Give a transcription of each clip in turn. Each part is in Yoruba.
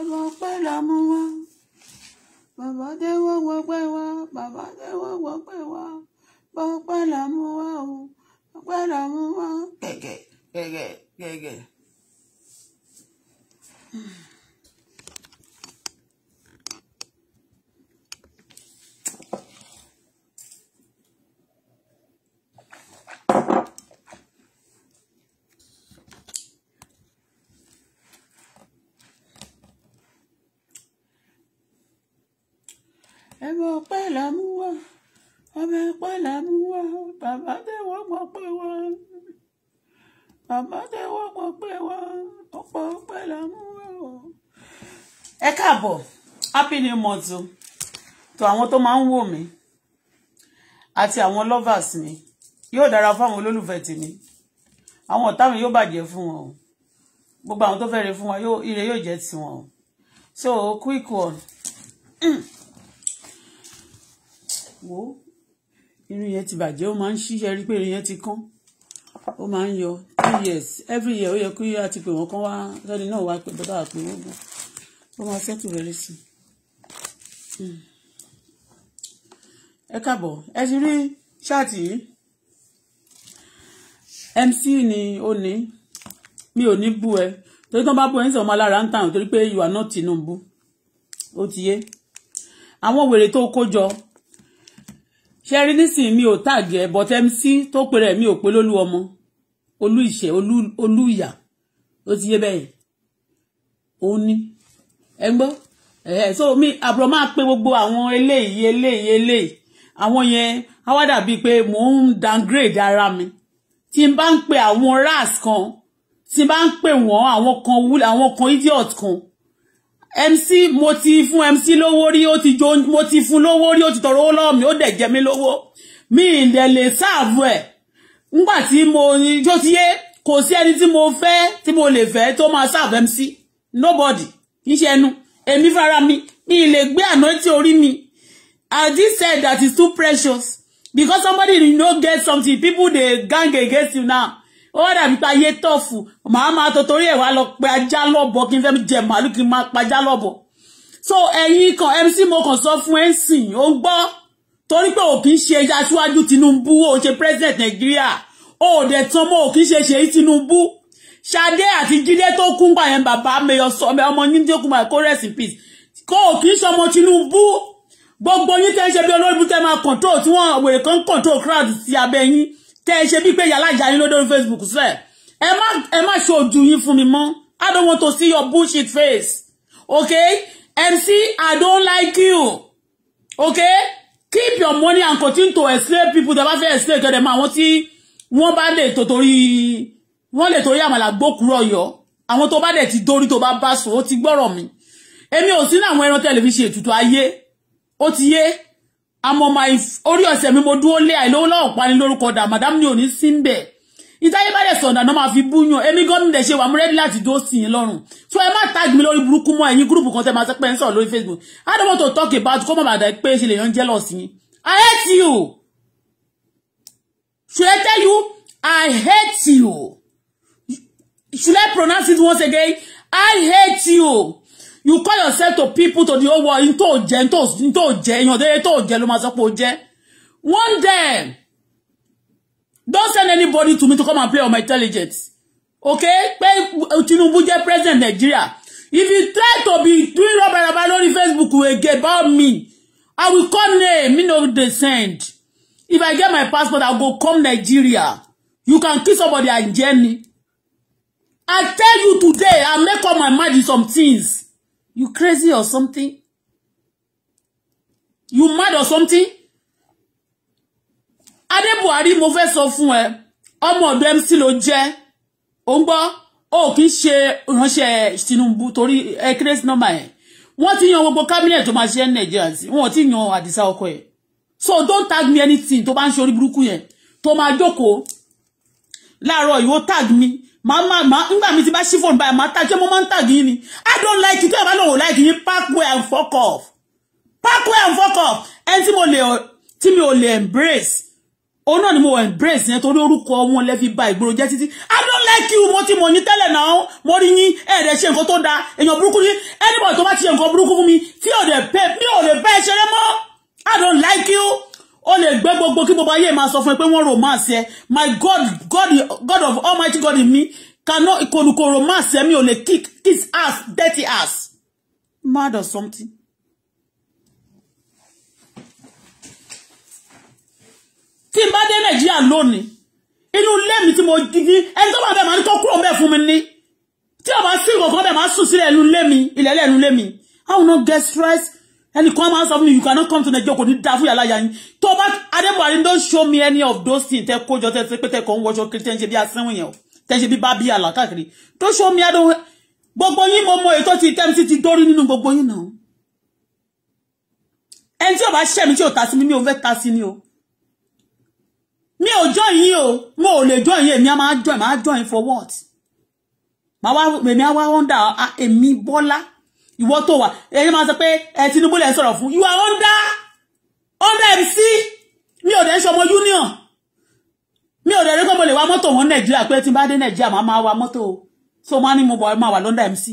ẹbọ pẹ́ la mú wá bàbá déwọ́ wọpẹ́ wa bàbá déwọ́ wọpẹ́ wá bọ́pẹ́ la mú wá o bọ́pẹ́ la mú wá gẹ́gẹ́ gẹ́gẹ́ gẹ́gẹ́. Hmm. káàbọ̀ happy new month o tó àwọn tó máa ń wò mí àti àwọn lovers mi yóò dára fún àwọn olólùfẹ́ tèmi àwọn ọ̀tá mi yóò bàjẹ́ fún wọn o gbogbo àwọn tó fẹ́ rè fún wọn ire yóò jẹ́ tiwọn o so quick one wo irun yẹn ti bàjẹ́ ó máa ń ṣiṣẹ́ rí pé irun yẹn ti kán ó máa ń yọ two years every year ó yẹ kí a ti pè wọ́n kán wá sọ́ni náà wá pé bọ́tà àpè wọ́n gan ó máa ṣẹ́tù very soon. ẹ káàbọ̀ ẹ ti rí ṣáàtì mc ni ó ní mi ò ní bú ẹ torí tó bá bú ẹ ń sọ ọmọ alára ń tàn torí pé you are not Tinubu ó ti yé àwọn wèrè tó kó jọ ṣe rí nísìnyí mi ò tàgì ẹ but mc tó pe rẹ mi ò pe lólú ọmọ olú ìṣẹ olú ìyà ó ti yé bẹ́ẹ̀ òun ni ẹ ń gbọ́ ẹ so mi àbúrò máa pe gbogbo àwọn eléyìí eléyìí eléyìí àwọn yẹn á wá dàbíi pé mò ń downgrade ara mi tí n bá ń pe àwọn ras kan tí n bá ń pe wọ́n àwọn kan wúlò àwọn kan idiot kan mc mo ti fún mc lówó rí ó ti jo mo ti fún lówó rí ó ti tọrọ owó lọ́wọ́ mi ó dẹ̀ jẹ mí lówó mi ìdẹ̀ lè sáàbù ẹ̀ ńgbà tí mo jó ti yé kò sí ẹni tí mo fẹ́ tí mo lè fẹ́ tó máa sáàbù mc nobody kì í ṣe ẹnu Emi fara mi mi lè gbé anointing orí mi and this said that is too precious because somebody you no get something people dey gang against you now ó wá dàbí pé ayé tọ̀fù màá máa tó torí ẹ̀ wá lọ pé ajá lọ́bọ̀ kí n fẹ́ jẹ màálù kí n máa pajá lọ́bọ̀ so ẹ̀yin kan MC mo kàn sọ fún ẹ̀sìn ó ń gbọ́ torí pé ò kì í Tinubu ó ṣe president nigeria o de tán mọ́ ò kì í Tinubu Ṣadé àti Jídé tó kún gbà yẹn bàbá mẹyọ sọ ọmọ yín tó kún gbà kó rest in peace kó o kì í ṣọmọ Tinubu gbogbo yín tẹ́ ń ṣe bí olóògbé tẹ́ máa control tí wọ́n wèrè kan control crowd sí abẹ́ yín tẹ́ ń ṣe bí pé yàrá ìjà yín lórí Facebook sẹ́ẹ̀ ẹ má ẹ má ṣe ojú yín fún mi mọ́ I don't want to see your bullshit face okay MC I don't like you okay keep your money and continue to enslave people tẹ́ bá fẹ́ enslave kẹ́dẹ̀ mọ́ àwọn tí wọ́n bá lè tòtòrí wọ́n lè torí àmàlà gbókùrọ̀ ọ̀yọ́ àwọn tó bá dẹ̀ ti dórí tó bá bá sùn ó ti gbọ́rọ̀ mi èmi ò sínú àwọn ẹran tẹlifíṣàn ètùtù ayé ó ti yé àmọ́ my orí ọ̀sẹ̀ mi mo dúró lé àìlówó lọ́wọ́ pani lórúkọ dà madam ni oni sinbe. sí ba bẹ̀ ìtayé bá dẹ̀ sọ̀dà náà máa fi búyàn èmi gómìnà dẹ̀ ṣe wà mú rẹ́dí láti dó sí yín so ẹ má tag mi lórí burúkú mo ẹ̀yin group kan tẹ́ máa sẹ́pẹ́ ń sọ̀rọ̀ lórí facebook i don't want to talk about kó má bàdà pé ṣe lè yan jealous yín i hate you should i tell you i hate you should I pronounce it once again? I hate you. You call yourself to people to the whole world. Into oje, into oje, into oje, into oje, lo ma sọ One day, don't send anybody to me to come and play on my intelligence. Okay? Pé Tinubu jẹ́ president Nigeria. If you try to be doing rubber about on Facebook again about me, I will call name, me no descend. If I get my passport, I'll go come Nigeria. You can kill somebody and journey. I tell you today, I make up my mind in some things. You crazy or something? You mad or something? Adé Buhari mo fẹ́ sọ fún ẹ, ọmọ ọ̀dọ̀ MC ló jẹ́, ò o gbọ́, ó kì í ṣe ìránṣẹ́ Tinubu torí ẹ kérésì nọ́mbà ẹ̀. Wọ́n ti yan gbogbo cabinet tó máa ṣiṣẹ́ ní Nàìjíríà sí, wọn yan Àdìsá ọkọ ẹ̀. So don't tag me anything tó bá ń ṣe orí burúkú yẹn, tó máa jókòó. Láàárọ̀ ìwọ tag me màá máa máa ńgbà mi ti bá ṣí fóònù báyìí màá tàjẹ́ mo máa ń tàgé ni i don't like you. tí ọba lòun like you. Pack away and fuck off Pack away and fuck off ẹni tí mo lè tí mi ò lè embrace òun náà ni mo embrace yẹn torí orúkọ wọn lẹ fi ba ìgboro jẹ́ títí i don't like you mo ti mọ̀ ní tẹ́lẹ̀ náà mo rí yín ẹ̀ẹ́dẹ̀ ṣe nǹkan to da èèyàn burúkú ni anybody to bá ti ṣe nǹkan burúkú fún mi tí ò lè pẹ́ mi ò lè bá ẹ ṣeré i don't like you o lè gbé gbogbo kí gbogbo ayé máa sọ fún ẹ pé wọ́n romance ẹ my god god god of almighty god in me cannot ìkòlùkò romance ẹ mi ò lè kick kiss ass dirty ass mad or something. tí n bá dé nàìjíríà lónìí inú ilé mi tí mo gidi ẹni tó bá bẹ̀ máa ní kó kúrò bẹ́ẹ̀ fún mi ní tí ọba sí ìkọ̀kọ́ bẹ̀ máa sùn sílẹ̀ inú ilé mi ilẹ̀ ilẹ̀ ilé mi I will not get stressed Any kan máa ń you cannot come to Nigeria kò ní dáa fún yàrá yàrá yín tó bá adébọ̀wárí don't show me any of those things tẹ kójọ tẹ ṣe pé tẹ kàn ń wọṣọ kiri tẹ ń ṣe bí asẹ́wọ̀n yẹn o tẹ ń ṣe bí bá bí àlà káàkiri don't show me adó gbogbo yín mo mọ ètò ti tẹ́mi sí ti dórí nínú gbogbo yín náà ẹni tí ò bá ṣẹ̀mí tí ò ta sí mi mi ò fẹ́ ta sí ni o mi ò join yín o mo ò lè join yín èmi á máa join máa join for what màá wá èmi á wá wonder ah, èmi Bọ́lá ìwọ tó wà ẹ̀yin máa sọ pé ẹ Tinubu lẹ ń sọ̀rọ̀ fún you are under under MC mi ò dẹ̀ ń ṣọmọ union mi ò dẹ̀ rí pé mo lè wa mọ́tò wọn Nàìjíríà pé tí n bá dé Nàìjíríà máa máa wa mọ́tò o so máa ní mo bọ̀ máa wà lọ́ndà MC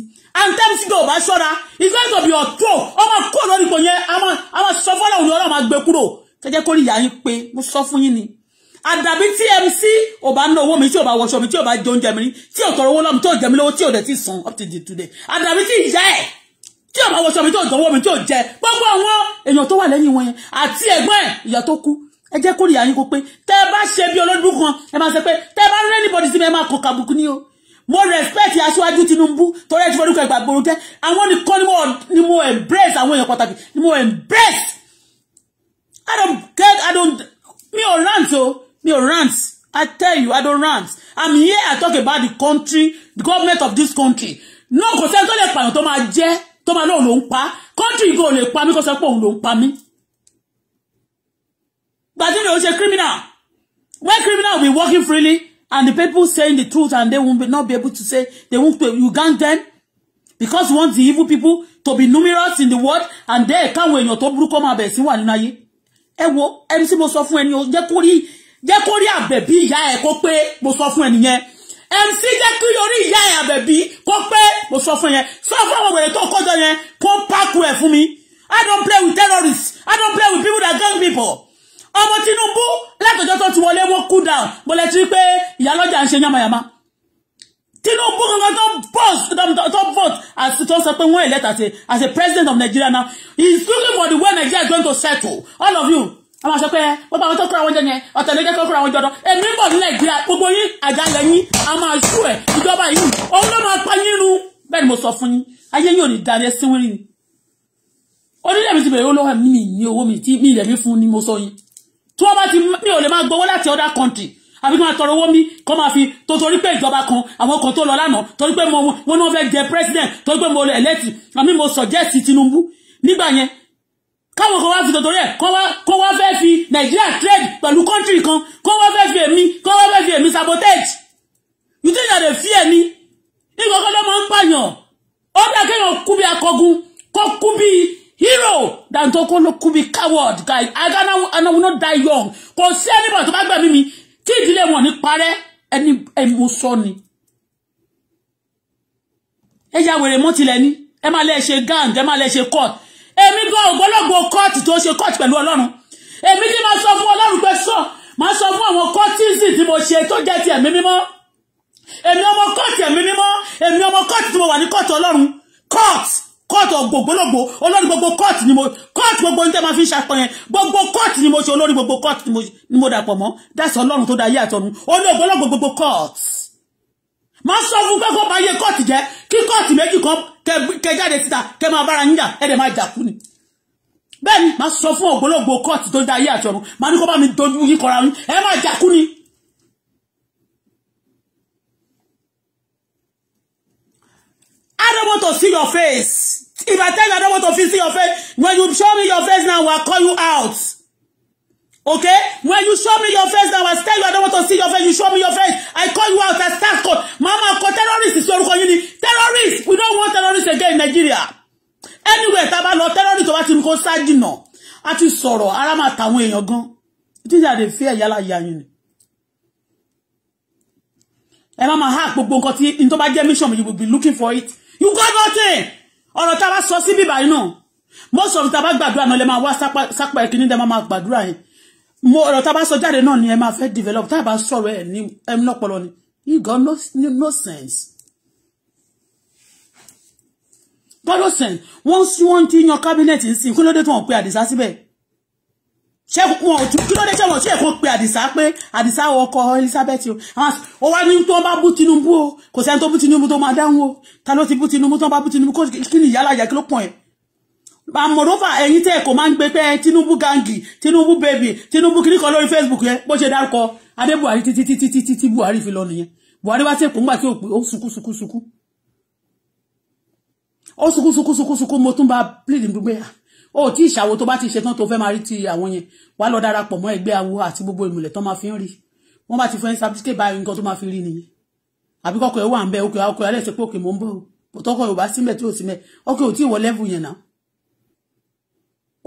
and tẹ́mísì tó o bá ṣọ́ra it's going to be your throw ọmọ kó lórí ipò yẹn a máa sọ fọ́lá òní ọlọ́run máa gbé kúrò kẹjẹ kórìí ìyá yín pé mo sọ fún yín ni àdàbí tí MC ò bá ná owó mi tí ò bá wọṣọ mi tí ò bá jẹ oúnjẹ mi tí ò tọrọ owó lọ́mù tí ò jẹ mi lówó tí ò dẹ̀ ti sàn up to the today àdàbí tí ìyá ẹ̀ tí ọmọ wọṣọ mi tí ò dánwó mi tí ò jẹ gbogbo àwọn èèyàn tó wà lẹ́yìn wọn yẹn àti ẹ̀gbọ́n ẹ̀ ìyá tó kú ẹ jẹ́ kórìíra yín kó pé tẹ́ ẹ bá ṣe bí olódùn kan ẹ máa sọ pé tẹ́ ẹ bá rẹ́ anybody sí mi ẹ máa kọ̀ kàbùkù ní o mo respect aṣíwájú Tinubu torí ẹ ti forúkọ ìgbà gbòòrò jẹ àwọn nìkan ni mo embrace àwọn èèyàn pàtàkì ni mo embrace I don't get I don't mi ò rant o mi ò rant I tell you I don't rant I'm here I talk about the country the government of this country No, kò sẹ́ni tó lè pààyàn tó máa jẹ́ tó máa lóun ló ń pa kọ́ńtì ìbò ò lè pa mí kó sọ pé òun ló ń pa mí. gbàdúrà ló ṣe criminal when criminal will be working freely and the people saying the truth and they will not be able to say they won't pay you gang them because you want the evil people to be numerous in the world and they káwọn èèyàn tó burúkọ máa bẹ̀rẹ̀ sí wà nínú ayé ẹ wo ẹni tí mo sọ fún ẹni o jẹ́ kó rí jẹ́ kó rí àbẹ̀bí ìyá ẹ̀ kó pé mo sọ fún ẹni yẹn MC jẹ́ kí orí ìyá ẹ̀ àbẹ̀bí kó pé mo sọ fún yẹn sọ fún àwọn wèrè tó kọjọ yẹn kó pákó ẹ̀ fún mi I don't play with terrorists I don't play with people that gang people ọmọ Tinubu látọjọ́ tó ti wọlé wọn cool down mo lè ti pé ìyálọ́jà ń ṣe yánmayàmá Tinubu gangan tó boss tó vote àti tó sọ pé wọ́n elect as a as a president of Nigeria now he is looking for the way Nigeria is going to settle all of you àwọn àṣọ pé wọ́n bá wọn tó kóra wọn jẹ yẹn ọ̀tẹ̀ ló jẹ́ kó kóra wọn jọdọ̀ èmi bọ̀ nílẹ̀ ìgbéra gbogbo yín àjálẹ̀ yín a máa ṣú ẹ̀ ìjọba yìí òun ló máa pa yín run bẹ́ẹ̀ ni mo sọ fún yín ayé yín ò ní dalẹ̀ síwìrì ni onílẹ̀ mi ti bẹ̀rẹ̀ olówó mi mi ní owó mi tí mi ilẹ̀ mi fún ni mo sọ yín tí wọ́n bá ti mi ò lè máa gbowó láti other country àbí kí wọ́n tọrọ owó mi kó máa fi tó torí pé ìjọba kan àwọn kan tó lọ lánàá torí pé mo wọn náà fẹ́ jẹ president torí pé mo elect àmì mo suggest Tinubu nígbà yẹn káwọn kan wá fi tòtòrí ẹ̀ kó wá fẹ́ fi Nigeria trade pẹ̀lú country kan kó wá fẹ́ fi èmi kó wá fẹ́ fi èmi sabotage you think na dey fear ni nǹkan kan tó máa ń pààyàn ó dá kéèyàn kú bí akọgun kó kú bí hero dantó kó ló kú bí coward guy agánáwó die young kò sí ẹnìbọn tó bá gbẹ̀mí mi tí ìdílé wọn ní parẹ́ ẹni ẹmu sọ ni ẹ ya wèrè mọ́tìlẹ̀ ẹ máa lẹ́ ṣe gang ẹ máa lẹ́ ṣe court èmi gan ògbólógbò kóòtù tó ṣe kóòtù pẹ̀lú ọlọ́run èmi ni máa sọ fún ọlọ́run pé sọ máa sọ fún àwọn kọ́tíǹsì tí mo ṣe tó jẹ́ ti ẹ̀mí mímọ́ èmi ọmọ kóòtù ẹ̀mí mímọ́ èmi ọmọ kóòtù tí mo wà ní kóòtù ọlọ́run kóòtù kóòtù ògbólógbò olórí gbogbo kóòtù ni mo kóòtù gbogbo ní tẹ́ máa fi ń ṣapọ̀ yẹn gbogbo kóòtù ni mo ṣe olórí gbogbo kóòtù ni mo dàpọ̀ mọ́ dáṣọ ọlọ́run tó da ayé àtọ̀run olórí ògbólógbò gbogbo kóòtù máa sọ fún pé kó bá yẹ kóòtù jẹ́ kí kóòtù méjì kan kẹ jáde síta kẹ máa bára yín jà ẹ dẹ̀ máa ni bẹ́ẹ̀ ni máa sọ fún ògbólógbò kóòtù tó dá ayé àti ọ̀run máa ní mi dojú yín kọra yín ẹ máa jà ni. I don't want to see your face. If I tell you I don't want to see your face, when you show me your face now, I call you out. Okay? When you show me your face, now I tell you I don't want to see your face. You show me your face. I call you out. I start call. Mama, call terrorists. It's your community. Terrorists. We don't want terrorists again in Nigeria. Anywhere, tá a bá lọ terrorists over to you side dinner. A ti sọ̀rọ̀, ara máa tàwọn èèyàn gan. These are the fear yálà ìyá yín ni. Ẹ má máa há gbogbo nǹkan tí n tó bá mission you will be looking for it. You got nothing. Ọ̀rọ̀ tá a bá sọ sí you know. Most of the a badra gbàdúrà náà lè máa wá sápá ẹ̀kíní dẹ́ badra. máa mo ọ̀rọ̀ tá a bá sọ jáde náà ni ẹ máa fẹ́ develop tá bá sọ̀rọ̀ ẹ̀ ní ẹ̀mí lọ́pọlọ ni you got no, no, no sense. tọ́lọ́ sẹ̀ wọ́n sí wọ́n ti yan kábínẹ̀tì sí kí ló dé tí wọ́n pe àdìsá síbẹ̀ ṣé wọn ò tún kí ló dé tí wọ́n ṣe kó pe àdìsá pé àdìsá ọkọ Elizabeth o ó wá ní tó bá bú Tinubu o kò sẹ́ni tó bú Tinubu tó máa dáhùn o ta ló ti bú Tinubu tó bá bú Tinubu kí ni ìyálà ìyá kí ló pọ̀ ẹ́ moreover ẹ̀yin tẹ́ kò máa ń gbé pé Tinubu gangi Tinubu baby Tinubu kiri kan lórí Facebook yẹn bó ṣe dárúkọ adé Buhari títí títí títí tí Buhari fi lọ nìyẹn Buhari wá tẹ̀kọ́ ńgbà tí ó pè ó sunkún sunkún sunkún ó sunkún sunkún sunkún sunkún mo tún bá pleading gbogbo ah, ẹ̀ ó tí ìṣàwo tó bá ti ṣetán tó fẹ́ máa rí ti àwọn yẹn wàá lọ darapọ̀ mọ́ ẹgbẹ́ awo àti gbogbo ìmùlẹ̀ tó máa fi ń rí wọ́n bá ti fẹ́ certificate báyìí nǹkan tó máa fi rí nìyẹn àbí ẹ̀ wà ń bẹ́ ọkọ̀ ọkọ̀ alẹ́ ṣe òkè mò ń bọ̀ òtọ́kọ̀ yorùbá símẹ̀ tí ò símẹ̀ ọkọ̀ ò tí ì wọ level yẹn náà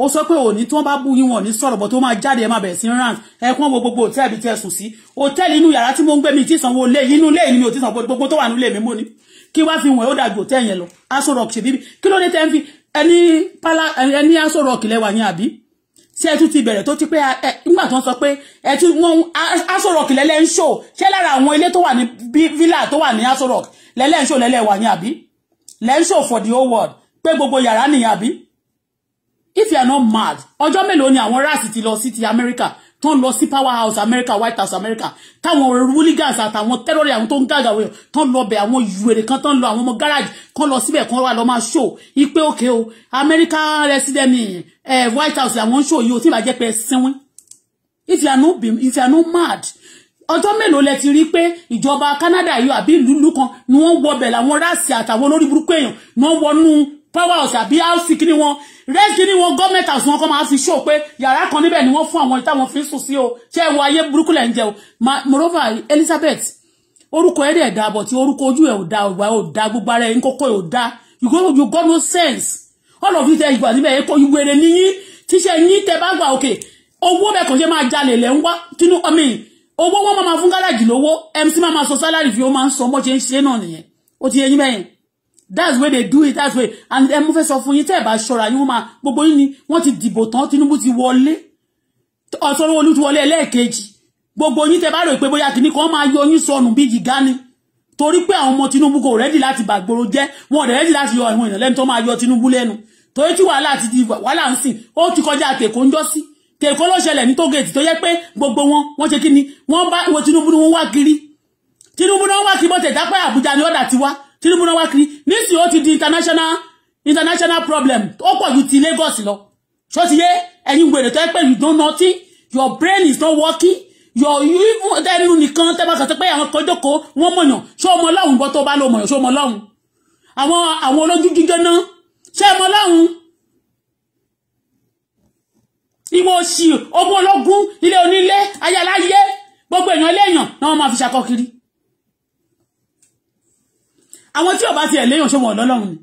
ó sọ pé òní tí wọ́n bá bú yín wọn ní sọ̀rọ̀ bọ̀ tó máa jáde ẹ máa bẹ̀rẹ̀ sí rant ẹkún wo gbogbo òtẹ́ẹ̀lì tẹ́ sùn sí òtẹ́ẹ̀lì inú yàrá tí mo ń gbé mi ti sanwó lé inú lé mi ò ti sanwó gbogbo tó wà nílé mi mọ́ ni kí wá fi wọ̀n ó dàgbò tẹ́ yẹn lọ aṣọ rock ṣe bíbí kí ló dé tẹ́ ń fi ẹni pálá ẹni aṣọ rock lẹ́wà yẹn àbí ṣé ẹ tún ti bẹ̀rẹ̀ tó ti pé ẹ nígbà tó ń sọ pé ẹ tún wọn aṣọ rock lẹ́lẹ́ ń ṣò ṣé lára àwọn ilé tó wà ní villa tó wà ní aṣọ rock lẹ́lẹ́ ń ṣò lẹ́lẹ́ wà yẹn àbí lẹ́ ń ṣò for the whole world pé gbogbo yàrá nìyẹn if you are not mad ọjọ́ mélòó ni àwọn rasi ti lọ sí ti America tó ń lọ sí powerhouse America White House America táwọn hooligans àtàwọn terrorist àwọn tó ń gàgà wẹ̀ tó ń lọ bẹ̀ àwọn ìwèrè kan tó ń lọ àwọn ọmọ garage kan lọ síbẹ̀ kan wà lọ máa show ipe òkè o American resident eh, White House làwọn ń show yìí o tí ì bá jẹ́ pé sinwin if you are not if you are not mad ọjọ́ mélòó lẹ ti rí pé ìjọba Canada yìí àbí ìlú ìlú kan ni wọ́n wọbẹ̀ làwọn rasi àtàwọn olórí burúkú èèyàn ni wọ́n wọnú power house àbí house kí ni wọn rest kí ni wọn government house wọn kọ́ máa fi show pé yàrá kan níbẹ̀ ni wọ́n fún àwọn ìtàwọn fi ń sùn sí o ṣé ẹ̀wọ̀ ayé burúkú lẹ̀ ń jẹ o moreover Elizabeth orúkọ ẹ̀rẹ̀ ẹ̀dá bọ̀ tí orúkọ ojú ẹ̀ ò da ọ̀gbà ẹ̀ ò da gbogbo ara ẹ̀ ń kókó ẹ̀ ò da you go you go no sense all of you tẹ ìgbà níbẹ̀ ẹ̀ kó ìwéré níyín tíṣe yín tẹ bá gbà òkè owó bẹ́ẹ̀ kàn ṣe máa jalè lẹ́ ń wá tínú ọmọ yìí owó wọn máa fún gáràjì lówó MC máa máa sọ sálárì fi ó máa ń sọ bó ṣe ń ṣe náà nìyẹn ó ti yẹ yín bẹ́yẹn that's where they do it that's where and ẹ mo fẹ́ sọ fún yín tẹ́ ẹ bá ṣọ́ra yín wọ́n máa gbogbo yín ni wọ́n ti dìbò tán Tinubu ti wọlé Sanwó-Olú ti wọlé ẹlẹ́ẹ̀kejì gbogbo yín tẹ́ bá rò pé bóyá kìíní kan máa yọ yín sọnù bí gíga ni torí pé àwọn ọmọ Tinubu ko ready láti bàgbòrò jẹ́ wọn ready láti yọ àwọn èèyàn lẹ́nu tó máa yọ Tinubu lẹ́nu Tori tí wàhálà ti di wàhálà ń sìn ó ti kọjá tèkó ń jọ sí tèkó ló ṣẹlẹ̀ ní tógèètì tó yẹ pé gbogbo wọn wọn ṣe kí ni wọn wo Tinubu ni wọn wá kiri Tinubu no wa wá kiri bó tẹ̀ dápẹ́ Àbújá ni ọ̀dà ti wá Tinubu náà wá kiri nísìnyí ó ti di international international problem ó pọ̀ ju ti Lagos lọ ṣó ti yé ẹ̀yin wèrè tó ẹ pé you don't know thing your brain is not working your even ẹnu nìkan tẹ́ bá kàn sí pé àwọn kan jókòó wọ́n mọ̀yàn ṣé ọmọ ọlọ́run bọ́ tó bá lọ mọ̀yàn ṣé ọmọ ọlọ́run àwọn àwọn olójú jíjọ náà ṣé ọmọ ọlọ́run ìwọ òsì ogún ológun ilé onílé ayáláyé gbogbo èèyàn léèyàn náà wọ́n máa fi ṣàkọ kiri àwọn tí ọba ti ẹ̀ léyàn ṣe wọ̀ lọ́lọ́run ni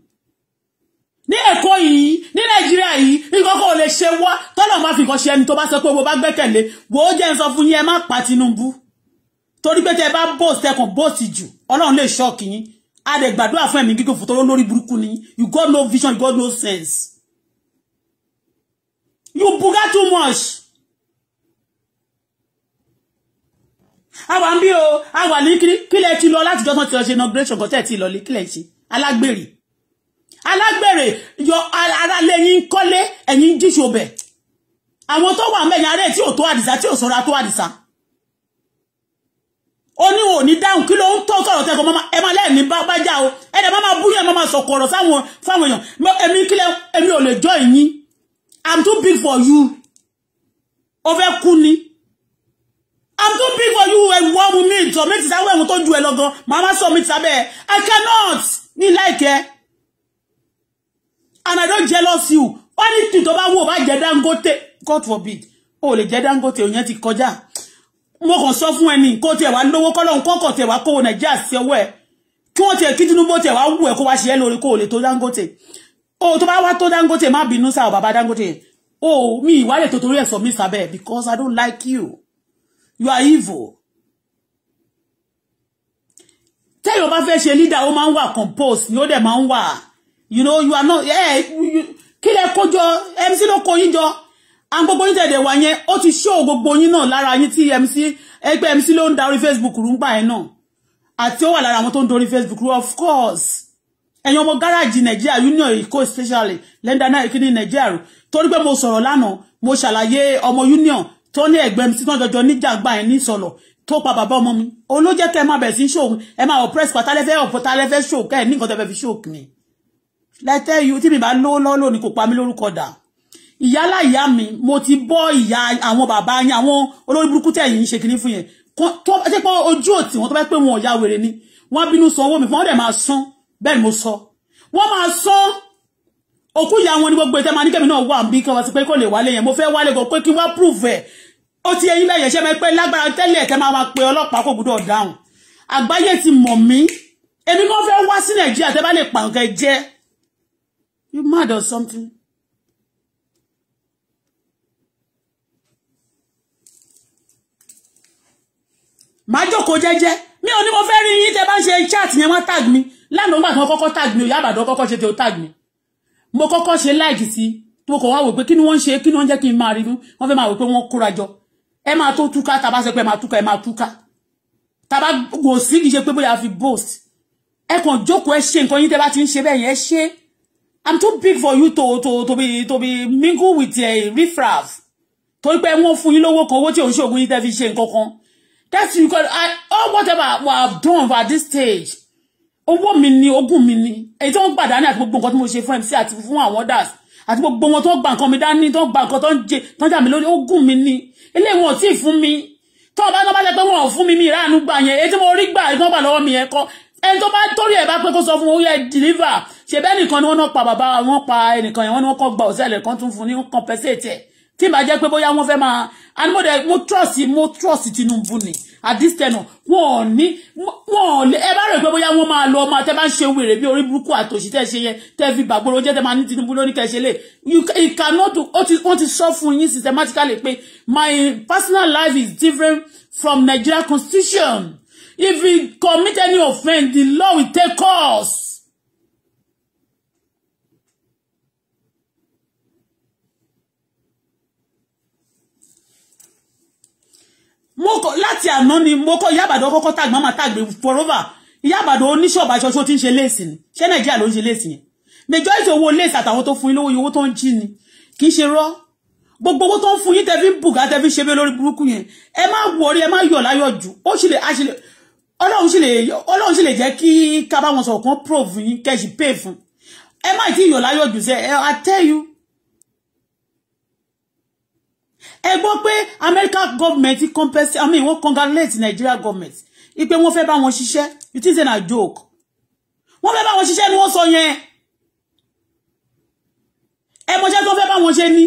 ní Èkó yìí ní Nàìjíríà yìí nǹkan kò lè ṣe wá tọ́lọ̀ máa fi nǹkan ṣe ẹni tó bá sọ pé owó bá gbẹ́kẹ̀lé wò ó jẹ́ ń sọ fún yín ẹ má pa Tinubu torí pé tẹ́ ẹ bá bóòsì ẹkàn bóòsì jù Ọlọ́run lè ṣọ́ọ̀kì yín a lè gbàdúrà fún ẹ̀mí gígùn fún tọ́lọ́ lórí burúkú ni you got no vision you got no sense you buga too much. a wà ń bí o a wà ní kílẹ̀ ti lọ láti jọ́sán ti lọ ṣe inauguration kan tẹ̀ ti lọ ní kílẹ̀ ṣe alágbèrè alágbèrè yọ ara lẹ́yìn kọ́lé ẹ̀yìn jíṣobẹ̀ àwọn tó wà mẹ́yìn arẹ́ tí ò tó àdìsá tí ò sọ́ra tó àdìsá ó ní òní dáhùn kí ló ń tọ́ sọ̀rọ̀ tẹ́kọ̀ mọ́mọ́ ẹ máa lẹ́ẹ̀ní bá bá já o ẹ̀dẹ̀ máa búyàn máa máa sọ̀kọ̀rọ̀ sáwọn fáwọn èèyàn èmi kílẹ̀ èmi ò lè jọ ìyín I'm too big for you ó fẹ́ kú ni I'm too big for you and eh, what will mean to make it away to do a logo. Mama saw me sabe. I cannot. Me like it. And I don't jealous you. Anything tó bá wù bá jẹ Dangote. God forbid. Ó lè jẹ Dangote o yẹn ti kọjá. Mo kàn sọ fún ẹni kó tiẹ̀ wá lówó kọ́lọ́run kọ́kọ́ tiẹ̀ wá kówó Nàìjíríà sí ọwọ́ ẹ̀. Kí wọ́n tiẹ̀ kí Tinubu tiẹ̀ wá wù ẹ́ kó wá ṣe ẹ́ lórí kó lè tó Dangote. Oh, tó bá wá tó Dangote má bínú sáà bàbá Dangote. O mi ìwálẹ̀ tó torí ẹ̀ sọ mí because I don't like you you are evil Tell your fẹ́ she leader ó máa ń wà compose ni ó dẹ̀ máa ń you know you are not ẹ eh, kí lẹ kójọ mc ló kó yín jọ àwọn gbogbo yín tẹ̀dẹ̀ wá yẹn ó ti show gbogbo yín náà lára yín tí mc ẹgbẹ́ mc ló ń darí facebook rú ń gbà yẹn náà àti ó wà lára àwọn tó facebook rú of course ẹ̀yin ọmọ garage nàìjíríà union èkó especially lẹ́ńdà náà kí ni nàìjíríà rò torí pé mo sọ̀rọ̀ lánàá mo ṣàlàyé ọmọ union tó ní ẹgbẹ́ mi sísan jọjọ níjàgbá ẹ̀ ní sọ̀lọ̀ tó pa bàbá ọmọ mi òun kẹ́ ẹ má bẹ̀rẹ̀ sí ṣòwò ẹ máa oppress pa tálẹ́fẹ́ ọ̀pọ̀ tálẹ́fẹ́ ṣòwò kẹ́ ẹ ní nǹkan tó fẹ́ fi ṣòwò kìíní. lẹ́tẹ̀ yìí tí mi bá lówó lọ́wọ́ lónìí kò pa mí lórúkọ dà ìyálà ìyá mi mo ti bọ́ ìyá àwọn bàbá yín àwọn olórí burúkú tẹ̀ yìí ń ṣe kìíní fún yẹn tó ṣe pé ojú òtí wọn tó bá pé wọn ò wèrè ni wọn bínú san owó mi fún wọn dẹ̀ máa san bẹ́ẹ̀ ni mo sọ wọ́n máa sọ òkú ìyá wọn ní gbogbo ìtẹ́ máa ní kẹ́mi náà wà bí kí wọ́n ti pé kò lè wálé yẹn mo fẹ́ wálé gan pé kí wọ́n prove ẹ̀ ó ti ẹyin bẹ́ẹ̀ yẹn ṣe lágbára tẹ́lẹ̀ tẹ́ máa máa pe ọlọ́pàá kò gbúdọ̀ dáhùn àgbáyé ti mọ̀ mí èmi kò fẹ́ wá sí nàìjíríà tẹ́ bá lè pààyàn kẹ́ jẹ́ you mad or something. màá jókòó jẹ́jẹ́ mi ò ní mo fẹ́ rí yín tẹ́ bá ń ṣe chat yẹn wọ́n tag mi lánàá nígbà tí wọ́n kọ́kọ́ tag mi ìyá àbàdàn kọ́kọ́ ṣe tẹ́ o tag mi mo kọ́kọ́ ṣe like sí mo kọ̀ wá wò pé kí ni wọ́n ń ṣe kí ni wọ́n ń jẹ́ kí n máa rí wọ́n fẹ́ máa wò pé wọ́n kóra jọ ẹ máa tó túká tá a bá sọ pé ẹ máa túká ẹ máa túká tá a bá wò sí kì í ṣe pé bóyá a fi boast ẹ kàn jókòó ẹ ṣe nǹkan yín tẹ́ bá ti ń ṣe bẹ́ẹ̀ yẹn ẹ i'm too big for you to to to be to be mingle with a eh, riffraff To pé wọ́n fun. yín lówó kan owó tí òun ṣògùn yín tẹ́ fi ṣe nǹkan kan that's because i Oh, whatever i have done at this stage owó mi ni ogún mi ni èyí tí wọ́n gbàdánù àti gbogbo nǹkan tí mo ṣe fún mc àti fún àwọn others àti gbogbo wọn tó gba nǹkan mi dání tó gba nǹkan tó ń jẹ tó ń jà mí lórí ó gùn mi ni eléyìí wọn ò tí ì fún mi tó o bá tó bá jẹ pé wọn ò fún mi mi ìránu gbà yẹn èyí tí mo rí gbà tí wọn gbà lọ́wọ́ mi yẹn kọ ẹni tó bá torí ẹ bá pé kó sọ fún oyè deliver ṣe bẹ́ẹ̀ nìkan ni wọ́n náà pa bàbá wọn pa ẹnìkan yẹn wọ́n ní wọ́n kọ́ gba òṣèlè kan tún fún ní compensate ẹ̀ tí ìbá jẹ́ pé bóyá wọ́n fẹ́ máa and mo dẹ̀ mo trust mo trust Tinubu ni at this ten wọn ò ní wọn ò lè ẹ bá rò pé bóyá wọn máa lọ ọmọ àtẹ bá ń ṣe wèrè bí orí burúkú àtòṣì tẹ ṣe yẹn tẹ fi gbàgbóró jẹ tẹ máa ní Tinubu lóní kẹ ṣe lè cannot wọn ti sọ fún yín systematically pé my personal life is different from Nigeria constitution if we commit any offence the law will take us. mo kọ láti àná ni mo kọ ìyá àbàdàn kọ́kọ́ tag mama tag me forever ìyá àbàdàn oníṣọ́ọ̀bù aṣọ tó ti ń ṣe léèsì ni ṣé nàìjíríà ló ń ṣe léèsì yẹn majority owó léèsì àtàwọn tó fún yín lówó owó tó ń jí ni kì í ṣe rọ́ gbogbo owó tó ń fún yín tẹ́fí bùkà tẹ́fí ṣe bí lórí burúkú yẹn ẹ má wọrí ẹ má yọ̀ láyọ̀ jù ó sì lè àṣìlè ọlọ́run sì lè ọlọ́run sì lè jẹ́ kí kábàwọn sọ̀kan prove yín kẹ́sì pay fún ẹ má ti yọ̀ láyọ̀ jù sẹ́ I tell you ẹ gbọ́ pé America government compensate I mean wọ́n Congolese Nigeria government ipe wọ́n fẹ́ bá wọn ṣiṣẹ́ you think say na joke wọ́n fẹ́ bá wọn ṣiṣẹ́ ni wọ́n sọ yẹn ẹ mọ̀ṣẹ́ tó fẹ́ bá wọn ṣe ni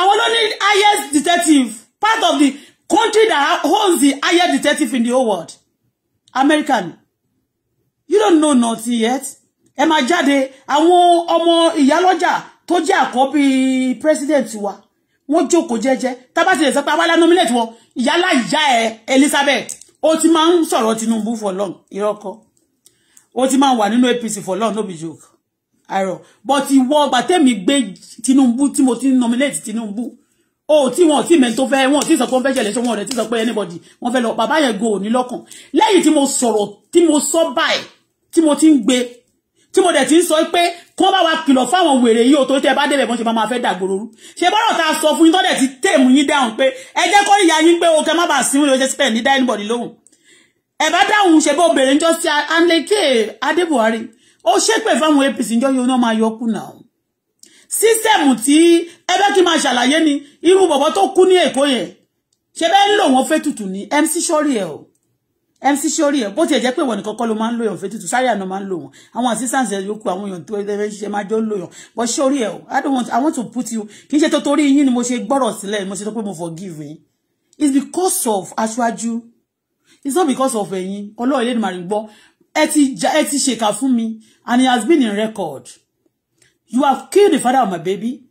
àwọn ló ní highest detective part of the country that holds the highest detective in the whole world American you don't know nothing yet ẹ máa jáde àwọn ọmọ ìyálọ́jà tó jẹ́ àkọ́bí president wa wọ́n jókòó jẹ́jẹ́ tá bá ti lè sọ pé awálá nominate wọn ìyálà ìyá ẹ Elizabeth ó ti máa ń sọ̀rọ̀ Tinubu for long ìrọ́kọ ó ti máa ń wà nínú APC for long no be joke Iro. but ìwọ ọgbà tẹ́mi gbé Tinubu tí mo ti nominate Tinubu o tí wọn ti mẹ́ni tó fẹ́ wọn ti sọ pé wọ́n fẹ́ ṣẹlẹ̀ sọ wọn rẹ̀ ti sọ pé anybody wọ́n fẹ́ lọ bàbá yẹn go òní lọ́kàn lẹ́yìn tí mo sọ̀rọ̀ tí mo sọ báyìí tí mo ti ń gbé tí mo dẹ̀ ti ń sọ kó bá wa kìlọ̀ fáwọn wèrè yìí ò tó tẹ́ bá débẹ̀ bọ́n ṣe máa fẹ́ dàgbòrò rú ṣe bọ́rọ̀ ta sọ fún yín tọ́dẹ̀ ti tèmù yín dáhùn pé ẹ jẹ́ kó ìyá yín pé o kẹ́ má bàa sinmi lóṣẹ́ sípẹ̀ ní dá anybody lóhùn ẹ bá dáhùn ṣe bó bèrè njọ́ sí Adeleke Adébuhari ó ṣépè fáwọn APC njọ́ yóò náà máa yọkù náà sísẹ̀mù tí ẹ bẹ́ kí máa ṣàlàyé ni irú bọ̀bọ̀ tó kú ní Èkó yẹn ṣe bẹ́ẹ̀ ń lò fẹ́ tutù ní MC sọ́rí ẹ̀ o mc sori ẹ bó tiẹ̀ jẹ́ pé ìwọ nìkan kọ́ ló máa ń lò yàn fẹ́ tutù sáré àná máa ń lò wọ́n àwọn assistance ẹ yòókù àwọn èèyàn tó ẹ fẹ́ ṣiṣẹ́ máa jọ ń lò yàn but sori ẹ o i don't want i want to put you kì í ṣe tó torí yín ni mo ṣe gbọ́rọ̀ sílẹ̀ mo ṣe tó pé mo forgive yín it's because of aṣáájú it's not because of ẹ̀yin ọlọ́ọ̀ ilé ìmàrí gbọ́ ẹ ti ẹ ti ṣèkà fún mi and it has been in record you have killed the father of my baby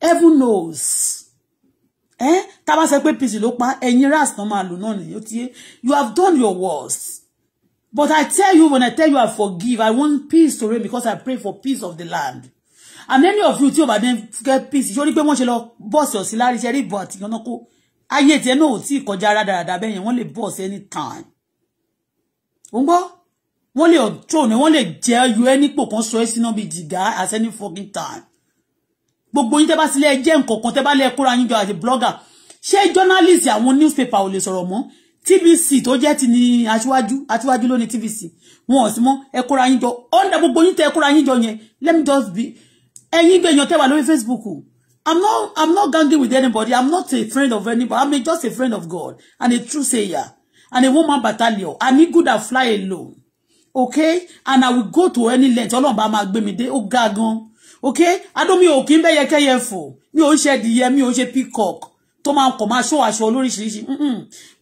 heaven knows eh tá bá sọ pé peace ló pa ẹ̀yin ras ton máa lò náà ni ó ti you have done your worst but I tell you when I tell you I forgive I want peace to reign because I pray for peace of the land and any of you tí ó bá den get peace sori pé wọ́n ṣe lọ boss your salary, lari se ri but yan ko ayé tí ẹnu ò tí kọjá rádaràda bẹ́ẹ̀ yẹn wọ́n lè boss anytime ó ń gbọ́ wọ́n lè ọ̀tọ́ ni wọ́n lè jẹ́ yọ ẹ́ nípò kan sọ ẹ́ síná bíi diga at any fucking time gbogbo yín tẹ́ bá sílẹ̀ jẹ́ nǹkankan tẹ́ bá lè kóra yín jọ àti blogger ṣé journalist àwọn newspaper ò lè sọ̀rọ̀ mọ́ TVC tó jẹ́ ti ní aṣíwájú aṣíwájú ló ní TVC wọn ò sí mọ́ ẹ kóra yín jọ ọ̀ndà gbogbo yín tẹ́ kóra yín jọ yẹn let me just be ẹ̀yin gbẹ̀yàn tẹ́ wà lórí Facebook I'm not I'm not ganging with anybody I'm not a friend of anybody I'm just a friend of God and a true sayer and a woman battalion I need good and fly alone okay and I will go to any length ọlọ́run bá máa gbé mi dé ó ga gan okay adó mi ò kí ń bẹ́ yẹkẹ́yẹ fò mi ò ń ṣe adìyẹ mi ò ń peacock tó máa ń kọ̀ máa ṣó aṣọ olóríṣiríṣi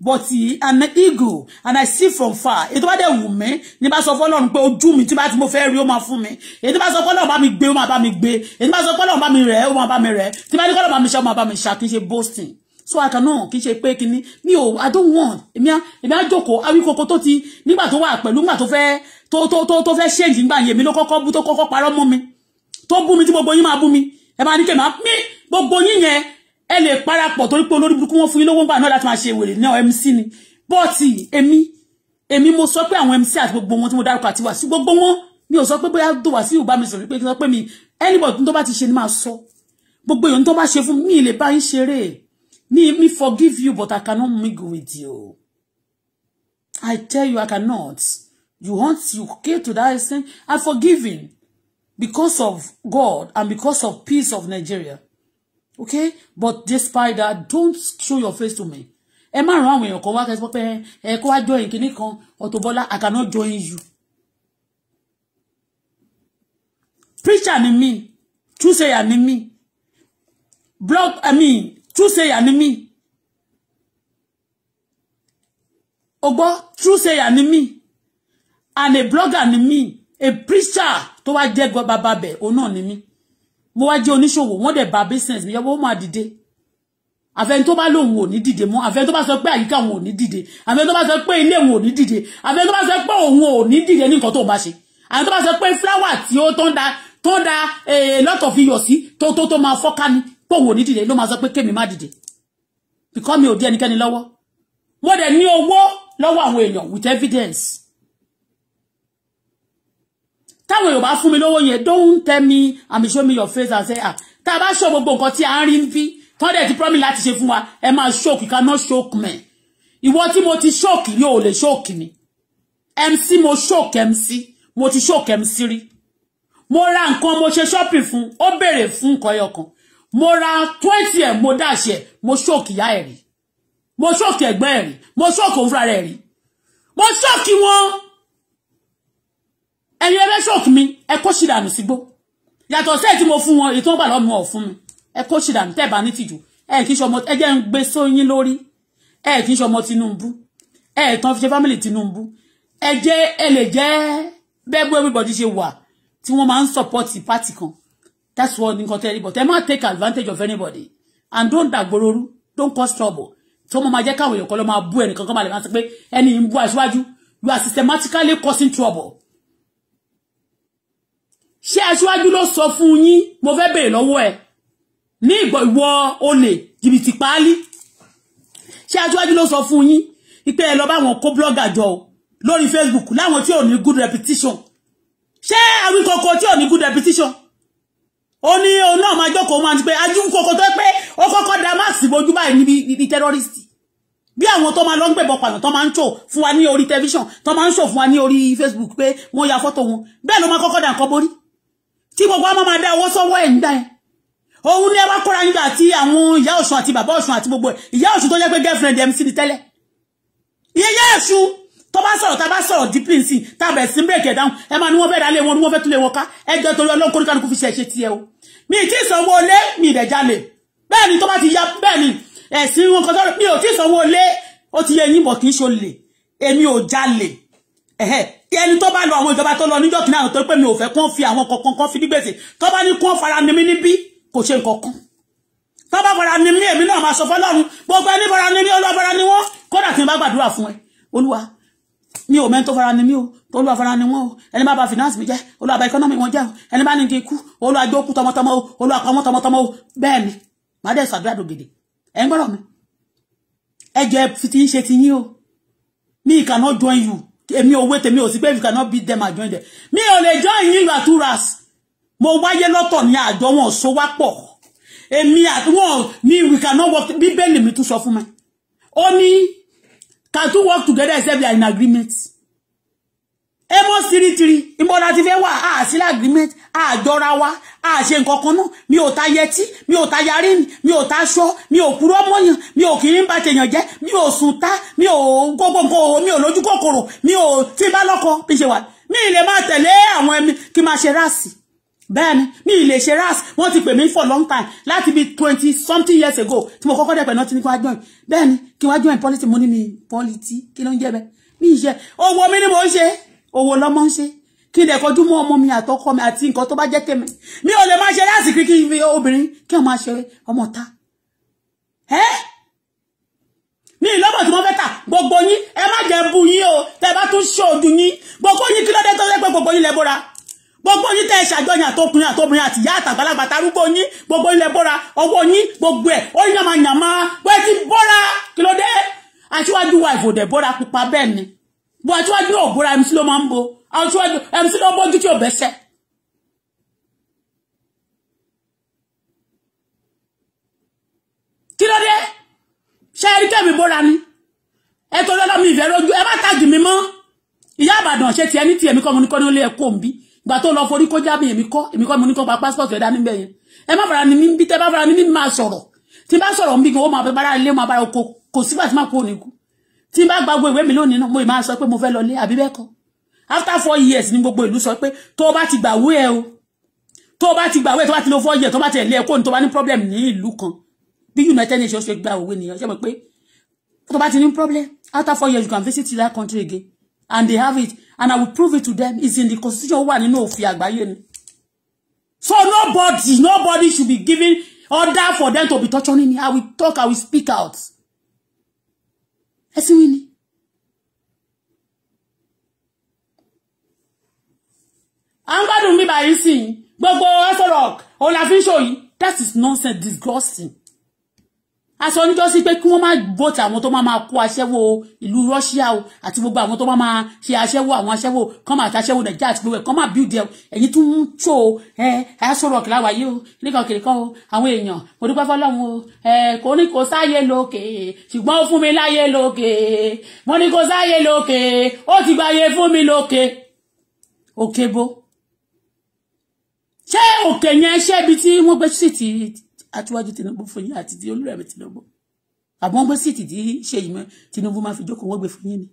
but I am an eagle and i see from far ètò bá dẹ̀ wù mí ní bá sọ fọlọ́run pé ojú mi tí bá ti mo fẹ́ rí ó máa fún mi ètò bá sọ fọlọ́run bá mi gbé ó máa bá mi gbé ètò bá sọ fọlọ́run bá mi rẹ̀ ó máa bá mi rẹ̀ tí bá ní kọ́lọ́ bá mi ṣe ó máa bá mi ṣá kì í ṣe boasting so a kan náà kì í ṣe pé kíní mi ò i don't want èmi á èmi á jókòó awíkoko tó ti nígbà tó wà pẹ̀lú nígbà tó fẹ́ tó tó tó fẹ́ ṣéǹjì nígbà yẹn mi ló kọ́kọ́ bú tó kọ́kọ́ parọ́ mọ́ mi tó bú mi tí gbogbo yín máa bú mi ẹ bá ní kẹmà pín gbogbo yín yẹn ẹ lè parapọ̀ torí pé olórí burúkú wọn fún yín lówó gbà náà láti máa ṣe wèrè náà mc ni bọ́ọ̀tì èmi èmi mo sọ pé àwọn mc àti gbogbo wọn tí mo dárúkọ àti wàsíù gbogbo wọn mi ò sọ pé bóyá tó wàsíù bá mi sọ̀rọ̀ pé sọ pé mi anybody tó bá ti ṣe ni máa sọ gbogbo èèyàn tó bá ṣe fún mi lè bá yín ṣeré mi mi forgive you but i cannot mingle with you i tell you i cannot you want you care to that extent i forgive him because of God and because of peace of Nigeria. Okay? But despite that, don't show your face to me. Am I wrong àwọn èèyàn kan wá kẹ́sí join kinní I cannot join you. Preacher ni mí, trusayer ni mí, blog I mean trusayer ni mí. O gbọ́ trusayer ni mí and a blogger ni mí, a preacher tó wá jẹ́ bàbá bẹ̀ òun náà ni mí mo wá jẹ́ oníṣòwò wọ́n dẹ̀ ba business mi yẹ wọ́n máa dìde àfẹni tó bá lóun ò ní dìde mọ́ àfẹni tó bá sọ pé àyíká òun ò ní dìde àfẹni tó bá sọ pé ilé òun ò ní dìde àfẹni tó bá sọ pé òun ò ní dìde ní nǹkan tó bá ṣe àfẹni tó bá sọ pé fúláwà tí ó tó ń da tó ń da eh, lọ́tọ̀ fi yọ̀ sí tó tó tó máa fọ́ká ni pé òun ò ní dìde ló máa sọ pé kémi má dìde bìkọ́ mi ò dí ẹnikẹ́ni lọ́wọ́ mo dẹ̀ ní owó lọ́wọ́ àwọn èèyàn with evidence táwọn èèyàn bá fún mi lówó yẹn don't tell me and show me your face and say ah tá a show ṣó gbogbo nǹkan tí a ń rí ń bí ti promise láti ṣe fun. wa ẹ máa ṣóòkì ká náà ṣóòkì mẹ́ ìwọ tí mo ti ṣóòkì mi ò lè ṣóòkì mc mo shock mc mo ti ṣóòkì mc Ri mo ra nǹkan mo ṣe shopping fún ó béèrè fún nǹkan kan mo ra twenty ẹ̀ mo dáṣì ẹ̀ mo ṣóòkì ìyá ẹ̀ rí mo ṣóòkì ẹ̀gbẹ́ ẹ̀ rí mo ṣóòkì òǹfra rẹ̀ rí mo ṣóòkì wọn ẹ̀yin ẹ̀rẹ́ ṣọ́ọ̀kì mi ẹ kó ṣì dànù sígbó yàtọ̀ sí ẹ̀ tí mo fún wọn èyí tó ń bà lọ́mọ ọ̀ fún mi ẹ kó ṣì dànù tẹ́ẹ̀ bá ní tìjú ẹ kì í ṣọmọ ẹ jẹ́ ń gbé sóyín lórí ẹ kì í ṣọmọ Tinubu ẹ tán fi ṣe fámìlì Tinubu ẹ jẹ́ ẹ lè jẹ́ bẹ́ẹ̀ gbé everybody ṣe wà tí wọ́n máa ń support party kan that's what nǹkan tẹ́ ẹ rí but ẹ má take advantage of anybody and don't dàgbòrorú don't cause trouble tí wọ́n máa jẹ́ káwọn èèyàn kan lọ́ máa bú ẹnìkan kan máa lè máa sọ pé ẹni ń bú aṣíwájú you are systematically causing trouble ṣé aṣíwájú ló sọ fún yín mo fẹ́ bèèrè lọ́wọ́ ẹ̀ ní ìgbọ̀ ìwọ olè jìbìtì páálí ṣé aṣíwájú ló sọ fún yín wípé ẹ lọ bá wọn kó blọ́gà jọ o lórí Facebook láwọn tí ò ní good repetition ṣé awíkọkọ tí ò ní good repetition ó ní òun náà máa jókòó máa ti pé ajúkòkò tó pé ó kọ́kọ́ da máàsì bojú báyìí níbi ibi tẹ́rọ́rìsì bí àwọn tó máa lọ ń gbẹ̀bọ̀ pààyàn tó máa ń ṣò fún wa ní orí tẹlifíṣàn tó máa ń ṣò fún wa ní orí Facebook pé wọ́n ya fọ́tò wọn bẹ́ẹ̀ ló máa kọ́kọ́ dà nǹkan borí tí gbogbo ọmọ máa dá owó sọ́wọ́ ẹ̀ ń dá ẹ̀ òun ni ẹ wá kóra nígbà tí àwọn ìyá ọ̀ṣun àti bàbá ọ̀ṣun àti gbogbo ẹ̀ ìyá ọ̀ṣun tó jẹ́ pé girlfriend MC ni tẹ́lẹ̀ iye ìyá ọ̀ṣun tó bá sọ̀rọ̀ tá bá sọ̀rọ̀ deeply sí tá bẹ̀ sí break ẹ̀ dáhùn ẹ máa ní wọ́n fẹ́ dalé wọn ni wọ́n fẹ́ tún lé wọn ká ẹ jẹ́ torí ọlọ́run kórìkà nìkú fi ṣe ṣe tiẹ̀ o mi ì tí ì sanwó lé mi ì dẹ̀ jalè bẹ́ẹ̀ ni tó bá ti ya bẹ́ẹ̀ ni ẹ̀sìn wọn kan mi ò tí ì sanwó lé ó ti yẹ yín bọ̀ kì í ṣe kí ẹni tó bá lọ àwọn ìjọba tó lọ níjọ́ kìnnà àwọn tó pé mi ò fẹ́ kán fi àwọn kankan kan fi ní gbèsè tó bá ní kán fara ni mí níbí kò ṣe nǹkan kan tó bá fara ni mí èmi náà máa sọ fọlọ́run gbogbo ẹni fara ni mí olúwàfara ni wọ́n kódà kí n bá gbàdúrà fún ẹ olúwa mi ò mẹ́ni tó fara ni mí o tó olúwa fara ni wọ́n o ẹni bá ba finance mi jẹ́ olúwa ba economy wọn jẹ́ o ẹni bá ní kí n kú olúwa gbé òkú tọmọtọmọ o olúwa pa wọn tọmọtọmọ o bẹ́ẹ̀ ni màá dẹ̀ sàdúrà dògèdè ẹ̀ ń gbọ́dọ̀ mi ẹ jẹ́ fi ti ń ṣe ti yín o me cannot join you èmi ò wé tèmi ò sí pé if you cannot beat them I join them mi ò lè join yín raturas mo wáyé lọ́tọ̀ ní àjọ wọn so wá pọ̀ at àtúwọ̀n ní we cannot work bíbélì mi tún sọ fún mi ó ní can two work together except they are in agreement ẹ mọ́ síríìtìrì ìbọn láti fẹ́ wà á sí agreement àjọra wa á ṣe nǹkan kan náà mi ò ta yẹtí mi ò ta yarí mi ò ta aṣọ mi ò kúrò mọ́yàn mi ò kì í bá tèèyàn jẹ́ mi ò sùn tá mi ò gbogbo nǹkan mi ò lójú kòkòrò mi ò tí bá lọ́kọ bí ṣe wà mi ì lè máa tẹ̀lé àwọn ẹ̀mí kí n máa ṣe ráàsì bẹ́ẹ̀ ni mi ì lè ṣe ráàsì wọ́n ti pè mí for long time láti bí twenty something years ago tí mo kọ́kọ́ dẹ̀ pẹ̀ náà ti ní kí wá join mi politics kí ló mi ì ṣe owó mi ni owó lọ́mọ ń ṣe kí n lè kọjú mọ́ ọmọ mi àtọkọ mi àti nǹkan tó bá jẹ́ tèmi mi ò lè máa ṣe láti kí kí obìnrin kí wọ́n máa ṣe ọmọ ta ẹ́ ní ìlọ́mọ̀ tí wọ́n fẹ́ tà gbogbo yín ẹ má jẹ́ bu yín o tẹ bá tún ṣe òdu yín gbogbo yín kí ló dé tó jẹ́ pé gbogbo yín lẹ bóra gbogbo yín tẹ ṣàjọyìn àtọkùnrin àtọbìnrin àti ìyá àtàgbàlagbà tarúgbó yín gbogbo yín lẹ bóra ọwọ́ yín gbogbo ẹ̀ ó yàmà yàmà pé ti bóra kí ló dé aṣíwájú wa ìfòdè bóra pupa bẹ́ẹ̀ ni bó aṣíwájú ògbóra MC ló máa ń bo aṣíwájú MC ló bójú tí ò bẹ́sẹ̀. kí ló dé ṣe é kẹ́mi bóra ni ẹ torí ọlọ́mi ìfẹ́ rojú ẹ má tàgì mi mọ́ ìyá àbàdàn ṣe tiẹ̀ ní tiẹ̀ mi kọ́ mo ní kọ́ ní ó lé ẹ̀kọ́ òǹbí gbà tó lọ forí kó jábì èmi kọ́ èmi kọ́ mo ní kọ́ gba pásítọ̀tì ẹ̀dá níbẹ̀ yẹn ẹ má fara ni mí bí tẹ́ bá fara ni mí máa sọ̀rọ̀ tí bá sọ̀rọ̀ ń bí gan ó máa bẹ bára ilé máa bára oko kò sígbà tí máa kú òní kú tí bá gbogbo ìwé mi lónìí náà mo máa sọ pé mo fẹ́ lọ lé àbí bẹ́ẹ̀ after four years ni gbogbo ìlú sọ pé tó bá ti gbàwé ẹ o tó bá ti gbàwé tó bá ti lo four years tó bá ti ẹ̀lẹ́ ẹ̀kọ́ ni tó bá ní problem ní ìlú kan bí United Nations ṣe gba òwe nìyẹn ṣe mọ̀ pé tó bá ti ní problem after four years you can visit that country again and they have it and I will prove it to them it's in the constitution wà nínú òfin àgbáyé ni so nobody nobody should be giving order for them to be torturing me I will talk I will speak out ẹsìn wí ni. à ń gbádùn bíbá yìí sí gbogbo ẹsẹ̀ rock òun la fi ń ṣòyí that is nonsense disgusting a sọ níjọ́ sí pé kí wọ́n má vote àwọn tó máa máa kó aṣẹ́wó ìlú Russia o ati gbogbo àwọn tó máa máa ṣe asewo àwọn aṣẹ́wó kán máa taṣẹ́wó nàìjíríà àti gbogbo ẹ̀ kán máa build ẹ̀ ẹ̀yin tún ń tò ẹ àyàsọ̀rọ̀ ọ̀kìlá wáyé o nígbà òkèrè kan o àwọn èèyàn mo dúpẹ́ fọlọ́run o eh kò ní kò sáyé lókè ṣùgbọ́n ó fún mi láyé lókè mo ni kò sáyé lókè ó ti gbáyé fún mi lókè òkè bo ṣé òkè yẹn ṣẹ́bi tí wọ́n gbé àtiwájú Tinubu fún yín àti ti Olúrẹ̀mí Tinubu àbọ̀ wọ́n gbé di tí ṣe yìí mọ́ Tinubu máa fi jókòó wọ́n gbé fún yín ni.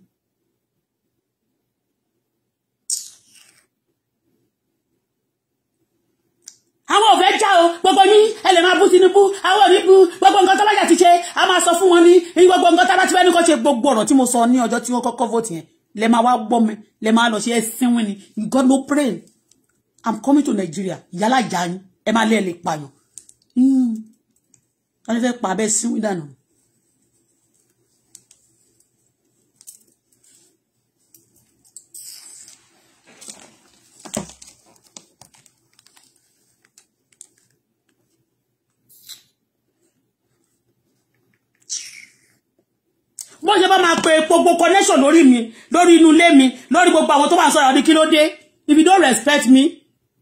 àwọn ò fẹ́ o gbogbo yín ẹ lè máa bú Tinubu àwọn òní bú gbogbo nǹkan tó bá jà ti ṣe a máa sọ fún wọn ní gbogbo nǹkan tó bá ti fẹ́ ní kó ṣe gbogbo ọ̀rọ̀ tí mo sọ ní ọjọ́ tí wọ́n kọ́kọ́ vote yẹn lẹ máa wá gbọ́ mi lẹ máa lọ ṣe ẹsìn wíni you got no brain i'm coming to Nigeria yala ìjà yín ẹ máa lé ẹ lè wọ́n hmm. fẹ́ pa abẹ́ sínú dànù. bó ṣe bá máa pe gbogbo connection lórí mi lórí inú ilé mi lórí gbogbo àwọn tó wà sọ̀rọ̀ ní kí ló dé if you don't respect me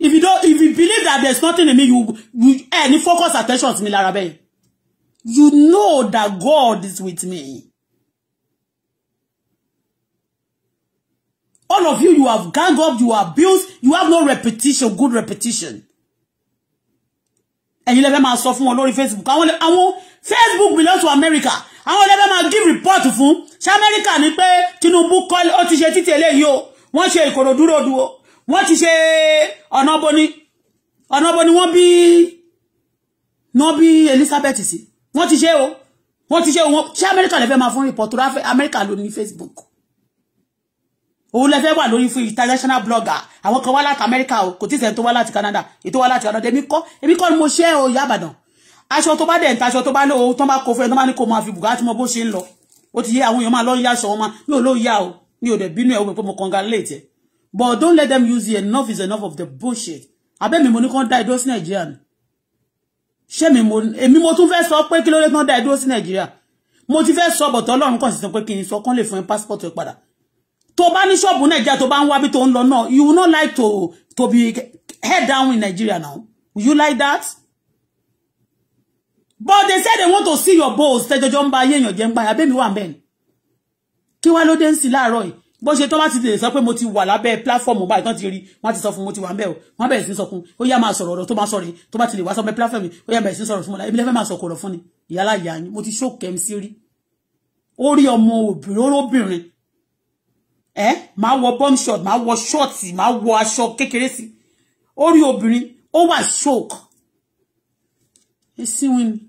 if you don't if you believe that there's nothing in me you you any eh, focus attention sí mi lára you know that God is with me all of you you have gang up you have bills you have no repetition good repetition And ẹ̀yin lẹ́fẹ́ máa sọ on wọn lórí Facebook I want Facebook belongs to America I want lẹ́fẹ́ máa give report fún ṣé America ní pé Tinubu call ó ti ṣe títí eléyìí o wọ́n ṣe ìkòròdú wọ́n ti ṣe ọ̀nà boni ọ̀nà boni wọ́n bí wọ́n bí Elizabeth sí wọ́n ti ṣe o wọ́n ti ṣe o ṣé Amẹ́ríkà lè fẹ́ máa fún rìpọ̀tù ráfẹ́ Amẹ́ríkà ló ní Facebook òun lè fẹ́ wà lórí fún international blogger àwọn kan wá láti Amẹ́ríkà o kò tí ì sẹ́ni tó wá láti Canada ètò wá láti Canada èmi kọ́ èmi kọ́ ni mo ṣe o ìyá Ìbàdàn aṣọ tó bá dẹ̀ ń ta aṣọ tó bá lówó tó bá kó fún ẹ tó bá ní kó máa fi bùkátì mọ bó ṣe ń lọ ó ti yé àwọn èèyàn máa lọ ń yá aṣọ wọn máa mi ò lóun yá o mi ò dẹ̀ bínú ẹ̀ o pé mo congratulate ẹ̀ But don't let them use you. Enough is enough of the bullshit. Abẹ́ mi mo ní kán dá ìdúró sí Nigeria. ni. Ṣé mi mo èmi mo tún fẹ́ sọ pé kí ló lè kán dá ìdúró sí Nàìjíríà? Mo ti fẹ́ sọ bọ̀tọ̀ Ọlọ́run kàn sí sọ pé kí n sọ kán lè fún ẹ passport ẹ padà. Tó bá ní ṣọ́ọ̀bù Nàìjíríà tó bá ń wá bí tó ń lọ náà, you no like to to be head down in Nigeria now. would You like that? But they say they want to see your balls. Tẹ́jọ́jọ́ ń ba ayé èèyàn jẹ́ ń gbà yà bẹ́ẹ̀ mi wà bẹ́ẹ̀ ni. Kí wá ló dé ń sí láàárọ̀ yìí? bó ṣe tó bá ti sọ pé mo ti wà lábẹ́ platform báyìí tán ti rí wọ́n ti sọ fún mo ti wà ńbẹ̀ o wọ́n bẹ̀rẹ̀ sí sọkún ó yá máa sọ̀rọ̀ ọ̀rọ̀ tó máa sọ̀rọ̀ tó bá ti lè wá sọ́bẹ̀ platform ó yá bẹ̀rẹ̀ sí sọ̀rọ̀ fún mi láì ebi lẹ́fẹ̀ẹ́ máa sọ̀kọ̀rọ̀ fún ni ìyálà ìyá yín mo ti ṣókè mi sí rí ó rí ọmọ obìnrin olóbìnrin ẹ máa wọ bomb shot máa wọ ṣọ́ọ̀tì máa wọ aṣọ kékeré sí ó rí obìnrin ó wà ṣókè ẹ síwìn ni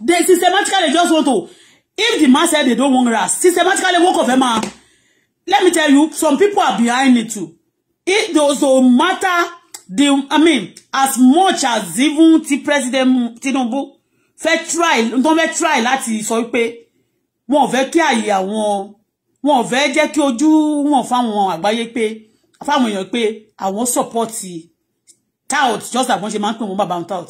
They systematically just want to, if the man said they don't want grass, systematically walk of a eh, man. Let me tell you, some people are behind it too. It doesn't matter, the, I mean, as much as even ti President Tinubu fair trial don't fair trial. fẹ́ try láti sọ pé wọ́n fẹ́ kí àyè àwọn, wọ́n fẹ́ jẹ́ kí ojú wọn fáwọn àgbáyé pé, fáwọn èèyàn pé àwọn support tout just like wọ́n ṣe máa ń pè wọ́n bàbá wọn tout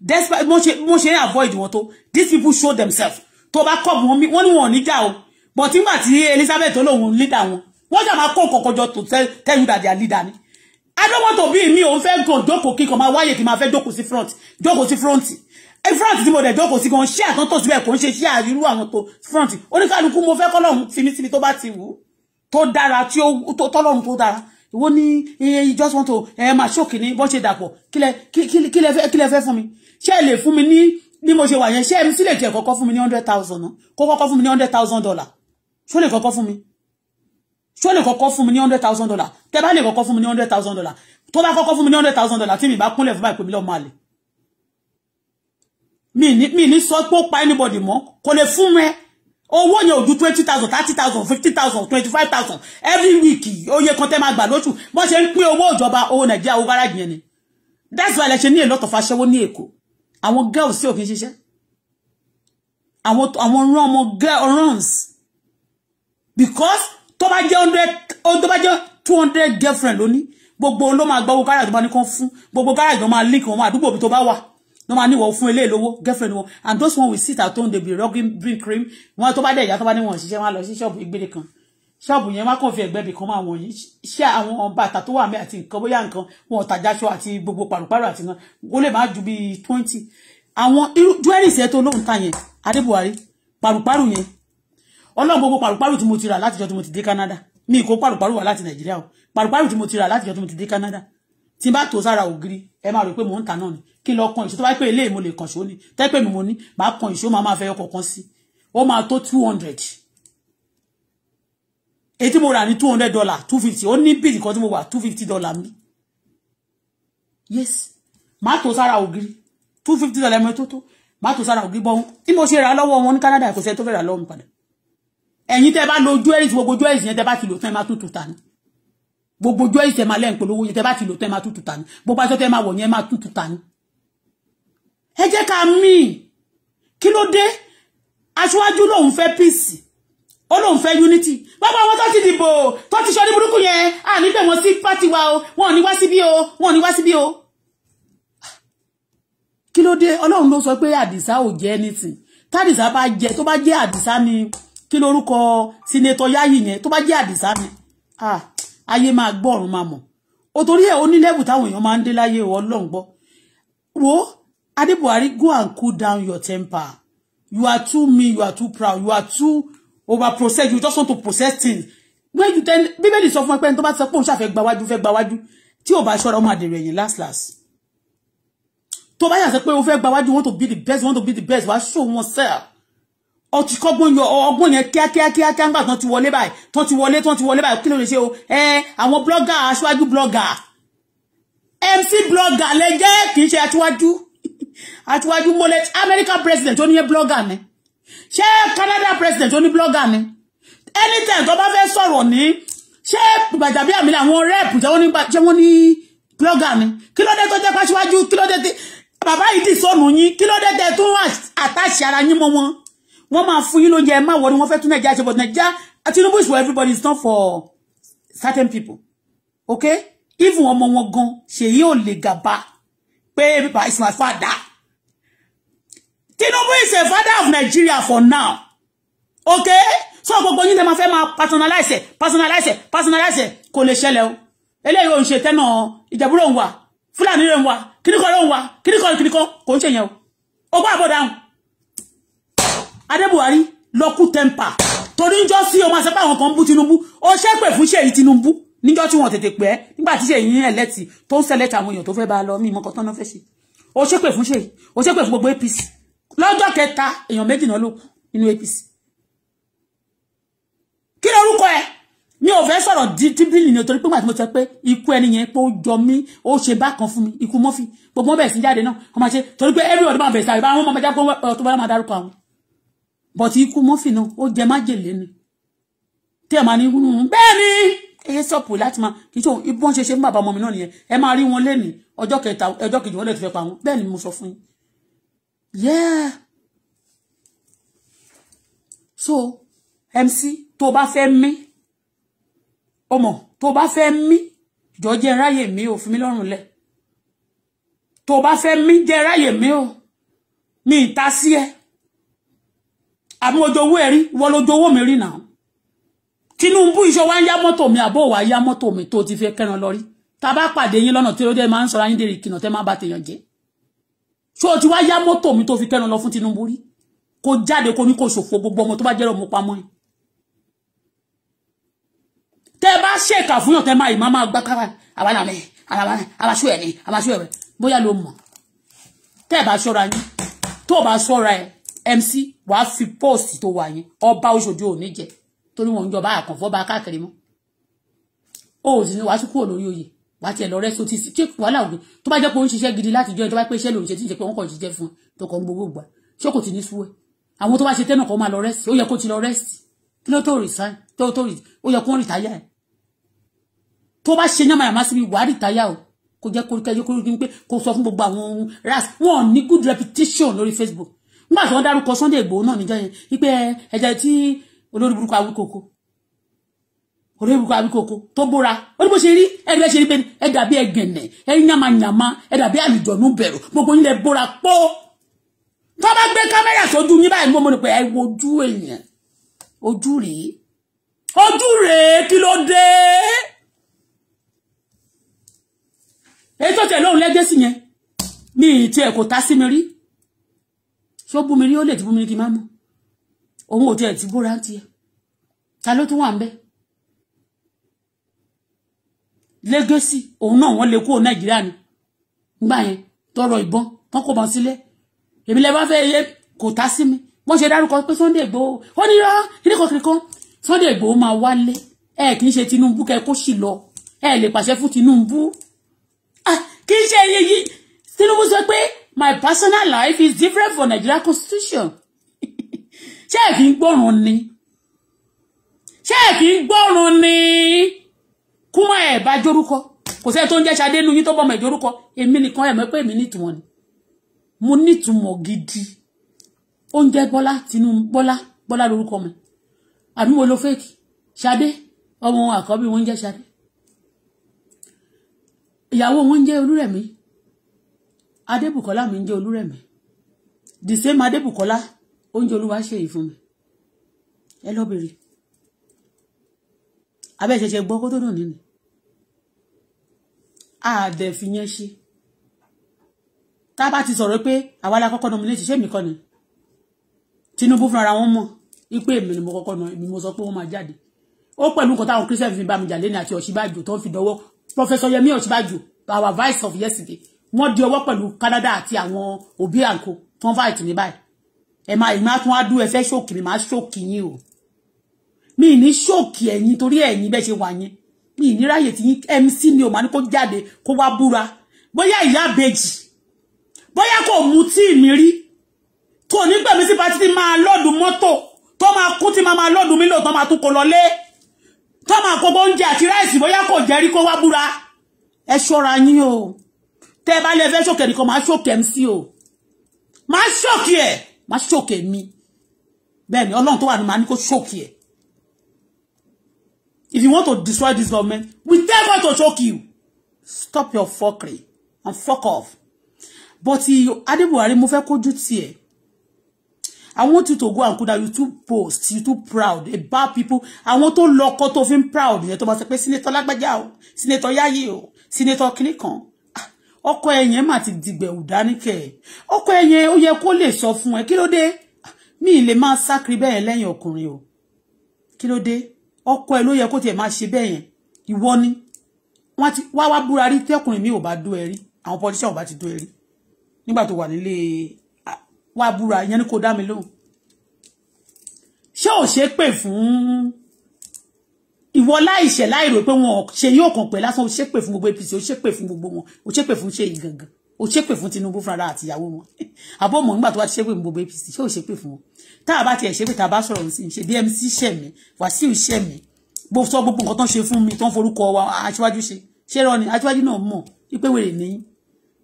despite mo ṣe mo ṣe avoid wọn tó these people show themselves To bá kọ́ wọn mi wọ́n ní wọn ò ní jà o but nígbà tí Elizabeth olóhùn leader wọn wọ́n jà máa kó kọ̀kọ́jọ to tell you that they are leader ni I don't want to be mi òun fẹ́ gan jókòó kíkan máa wáyè kí máa fẹ́ jókòó sí front jókòó sí front ẹ front tí mo dẹ̀ jókòó sí gan ṣé àtúntò síbẹ̀ kò ń ṣe Share. àrírú àwọn tó front oníkálukú mo fẹ́ kọ́lọ́hún tìmí tìmí tó bá ti wù ú tó dára tí ó tọ́lọ́run tó dára ìwọ ni eh, you just want to Eh, ẹ máa ṣókì ní bọ́n ṣe dàpọ̀ kí lẹ fẹ́ fún mi ṣé ẹ lè fún mi ní bí mo ṣe wà yẹn ṣé ẹ lè jẹ́ kọ́kọ́ fún mi ní hundred thousand náà kó kọ́kọ́ fún mi ní hundred thousand dollar ṣó lè kọ́kọ́ fún mi ṣó lè kọ́kọ́ fún mi ní hundred thousand dollar tẹ́ bá lè kọ́kọ́ fún mi ní hundred thousand dollar tó bá kọ́kọ́ fún mi ní hundred thousand dollar tí mi bá kúnlẹ̀ fún báyìí pé mi lọ́ọ́ máa lè mi ní mi ní sọ pé ó pa anybody mọ́ kò lè fún mi owó yẹn ò twenty thousand thirty thousand fifty thousand twenty five thousand every week oye kan tẹ́ máa gbà lóṣù bọ́n ṣe ń pín owó ìjọba owó nàìjíríà owó gáràjì yẹn ni that's why ẹ ṣe ní a lot of aṣẹ́wó ní èkó àwọn girls tí ò kí ń ṣiṣẹ́ àwọn àwọn rán ọmọ girls because tó bá jẹ́ hundred tó bá jẹ́ two hundred girlfriend lóní gbogbo ló máa gbọ́wọ́ garage tó bá ní kán fún gbogbo garage ló máa link wọn àdúgbò bí tó bá wà ló máa níwọ̀ fún ilé ìlówó girlfriend wọn and those one will sit at home they be rubbing drink cream wọn tó bá dẹ̀ ìyá tó bá ní wọn ṣiṣẹ́ wọn lọ sí ṣọ́ọ̀bù ìgbéde kan ṣọ́ọ̀bù yẹn wá kàn fi ẹ̀gbẹ́ ibì kan máa wọ̀nyí ṣé àwọn bàtà tó wà mí àti nǹkan bóyá nǹkan wọn ọ̀tàjáṣọ àti gbogbo pàrọ̀pàrọ̀ àti nǹkan ó lè má ju bíi twenty àwọn irú jewelries ẹ̀ tó lóhùn ta yẹn adébuhari pàrọ̀pàrọ̀ yẹn ọlọ́run gbogbo pàrọ̀pàrọ̀ tí mo ti rà látijọ́ tí mo ti dé Canada mi kò pàrọ̀pàrọ̀ wà láti Nàìjíríà o pàrọ̀pàrọ̀ tí mo ti rà látijọ́ tí mo ti dé Canada tí n bá tò sára ògiri ẹ máa rò pé mò ń tà náà ni kí n lọ kan ìṣó tó bá pé eléyìí mo lè kàn ṣó ni tẹ́pẹ́ mi mo ní máa kan ìṣó máa máa fẹ́ ọkọ̀ kan sí ó máa tó two hundred èyí tí mo rà ní two hundred dollar two fifty ó ní bíìlì kan tí mo wà two fifty dollar mi yes má tó sára ògiri two fifty dollar mi tó tó má tó sára ògiri bọ́n mo ṣe rà lọ́wọ́ wọn ní Canada kò sẹ́ni tó fẹ́ rà lọ́wọ́ mi padà ẹ̀yin tẹ́ bá lo ojú ẹ̀rì tí gbogbo ojú ẹ̀rì yẹn tẹ́ bá ti lò tán ẹ má tútù ta ni gbogbo ojú ẹ̀rì tẹ́ máa lẹ́yìn polówó yẹn tẹ́ bá ti lò tán ẹ má tútù gbogbo aṣọ tẹ́ máa wọ̀ yẹn ẹ má tútù ta ni. ẹ jẹ́ ká mí kí ló dé ó lóun fẹ́ unity gbogbo àwọn tó ti dìbò tó ti ṣọdí burúkú yẹn à nígbà wọn sí pátì wa o wọn ò ní wá síbí o wọn ò ní wá síbí o kí ló dé ọlọ́run ló sọ pé àdìsá ò jẹ́ anything tádìsá bá jẹ tó bá jẹ́ àdìsá ni kí lórúkọ sinetọ yáyì yẹn tó bá jẹ́ àdìsá ni ayé máa gbọ́ ọ̀run máa mọ̀ o torí ẹ̀ ó ní lẹ́bù táwọn èèyàn máa ń dé láyé ọlọ́run gbọ́ wo adé buhari go and cool down your temper you are too mean you are too proud you are too over process you just want to process things when you tell bíbélì sọ fún ẹ pé ẹni tó bá ti sọ pé òun ṣàfẹ́ gba wájú fẹ́ gba wájú tí ò bá ṣọ́ra ọmọ àdèrè ẹ̀yìn last last tó bá yà sọ pé o fẹ́ gba wájú want to be the best want to be the best wàá show wọn sell ọtí kọ́gbọ́n yọ ọgbọ́n yẹn kíákíákíá kíáńgbà tán ti wọlé báyìí tán ti wọlé tán ti wọlé báyìí kí ló lè ṣe o ẹ àwọn blogger aṣáájú blogger mc blogger lè jẹ́ kì í ṣe aṣáájú aṣáájú mọ́lẹ̀ American president ó ní blogger ni ṣé Canada president ó ní blogger ni anytime tó bá fẹ́ sọ̀rọ̀ ní ṣé gbàjàbí àmì àwọn rep tí wọ́n ní ṣé wọ́n ní blogger ni kí ló dé tó jẹ́ pàṣíwájú kí ló dé tí bàbá yìí dì sọ́nù yín kí ló dé tẹ́ tún àtàṣe ara yín mọ́ wọn wọ́n máa fún yín lóúnjẹ ẹ má wọ ni wọ́n fẹ́ tún nàìjíríà ṣe but nàìjíríà Tinubu is for everybody is not for certain people okay even ọmọ wọn gan ṣèyí ò lè gàba pé bàbá is my father Tinubu is a father of Nigeria for now okay so gbogbo yín lè máa fẹ́ máa personalize personalize personalize kò lè ṣẹlẹ̀ o eléyìí ò ń ṣe tẹ́nà ìjẹ̀bú lòun wà fúlàní lòun wà kíníkọ lòun wà kíníkọ kíníkọ kò ń ṣe yẹn o ó bá àbọ̀ dáhùn adébuhari lọ́kù temper. torí níjọ́ sí o máa ṣe pé àwọn kan bú Tinubu ó ṣépè fún ṣèyí Tinubu níjọ́ tí wọ́n tètè pẹ́ nígbà tí ṣèyí yín ẹ̀lẹ́tì tó ń ṣẹlẹ́tì àwọn èèyàn tó fẹ́ bá lọ mí mọ́kàn tán náà fẹ́ ṣe ó ṣépè fún ṣèyí ó ṣépè fún gbogbo APC lọ́jọ́ kẹta èèyàn méjì náà ló kù nínú APC kí ni orúkọ ẹ mi ò fẹ́ sọ̀rọ̀ dídíbìlì ni torí pé màtí mo sọ pé ikú ẹni yẹn pé ó jọ mí ó ṣe bákan fún mi ikú mọ́fì gbogbo wọn bẹ̀rẹ̀ sí jáde náà wọ́n máa ṣe torí pé everybody máa bẹ̀rẹ̀ sí àríwá àwọn ọmọ ọmọdé tó bá máa dárúkọ àwọn but ikú mọ́fì náà ó jẹ májèlé ni tí ẹ máa ní hùn hmm, bẹ́ẹ̀ ni ẹ sọ̀pù láti máa kì í ṣe ìbọn ṣe ṣe fún bàbá ọmọ mi náà nìyẹn ẹ máa rí wọn lẹ́nìí ọjọ́ kẹta ọjọ́ kejì wọ́n lè fẹ́ pa wọn bẹ́ẹ̀ ni mo sọ fún yín yeah so mc tó bá fẹ́ mí ọmọ tó bá fẹ́ mí jọ jẹ́ ráyè mí ò fi mí lọ́rùn lẹ̀ tó bá fẹ́ mí jẹ́ ráyè mí ò mi ìta sí ẹ àmú ọjọ́ ẹ̀rí wọ́n lójó owó mi rí náà Tinubu iṣẹ́ wa ń yá mọ́tò mi àbọ̀ wà yá mọ́tò mi tó ti fẹ́ kẹran lọ rí tá a bá pàdé yín lọ́nà tí ó dé máa ń sọ ayíǹde ìkìnà tẹ́ má bà tèèyàn jẹ́ ṣé o ti wá yá mọ́tò mi tó fi kẹ́nu lọ fún Tinubu rí kó jáde kó ní kó ṣòfò gbogbo ọmọ tó bá jẹ́rọ mú pamọ́ yìí tẹ bá ṣèkà fún yàn tẹ máa ìmọ̀ máa gbá kára àbálà mi àbáṣú ẹ̀ ni àbáṣú ẹ̀ rẹ̀ bóyá ló mọ̀ tẹ bá ṣọ́ra yín tó bá ṣọ́ra ẹ̀ MC wàá fi pọ́ọ̀sì tó wà yẹn ọba Ọ̀ṣọ́dì òní jẹ torí wọn ń jọba àkànfọ́ bá káàkiri mọ́ o ò sì ní wàá tún kúrò lórí wàá tiẹ̀ lọ rẹ́sì ó ti ṣe wàhálà ògùn tó bá jẹ́ pé ó ń ṣiṣẹ́ gidi láti jọ ẹ̀ tó bá pé iṣẹ́ lòun ṣe tí ì ṣe pé wọ́n kàn ṣiṣẹ́ fún un tó kàn gbogbo gbà ṣé kò ti ní sú ẹ àwọn tó bá ṣe tẹ́nà kan máa lọ rẹ́sì ó yẹ kó ti lọ rẹ́sì kí ló tó resign tó tó ó yẹ kó ń rìtáyà ẹ tó bá ṣe yánmà yàmá síbi wàá rìtáyà o kò jẹ́ kórìkẹ́ yẹ kórìkẹ́ ní pé kò sọ fún gbogbo àwọn ohun ras wọn ní good reputation lórí Facebook nígbà tí wọ́n dárúkọ Sunday Igboho náà níjọ́ yẹn wípé ẹ̀jẹ̀ tí olórí burúkú awíkoko ọ̀rẹ́ ìbùkún abíkókó tó bóra ó ní bó ṣe rí ẹgbẹ́ ṣe rí pé ẹ dàbí ẹgẹ̀nẹ̀ ẹ yàmàyàmà ẹ dàbí àlùjọ̀nù bẹ̀rù gbogbo yín lẹ bóra pọ́ tó bá gbé kámẹ́rà sójú yín báyìí mo mọ̀ ní pé ẹ wo ojú èèyàn ojú rèé ojú rèé kí ló dé èyí tó tẹ̀ lóhùn lẹ́gẹ́sì yẹn mi ì tiẹ̀ kò tá sí mi rí ṣó bú mi rí ó lè ti bú mi rí kí n má mọ̀ òun ò tiẹ̀ ti bóra ń tiẹ̀ ta ló tún wà ń bẹ́ẹ̀ lẹ́gẹ́sì òun náà wọ́n lè kúrò nàìjíríà ni gbà yẹn tọrọ ìbọn tán kò bọ́n sílẹ̀ èmi lẹ́ bá fẹ́ yé kò tá sí mi wọ́n ṣe dárúkọ pé Sunday Igboho ó ní rárá kíníkọ̀kiri kan Sunday Igboho máa wálé ẹ kì í ṣe Tinubu kẹ kó sì lọ ẹ lè pàṣẹ fún Tinubu ah, kì í ṣe yíyí Tinubu sọ pé my personal life is different from Nigeria constitution ṣé ẹ kì í gbọ́ràn ni ṣé ẹ kì í gbọ́ràn ni kúmọ̀ ẹ̀ bá jórúkọ kò sẹ́ni tó ń jẹ́ Ṣadé nu yín tó bọ́mọ ìjórúkọ èmi nìkan ẹ̀ mọ̀ pé èmi nítumọ̀ ni mo nítumọ̀ gidi oúnjẹ Bọ́lá Tinubu Bọ́lá Bọ́lá lórúkọ mi àbí mo lo fake Ṣadé ọmọ àkọ́bí wọn ń jẹ́ Ṣadé ìyàwó wọn ń jẹ́ Olúrẹ̀mí Adébùkọ́lá mi ń jẹ́ Olúrẹ̀mí the same Adébùkọ́lá oúnjẹ olúwa ṣe yìí fún mi ẹ lọ bèrè abẹ́ ìṣẹ̀ṣẹ̀ gbọ́ kó tó dùn nínú àdẹ̀ fi yẹn ṣe tá a bá ti sọ̀rọ̀ pé àwa la kọ́kọ́ nominate ṣé èmi kọ́ ni Tinubu fúnra wọn mọ̀ ipe èmi ni mo kọ́kọ́ nà èmi mo sọ pé wọ́n máa jáde ó pẹ̀lú nǹkan táwọn Christian fi bá mi jà lẹ́nu àti Ọ̀ṣínbàjò tó ń fi dọwọ́ Professor Yemi Ọ̀ṣínbàjò our vice of yesterday wọ́n di ọwọ́ pẹ̀lú Canada àti àwọn òbí àǹkó tó ń fight ní báyìí ẹ máa ìmọ̀ àtún á dún ẹfẹ́ ṣòkì mi máa ṣòkì yín o mi ní ṣòkì ẹ̀yin torí ẹ̀yin bẹ́ẹ̀ ṣe wà yín mi ní ráyè tí mc ni o máa ní kó jáde kó wá búra bóyá ìyá àbejì bóyá kò mu tíì mi rí tó ní gbẹ̀mí sí pati tí máa lọ́ọ̀dù mọ́tò tó máa kú tí máa lọ́ọ̀dù mílò tó máa tún kó lọlé tó máa kó bóúnjẹ àti ráìsì bóyá kò jẹ́rí kó wá búra ẹ ṣọ́ra yín o tẹ́ bá lè fẹ́ ṣòkè nìkan máa ṣòkè mc o ma ṣòkè e, ma ṣòkè mi bẹ́ẹ̀ ni ọlọ́run tó wà ní máa ní kó ṣòkè ẹ̀ If you want to destroy this government, we tell God to choke you. Stop your fuckery and fuck off. But Adebuhari mo fẹ́ kójú tiẹ̀. I want you to go and put that YouTube post, you too proud about people. I want to lock out of him proud yẹn tó to sọ pé Senator Lágbájá o, Senator Yáyé o, Senator Kìnìkan. Ah, ọkọ ẹ̀yẹn mà ti dìgbẹ̀wù dáníkẹ̀. Ọkọ ẹ̀yẹn ó yẹ kó ko sọ fún ẹ, kí ló dé? Ah, mi lè máa sákiri bẹ́ẹ̀ lẹ́yìn ọkùnrin o. Kí ló dé? ọkọ ẹ ló yẹ kó tiẹ̀ máa ṣe bẹ́ẹ̀ yẹn ìwọ ni wọ́n ti wá wá búra rí tẹ́kùnrin mi ò bá dó ẹ àwọn politician ò bá ti dó ẹ nígbà tó wà nílé wá búra ìyẹn ni kò dá mi lóhùn ṣé ò ṣe pè fún ìwọ láìṣẹ̀ láìrò pé wọn ṣe yóò kàn pé lásán ó ṣe pè fún gbogbo APC ó ṣe pè fún gbogbo wọn ó ṣe pè fún ṣe yìí gangan ó ṣe pè fún Tinubu fúnra àti ìyàwó wọn àbọ̀ nígbà tó wá ti ṣe pè fún gbogbo APC ṣé ò ṣe pè fún wọn tá a bá tiẹ̀ ṣe pé tá a bá sọ̀rọ̀ sí ṣe BMC ṣẹ̀ mí Wàsíù ṣẹ̀ mí gbogbo sọ gbogbo nǹkan tó ń ṣe fún mi tó ń forúkọ wa aṣíwájú ṣe ṣé rọ ni aṣíwájú náà mọ̀ wípé wèrè ní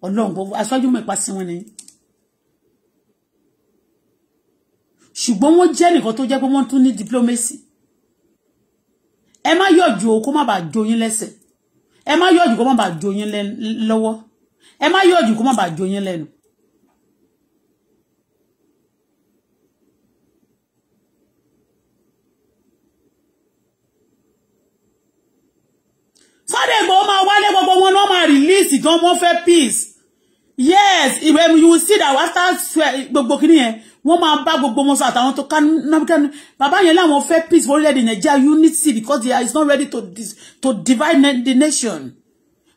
ọlọ́run gbogbo aṣíwájú mọ̀ ipa sí wọn ni. ṣùgbọ́n wọ́n jẹ́ nìkan tó jẹ́ pé wọ́n tún ní diplomacy ẹ má yọ̀jù o kó má bàa jó yín lẹ́sẹ̀ ẹ má yọ̀jù kó má bàa jó yín lọ́wọ́ ẹ má yọ̀jù kó má bàa jó yín lẹ́nu Sunday Igboho máa wálé go, wọn one máa release It don't want fẹ́ peace yes when um, you will see that after gbogbo kìíní yẹn wọ́n máa bá gbogbo wọn sọ àtàwọn tó kánú bàbá yẹn want fẹ́ peace for orílẹ̀-èdè Nàìjíríà unity because they are is not ready to, to divide the nation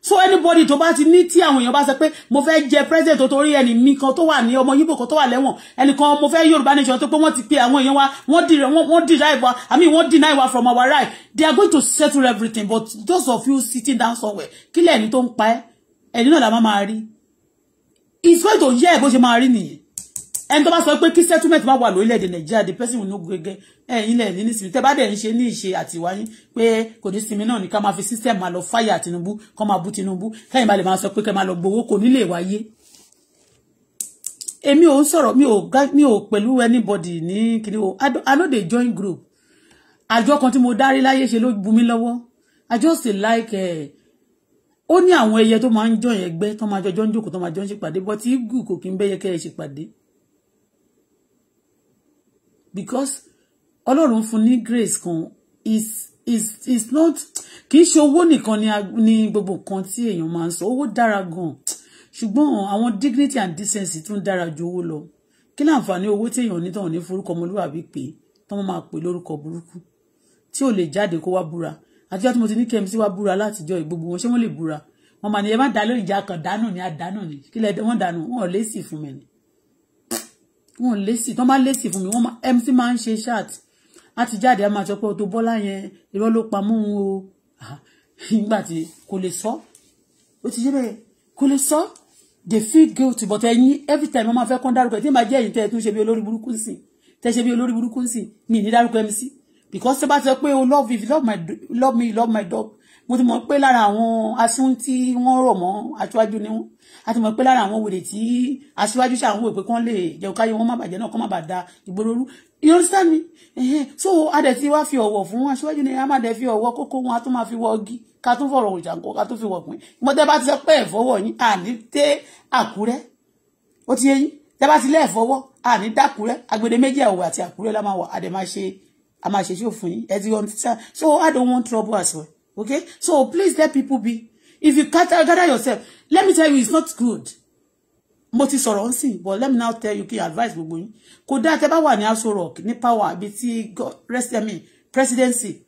so anybody to bá ti ní tí àwọn èèyàn bá sọ pé mo fẹ́ jẹ president to torí ẹni mi kan tó wà ní ọmọ yíbo kan tó wà lẹ́wọ̀n ẹnìkan mo fẹ́ yorùbá nation tó pé wọ́n ti pe àwọn èèyàn wa wọ́n deny wọ́n deny wa i mean wọ́n deny wa from our right they are going to settle everything but those of you sitting down somewhere kílẹ̀ ẹni tó ń pa ẹ́ ẹni náà la máa máa rí it's going to hear bó ṣe máa rí nìyẹn ẹni tó bá sọ pé kí settlement bá wà lórílẹ̀‐èdè nàìjíríà the person will no gẹ́gẹ́ ẹ̀yin lẹ̀ ní nísìmí tẹ́ bá dẹ̀ ń ṣe ní ìṣe àtiwáyé pé kò ní sinmi náà ní ká máa fi system máa lọ fáyà Tinubu kọ́ máa bú Tinubu kẹ́yìn bá lè máa sọ pé kẹ́ máa lọ gbowó kò nílé wáyé èmi ò ń sọ̀rọ̀ mi ò pẹ̀lú anybody ní kiri o I no dey join group àjọ kan tí mo dárí láyé ṣe ló bu mí lọ́wọ́ I just dey like eh, ó ní àwọn ẹyẹ tó máa ń jọyìn ẹgbẹ́ tó máa jọjọ́ ń jókòó tó máa jọ ń ṣèpàdé bọ́ tí kò kí ń bẹ́yẹ kẹ́ ẹ ṣèpàdé because ọlọ́run fún ní grace kan is is is not kì í ṣe owó nìkan ni gbogbo kan tí èèyàn máa ń sọ owó dára gan ṣùgbọ́n àwọn dignity and decency tún dára ju owó lọ kí ni àǹfààní owó tí èèyàn onítàn ní forúkọ ọmọlúwàbí pé tí wọ́n máa pè lórúkọ burúkú tí ò lè jáde kó wá búra àti ọtí mo ti ní kẹ́mi sí wá búra látijọ́ ìgbogbo wọn ṣé wọ́n lè búra wọn mà ní ẹ má dá lóyìn ìjà kan dánù ni àdánù ni kí lẹ wọ́n dànù wọn ò lè sì fún mi ni wọn lésì tán bá lésì fún mi wọn mc máa ń ṣe ṣáàt á ti jáde á máa sọ pé Auto Bola yẹn irọ́ ló pa mọ́ òun o ah, nígbà tí kò lè sọ ó ti yé bẹ́ẹ̀ kò lè sọ they feel guilty but ẹ̀yin every time wọ́n máa fẹ́ kán dárúkọ ẹ̀ tí màá jẹ́ ẹ̀yin tẹ́ ẹ tún ṣe bí olórí burúkú sí tẹ́ ṣe bí olórí burúkú sí mi ní dárúkọ mc because ṣé bá ti sọ pé o oh, love if love my love me love my dog mo ti mọ̀ pé lára àwọn asún tí wọ́n rọ̀ mọ́ aṣíwájú ni wọ́n a ti mọ̀ pé lára àwọn wèrè tí aṣíwájú ṣàwọn wò pé kán lè jẹun káyé wọn má bàjẹ́ náà kán má bàa da ìgboro rú you understand me so a dẹ̀ ti wá fi ọ̀wọ̀ fún aṣíwájú ni a má dẹ̀ fi ọ̀wọ̀ kókó wọn a tún máa fi wọ ọgí ká tún fọ̀rọ̀ òjàǹkó ká tún fi wọ̀ pín mo tẹ́ bá ti sọ pé ẹ̀fọ́wọ́ yín àní dé àkúrẹ́ ó ti yé tẹ́ bá ti lé ẹ̀fọ́wọ́ àní dákúrẹ́ agbede méjì àwọ̀ àti àkúrẹ́ la máa wà a dẹ̀ máa ṣe a máa ṣe ṣòfin ẹ ti yọ ní títà so I don't want trouble as well Okay? So please let people be. If you gather, gather yourself, let me tell you, it's not good. Mo ti sọ̀rọ̀ nsin, but let me now tell you can advise gbogbo yín. Kódà tẹ́ bá wà ní Aso Rock ní power bí ti rest me presidency.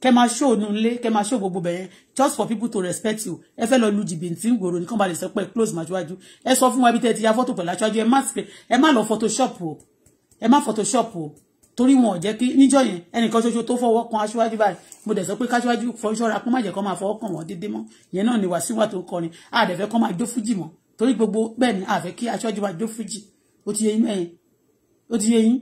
Kẹ́ máa show nu nle, kẹ́ show gbogbo bẹ̀yẹn just for people to respect you. Ẹ fẹ́ lọ lu jìbìntín gbòòrò ní kàn bá lè sọ pé close màjúwájú. Ẹ sọ fún wa bí tẹ́ ti ya photo pẹ̀lú aṣáájú. Ẹ má ẹ má lọ photoshop o. Ẹ má photoshop o torí wọn ò jẹ́ kí níjọ́ yẹn ẹnìkan ṣoṣo tó fọwọ́ kan aṣíwájú báyìí mo dẹ̀ sọ pé káṣíwájú fọṣọ́ra kó má jẹ́ kó máa fọwọ́ kàn wọ́n dédé mọ́ yẹn náà ni wàsíwà tó ń kọrin àdẹ̀fẹ́ kó máa jó fújì mọ́ torí gbogbo bẹ́ẹ̀ ni àfẹ́ kí aṣíwájú máa jó fújì ó ti yẹ inú ẹ̀yìn ó ti yẹ yín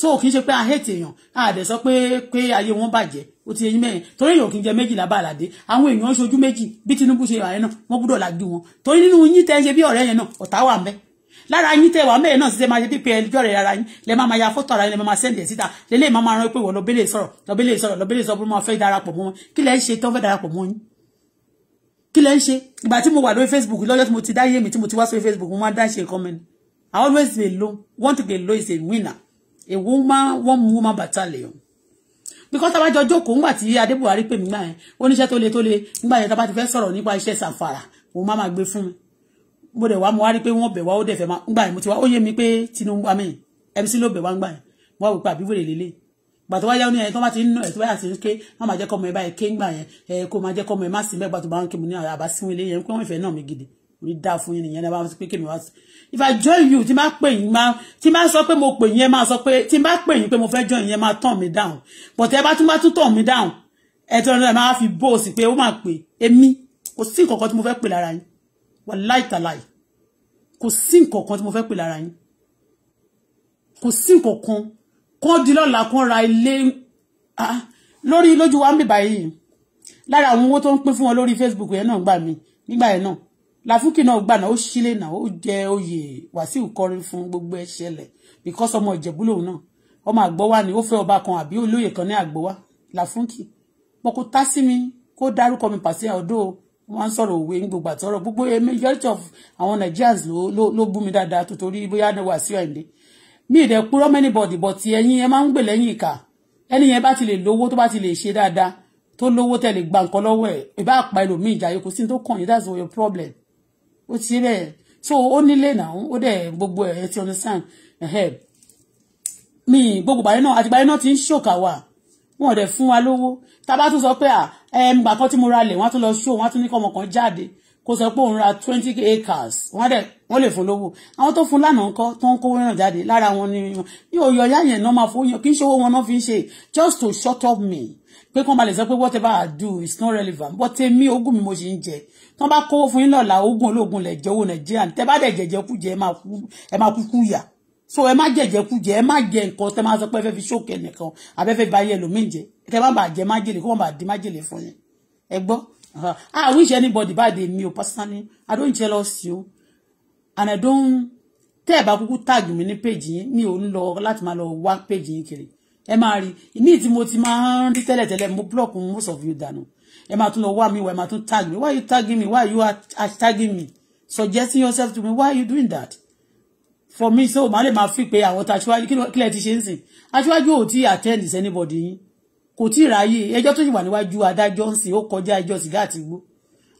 so kì í ṣe pé ahẹ́tì èèyàn àdẹ̀ sọ pé pé ayé wọn bàjẹ́ ó ti yẹ yín mẹ́rin torí èèyàn kì í jẹ méjìlá bàlàdé àwọn èèyàn ṣojú méjì bí Tinubu ṣe ààrẹ náà wọ́n gbúdọ̀ làjú wọn torí nínú yín tẹ́ ṣe bí ọ̀rẹ́ yẹn náà ọ̀tá wà ń bẹ́ẹ̀ lára yín tẹ́ wà mẹ́ẹ̀ náà sì tẹ́ máa ṣe pípẹ́ ẹjọ́ rẹ̀ ara yín lẹ́ máa ya fọ́tò ara yín lẹ́ máa sẹ́ndì ẹ̀ síta lélẹ́ máa máa rán pé wọ́n lọ́bẹ̀lẹ̀ sọ̀rọ̀ lọ́bẹ̀lẹ̀ sọ̀rọ̀ lọ́bẹ̀lẹ̀ sọ̀rọ̀ máa fẹ́ darapọ̀ mọ́ wọn kí lẹ́ ń ṣe tó fẹ́ darapọ̀ mọ́ yín kí lẹ́ ń ṣe ìgbà tí mo wà lórí Facebook lọ́jọ́ tí mo ti dáyé mi tí mo ti wá sórí Facebook mo máa dá ṣe nǹkan mẹ́ni I always be low want to be low is a winner a woman one woman battalion because tàbá jọ jókòó ńgbà tí adébùwárí pè mí gbà yẹn oníṣẹ́ tó le tó le ńgbà yẹn tàbá ti fẹ́ sọ̀rọ̀ nípa iṣẹ́ sàfàrà òun má máa gbé fún mi mo dẹ̀ wá mo wá rí pé wọ́n bẹ̀ wá ó dẹ̀ fẹ́ máa ń mo ti wá ó yé mi pé Tinubu amí MC ló bẹ̀ wá ń gbà yẹn mo wá wò pé àbíwèrè lélẹ̀ gbà tó wá yá ní ẹni tó ti ń nà ẹ̀ tó bá yà sí ké má má jẹ́ kọ́ ọmọ ẹ báyìí ké ń gbà yẹn ẹ kó má jẹ́ kọ́ ọmọ ẹ má sí mẹ́gbà tó bá ń ké mu ní ah, àbá síwìn lé yẹn pé wọ́n ìfẹ́ náà mi gidi orí dá fún yín nìyẹn náà bá pé kémi wá sí if i join you tí n bá pè yín má tí n bá sọ pé mo pè yín ẹ máa sọ pé tí n bá pè yín mo fẹ́ join yín ẹ máa tàn mí down but ẹ bá tún bá tún tàn mí down ẹ tọ́ ẹ máa fi bóòsì pé ó máa pè èmi kò sí nǹkan kan tí mo fẹ́ pè lára yín wà láìtàláì kò sí nǹkan kan tí mo fẹ́ pè lára yín kò sí nǹkan kan kán di lọ́la kán ra ilé lórí lójú wa ń bèbà yìí lára àwọn owó tó ń pín fún wọn lórí Facebook yẹn náà gbà mí nígbà yẹn náà làfúkì náà gbà náà ó sílé náà ó jẹ oyè Wàsíù kọrin fún gbogbo ẹ because ọmọ Ìjẹ̀bú lòun náà ọmọ Àgbọ̀wá ni ó fẹ́ ọba kan àbí olóyè kan ní Àgbọ̀wá làfúkì bọ́kú tá sí mi kó dárúkọ mi pàṣẹ ọdún wọ́n ń sọ̀rọ̀ òwe ní gbogbo àtọ́rọ̀ gbogbo majority of àwọn Nigerians ló bú mi dáadáa tó torí bóyá ní Wàsíù Àyìndé mi ì dẹ̀ purọ́ mẹ́nìbọ̀dì bọ̀ tí ẹ̀yin ẹ máa ń gbè lẹ́yìn ìkà ẹni yẹn bá ti lè lówó tó bá ti lè ṣe dáadáa tó lówó tẹ̀lé gba nǹkan lọ́wọ́ ẹ̀ ìbá àpá ẹlòmíì ìjà yòókù sí ní tó kàn yín that's your problem ó ti rẹ̀ so ó nílé náà ó dẹ̀ gbogbo ẹ̀ ti understand mi gbogbo bàyẹ̀ náà àtìgbàyẹ̀ náà ti ń ṣòkà wà wọn ò dẹ̀ fún wa lówó tá a bá tún sọ pé à gbà kan tí mo ra lẹ̀ wọ́n á tún lọ ṣó wọ́n á tún ní kọ́mọ kan jáde kó sọ pé òun ra twenty acres wọ́n dẹ̀ wọ́n lè fún lówó àwọn tó fún lánàá ńkọ́ tó ń kówó náà jáde lára wọn ni yóò yọ ọyá yẹn náà máa fowó yàn kí n ṣe owó wọn náà fi ń ṣe just to shut up me pé kán balẹ̀ sọ pé whatever I do is not relevant but èmi ogún mi mo ṣe ń jẹ tán bá kówó fún yín lọ́la ogún ológun lẹ̀ jẹ́ owó Nàìjíríà tẹ́ bá dẹ̀ jẹ̀jẹ̀ kú jẹ́ ẹ máa kú kú yà so ẹ má jẹjẹ ẹ má jẹ nǹkan tẹ máa sọ pé ẹ fẹ́ fi ṣókè nìkan àbẹ báyẹ lómi jẹ tẹ má bàa jẹ májèlé kó má bàa di májèlé fún yín ẹ gbọ́ I wish anybody bad dey me o personally I don't jealous you and I don't tẹ ẹ bá kúkú tag mi ní page yín mi ò ń lọ láti máa lọ wá page yín kiri ẹ máa rí ní tí mo ti máa ń rí tẹ́lẹ̀tẹ́lẹ̀ mo block most of you dànù ẹ máa tún lọ wá mi wá ẹ máa tún tag mi why you tagging me why you are tagging me suggesting yourself to me why you doing that for me so màá lè máa fi pé àwọn tá aṣíwájú kílẹ̀ ti ṣe ń sìn aṣíwájú ò tí attend is anybody yín kò tí ì ráyè ẹjọ́ tó sì wà níwájú adájọ́ ń sìn ó kọjá ẹjọ́ sìgá àti igbó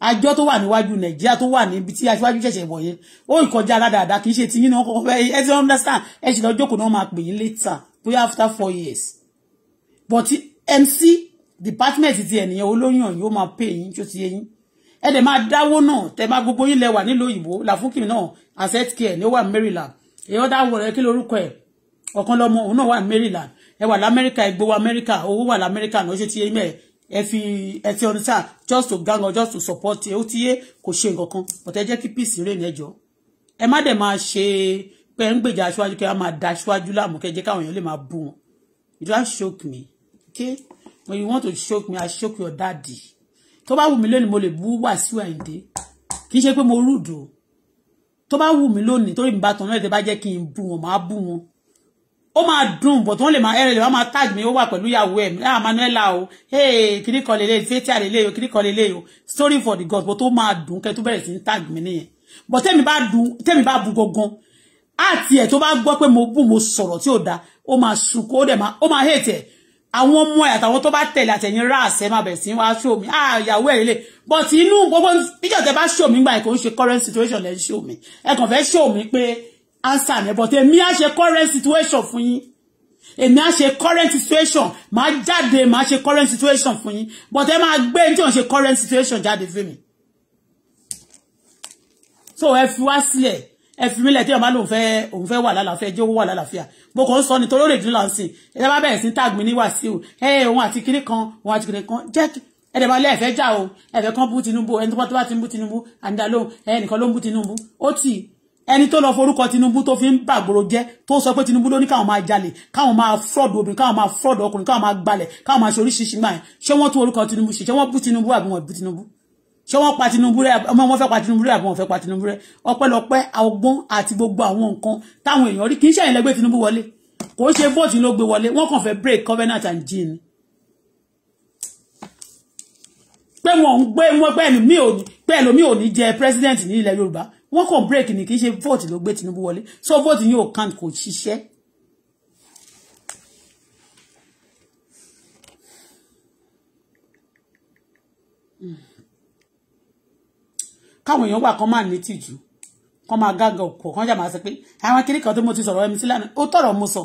àjọ tó wà níwájú nàìjíríà tó wà níbi tí aṣíwájú ṣẹ̀ṣẹ̀ wọ̀ yẹn ó ìkọjá aládàáda ti yín náà kọ́kọ́ bẹ́ẹ̀ ti understand ẹ sì lọ jókòó náà máa pè yín later bóyá after four years but mc department ti ẹ̀nìyàn olóyún yìí ó máa pè yín tó ti yé yín ẹ dẹ̀ máa dáwó náà tẹ máa gbogbo yín lẹ́wà nílùú òyìnbó làfúnkì náà asset care ni ó wà Maryland èyí ọ̀dà wọ̀ ẹ́ kí lorúkọ ẹ̀ ọ̀kan lọ́mọ òun náà wà ní Maryland ẹ wà lamẹ́ríkà ẹ gbowó amẹ́ríkà owó wà lamẹ́ríkà náà ó ṣe ti yé mẹ́ ẹ fi ẹ ti ọdún sáà just to gang or just to support ẹ ó ti yé kò ṣe nǹkan kan ọ̀tẹ́ jẹ́ kí peace rè ní ẹjọ́ ẹ má dẹ̀ máa ṣe pé ń gbèjà aṣáájú kí a máa da aṣáájú láàmú kẹ́ jẹ́ káwọn èèyàn lè máa bú wọn you don shock me okay when you want to shock me i shock your daddy tó bá wù mí lónìí mo lè bú Wàsíù Àyìndé kì í ṣe pé mo rúdò tó bá wù mí lónìí torí mi bá tọ̀nà ẹ̀ tẹ́ bá jẹ́ kí n bú wọn máa bú wọn ó máa dùn bọ̀ tó ń lè máa ẹ̀rẹ̀ lè máa tag mi ó wà pẹ̀lú ìyàwó ẹ̀ ah manuela o hey kiri kan lele fetia lele o kiri kan lele o story for the god bọ̀ tó máa dùn kẹ́ tó bẹ̀rẹ̀ sí ń tag mi nìyẹn bọ̀ tẹ́mi bá dùn tẹ́mi bá bu gangan àti ẹ̀ tó bá gbọ́ pé mo bù mo sọ̀rọ̀ tí ò da ó máa sunkún ó dẹ̀ máa ó máa hate àwọn ọmọ ẹ̀ àtàwọn tó bá tẹ̀lé àtẹ̀yìn ráàsì ẹ̀ máa bẹ̀rẹ̀ sí wá show mi ah ìyàwó ẹ̀ lè but inú gbogbo píjọ́ tẹ bá show mi gbà kò ń ṣe current situation lẹ́ ń show mi ẹ kàn fẹ́ show mi pé answer mi but èmi á ṣe current situation fún yín èmi á ṣe current situation máa jáde máa ṣe current situation fún yín but ẹ máa gbé ní tí wọ́n ṣe current situation jáde fún mi so ẹ fi wá sílẹ̀ ẹ fi mílẹ̀ tí ẹ máa lòun fẹ́ òun fẹ́ wà lálàáfíà jẹ́ owó wà lálàáfíà mo kàn ń sọ nítorí ó lè dín láǹsìn ẹ bá bẹ̀rẹ̀ sí tag mi ní wàsíù ẹ òun àti kinní kan òun àti kinní kan jẹ́ ẹ dẹ̀ máa lé ẹ̀fẹ́ jà o ẹ̀fẹ́ kan bú Tinubu ẹni tó bá ti ń bú Tinubu àǹdà lóhùn ẹnìkan ló ń bú Tinubu ó tì ẹni tó lọ forúkọ Tinubu tó fi ń bàgbòrò jẹ tó sọ pé Tinubu ló ní káwọn máa jalè káwọn máa fọdù obìnrin káwọn máa fọdù ọkùnrin káwọn máa gbalẹ̀ káwọn máa ṣe oríṣiríṣi gbà yẹn ṣé wọn tún orúkọ Tinubu ṣe ṣé wọn bú Tinubu àbí wọn bú Tinubu ṣé wọ́n pa Tinubu rẹ́ ọmọ wọn fẹ́ pa Tinubu rẹ́ àbí wọ́n fẹ́ pa Tinubu rẹ́ ọpẹ́lọpẹ́ ọgbọ́n àti gbogbo àwọn nǹkan táwọn èèyàn rí kì í ṣẹ̀yìn lẹ́gbẹ́ Tinubu wọlé kò ṣe vote ló gbé wọlé wọ́n kàn fẹ́ break covenant and gene. pé wọ́n ń gbé wọ́n pé ẹlòmí ò pé ẹlòmí ò ní jẹ president ní ilẹ̀ Yorùbá wọ́n kàn break ni kì í ṣe vote ló gbé Tinubu wọlé so vote yìí ò kàn kò ṣiṣẹ́ káwọn èèyàn wà kán máa ní tìjú kán máa gága òkò kán jà máa sọ pé àwọn kiri kan tó mo ti sọ̀rọ̀ ẹ̀mí sí lánàá ó tọ̀rọ̀ mo sọ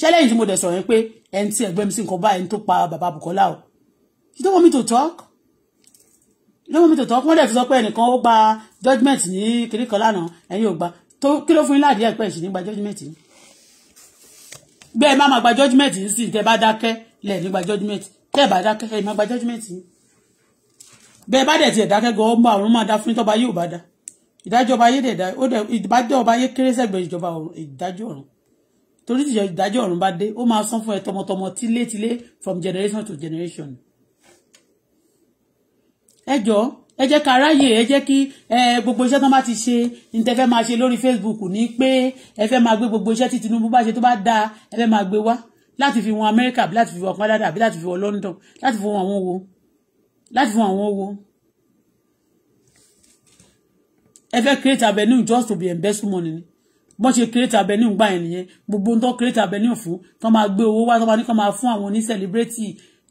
ṣẹlẹ́yìn tí mo dẹ̀ sọ̀rọ̀ yẹn pé ẹni tí ẹgbẹ́ mi sì ń kọ́ bá ẹni tó pa bàbá Bukola o you don't want me to talk you don't want me to talk wọ́n dẹ̀ fi sọ pé ẹnìkan ó gba judgement ní kiri kan lánàá ẹ̀yin ò gba tó kí ló fún yín láàdí ẹ̀pẹ́ ìṣìn nígbà judgement yìí bẹ́ẹ̀ má máa gba judgement yìí sì tẹ́ bá dákẹ́ lẹ̀ nígbà judgement tẹ́ bá dákẹ́ ẹ̀ má gba judgement yìí bẹ́ẹ̀ bá dẹ̀ tiẹ̀ dákẹ́gọ́ ọmọ àwọn máa dá fún tọ́ba yóò bá dá ìdájọ́ ọba ayé dẹ̀ dá ó dẹ̀ ìdájọ́ ọba ayé kéré sẹ́gbẹ̀ẹ́ ìjọba ìdájọ́ ọ̀run torí tí ìdájọ́ ọ̀run bá dé ó máa san fún ẹ tọmọtọmọ tílétílé from generation to generation. ẹ jọ ẹ jẹ́ ká ráyè ẹ jẹ́ kí gbogbo iṣẹ́ tó bá ti ṣe ní tẹ́ fẹ́ máa ṣe lórí Facebook ní pé ẹ fẹ́ máa gbé gbogbo iṣẹ́ tí Tinubu bá ṣe tó bá dáa ẹ fẹ́ máa gbé wá láti fi wọn Amẹ́ríkà láti fi wọn Canada láti fi wọn London láti fi wọn àwọn wo láti fún àwọn owó ẹ fẹ́ create avenue just to be embezzle money ni bọ́n ṣe create avenue gbà yẹn nìyẹn gbogbo ń tọ́ create avenue fún tọ́ máa gbé owó wá tọ́ máa ní kọ́ máa fún àwọn oní celebrity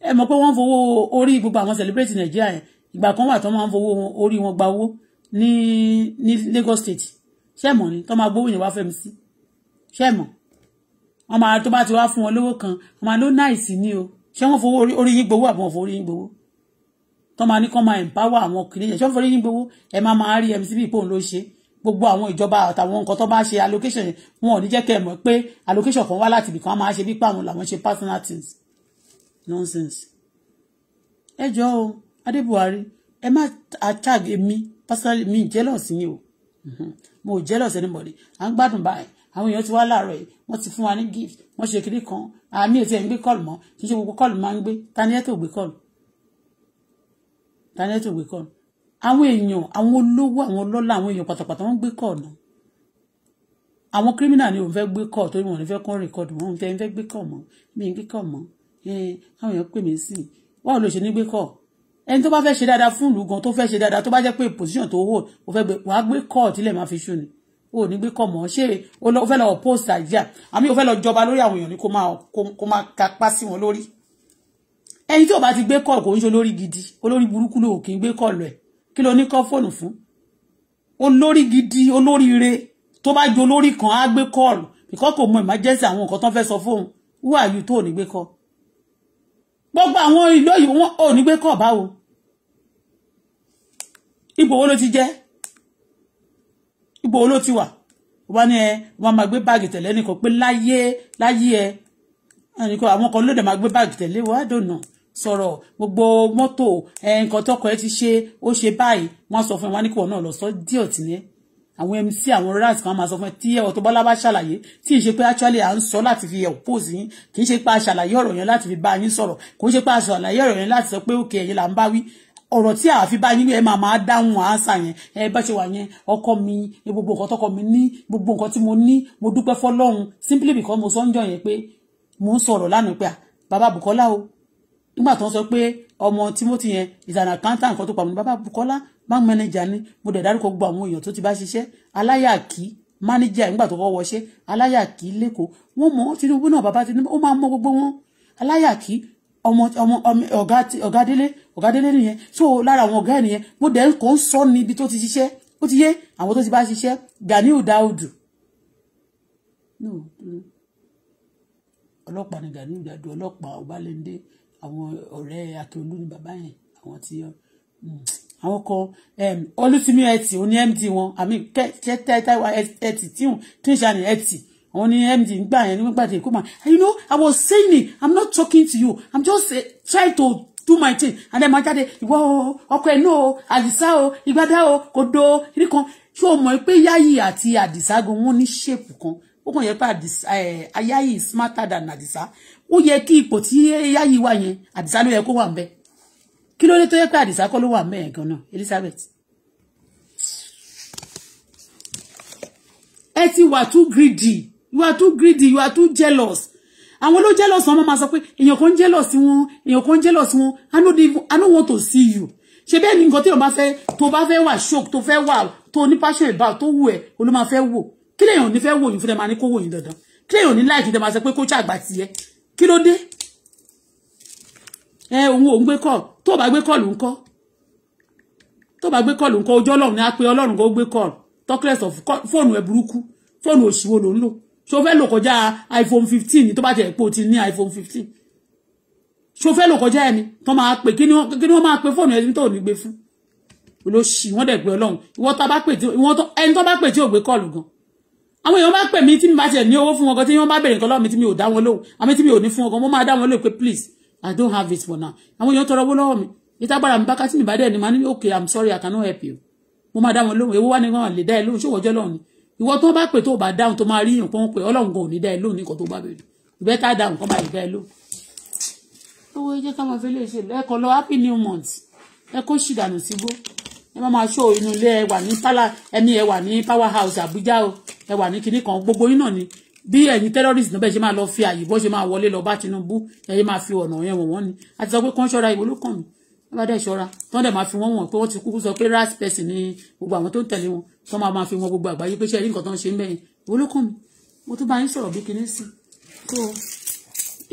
ẹ mọ̀ pé wọ́n ń fowó orí gbogbo àwọn celebrity nàìjíríà yẹn ìgbà kan wà tọ́ máa ń fowó orí wọn gba owó ní ní Lagos State ṣẹ́mọ̀ ni tọ́ máa gbówó yẹn wá fẹ́mi sí ṣẹ́mọ̀ wọ́n máa tó bá ti wá fún wọn lówó kan wọ́n máa ló náìsì ní o ṣé wọ́n fowó orí yín gbowó àbí wọ́n fowó orí yín gbowó tó máa ní kán máa empower àwọn kìnìyẹ ṣọ́n fún yín gbowó ẹ máa máa rí mcb pò ń ló ṣe gbogbo àwọn ìjọba àtàwọn nǹkan tó bá ṣe allocation wọn ò ní jẹ́ kẹ́ ẹ mọ̀ pé allocation kan wá láti ibìkan á máa ṣe bí pàwọn làwọn ṣe personal things nonsense. ẹ jọ̀ọ́ o adé buhari ẹ má tag èmi personally mi jealous yín o mhm. mo ò jealous anybody à ń gbádùn báyìí àwọn èèyàn ti wá láàárọ̀ yìí wọ́n ti fún wa ní gift wọ́n ṣe kiri kan àmì ètò ẹ̀ ń gbé kọ́ọ̀lù mọ́ kí n ṣe gbogbo kọ́ọ̀lù máa ń gbé ta ni ẹ tó gbé kọ́ọ̀lù daniel tó gbé kọ́ àwọn èèyàn àwọn olówó àwọn ọlọ́lá àwọn èèyàn pátápátá wọ́n gbé kọ́ ọ̀nà àwọn kírímìnà ni òun fẹ́ gbé kọ́ torí wọn ò ní fẹ́ kọ́ rìkọ́dù wọn fẹ́ fẹ́ gbé kọ́ mọ́ mi gbé kọ́ mọ́ àwọn èèyàn pè mí sí i wọ́n ò lè ṣe ní gbé kọ́ ẹni tó bá fẹ́ ṣe dáadáa fún ìlú gan tó fẹ́ ṣe dáadáa tó bá jẹ́ pé position tó hold ò fẹ́ gbé wàá gbé kọ́ tílẹ̀ máa fi ṣú ni o ní gbé kọ̀ mọ́ ṣé o fẹ́ lọ post àjíà àmì o fẹ́ lọ jọba lórí àwọn èèyàn ni kó máa kápá sí wọn lórí ẹni tí ò bá ti gbé kọ́ọ̀lù kò ń ṣe olórí gidi olórí burúkú ló kì í gbé kọ́ọ̀lù ẹ̀ kí ló ní kọ́ fóònù fún olórí gidi olóríire tó bá ju olórí kan á gbé kọ́ọ̀lù bìkọ́ kò mọ emergency àwọn nǹkan tó ń fẹ́ sọ fóun wú àyù tó ò ní gbé kọ́ gbogbo àwọn ìlú òyìnbó wọn ò ní gbé kọ́ báwo ipò wo ló ti jẹ́ ipò wo ló ti wà wọ́n ní ẹ wọ́n máa gbé báàgì tẹ̀lé nìkan pé láyé láyé ẹ àwọn kan ló máa gbé báàgì tẹ̀lé wọ́n á dùn náà sọ̀rọ̀ gbogbo mọ́tò nǹkan tọkọ ẹ ti ṣe ó ṣe báyìí wọ́n sọ fún ẹ wọ́n ní kí wọ́n náà lọ sọ díẹ̀ tì ní àwọn mc àwọn rats kan máa sọ fún ẹ tí Auto Bola bá ṣàlàyé tí ì ṣe pé actually à ń sọ láti fi oppose yín kì í ṣe pé a ṣàlàyé ọ̀rọ̀ yẹn láti fi bá yín sọ̀rọ̀ kì í ṣe pé a ṣàlàyé ọ̀rọ̀ yẹn láti sọ pé òkè ẹ̀yin là ń bá wí ọ̀rọ̀ tí àfi bá yín ẹ máa máa dáhùn àáṣà yẹn ẹ bá ṣe wà yẹn ọkọ mi gbogbo nǹkan tọkọ mi ní gbogbo nǹkan tí mo ní mo dúpẹ́ fọlọ́run simply because mo sọ ń jọ yẹn pé mo ń sọ̀rọ̀ lánàá pé à ah, bàbá Bùkọ́lá o nígbà tó ń sọ pé ọmọ Timothy yẹn is an accountant nǹkan tó pa mọ́ bàbá Bukola bank manager ni mo dẹ̀ dárúkọ gbogbo àwọn èèyàn tó ti bá ṣiṣẹ́ aláyàkí manager nígbà tó kọ́ wọṣẹ́ aláyàkí lẹ́kọ̀ọ́ wọ́n mọ̀ Tinubu náà bàbá Tinubu ó máa mọ gbogbo wọn aláyàkí ọmọ ọmọ ọ̀gá délé ọ̀gá délé nìyẹn so lára àwọn ọ̀gá ẹ̀ nìyẹn mo dẹ̀ kò ń sọ ní ibi tó ti ṣiṣẹ́ ó ti yé àwọn tó ti bá ṣiṣẹ́ Ganiu Daudu ọlọ́pàá ni Ganiu Daudu ọlọ́pàá Ọbalẹ́ndé àwọn ọ̀rẹ́ Akíọlù ni bàbá yẹn àwọn tí hmm, àwọn kan olúfimi ẹtì òní md wọn àmì kẹtẹtẹwà ẹtì tíhùn tíṣà ní ẹtì òun ni md gbà yẹn nígbà tí èkó mà you know i was saying it i'm not talking to you i'm just uh, trying to do my thing and then ma jáde ìwọ ọkọ ẹ náà o àdìsá o ìgbádá o kò do irí kan ṣé o mọ̀ pé yáyì àti àdìsá gan wọn ní ṣèpù kan ó kàn yẹ pé àyáyì eh, smarter than àdìsá ó yẹ kí ipò tí yáyí wà yẹn àdìsá ló yẹ kó wà ń bẹ kí ló dé tó yẹ pé àdìsá kọ́ ló wà ń bẹ yẹn gan-an Elizabeth ẹ ti wà too greedy you are too greedy you are too jealous àwọn ló jealous wọn máa sọ pé èèyàn kan jealous wọn èèyàn kan jealous wọn i no dey i no want to see you ṣe bẹ́ẹ̀ ni nǹkan tí o bá fẹ́ tó bá fẹ́ wà shock tó fẹ́ wà tó ní passion about tó wù ẹ́ o ló máa fẹ́ wò kí lèèyàn ò ní fẹ́ wò yín fún ẹ máa ní kó wò yín dandan kí lèèyàn ò ní láìkí tẹ máa sọ pé kó ṣàgbà tiẹ̀ kí ló dé ẹ òun òun gbé call tó bá gbé call ńkọ́ tó bá gbé call ńkọ́ ojú ọlọ́run ni a pe ọlọ́run kó gbé call talkless of fóònù ẹ burúkú fóònù òṣìwò ló ń lò ṣo lò kọjá iphone fifteen ni tó bá jẹ́ pé o ti ní iphone fifteen ṣo fẹ́ lò kọjá ẹni tó máa pè kí ni wọ́n máa pe fóònù ẹni tó ní gbé fún olóṣì wọ́n dẹ̀ gbé ọlọ́run ìwọ́n tó bá pè tí ò gbé kọ́ọ̀lù gan-an àwọn èèyàn máa pè mí tí mi bá tiẹ̀ ní owó fún wọn kan tí wọ́n bá bèrè nǹkan lọ́wọ́ mi tí mi ò dá wọn lóhùn àmì tí mi ò ní fún wọn kan mo máa dá wọn lóhùn pé please I don't have it for now àwọn èèyàn tọrọ owó lọ́wọ́ mi ìtagbára mi bá ká tí mi bá dẹ̀ ni màá ní okay I'm sorry I cannot help you mo máa dá wọn lóhùn èwo wá ni wọn lè dá ẹ lóhùn ṣòwò ọjọ́ lọ́hùn ni ìwọ tó bá pè tó bá dáhùn tó máa rí yàn pọ́n pé ọlọ́run gan ò ní dá ẹ lóhùn nìkan tó bá bèrè ìbẹ́ tá dáhùn kan bá happy new month ẹ kó ṣìdànù sígbó ẹ má máa ṣó inú ilé ẹ wà ní pálá ẹni ẹ wà ní power house Àbújá o ẹ wà ní kinní kan gbogbo yín náà ni bí ẹ̀yin terrorist náà bẹ́ẹ̀ ṣe máa lọ fi àyè bọ́ ṣe máa wọlé lọ bá Tinubu ẹ̀yin máa fi ọ̀nà yẹn wọ̀n wọ́n ni àti sọ pé kán ṣọ́ra ìwọ ló kàn mí wọ́n bá dẹ̀ ṣọ́ra tán dẹ̀ máa fi wọ́n wọ̀n pé wọ́n ti kúkú sọ pé ras person ni gbogbo àwọn tó ń tẹ̀lé wọn tán máa fi wọn gbogbo àgbáyé pé ṣe ẹ̀rí nǹkan tó ń ṣe ń bẹ̀yìn ìwọ ló kàn mí mo tún bá yín sọ̀rọ̀ bí kinní sí i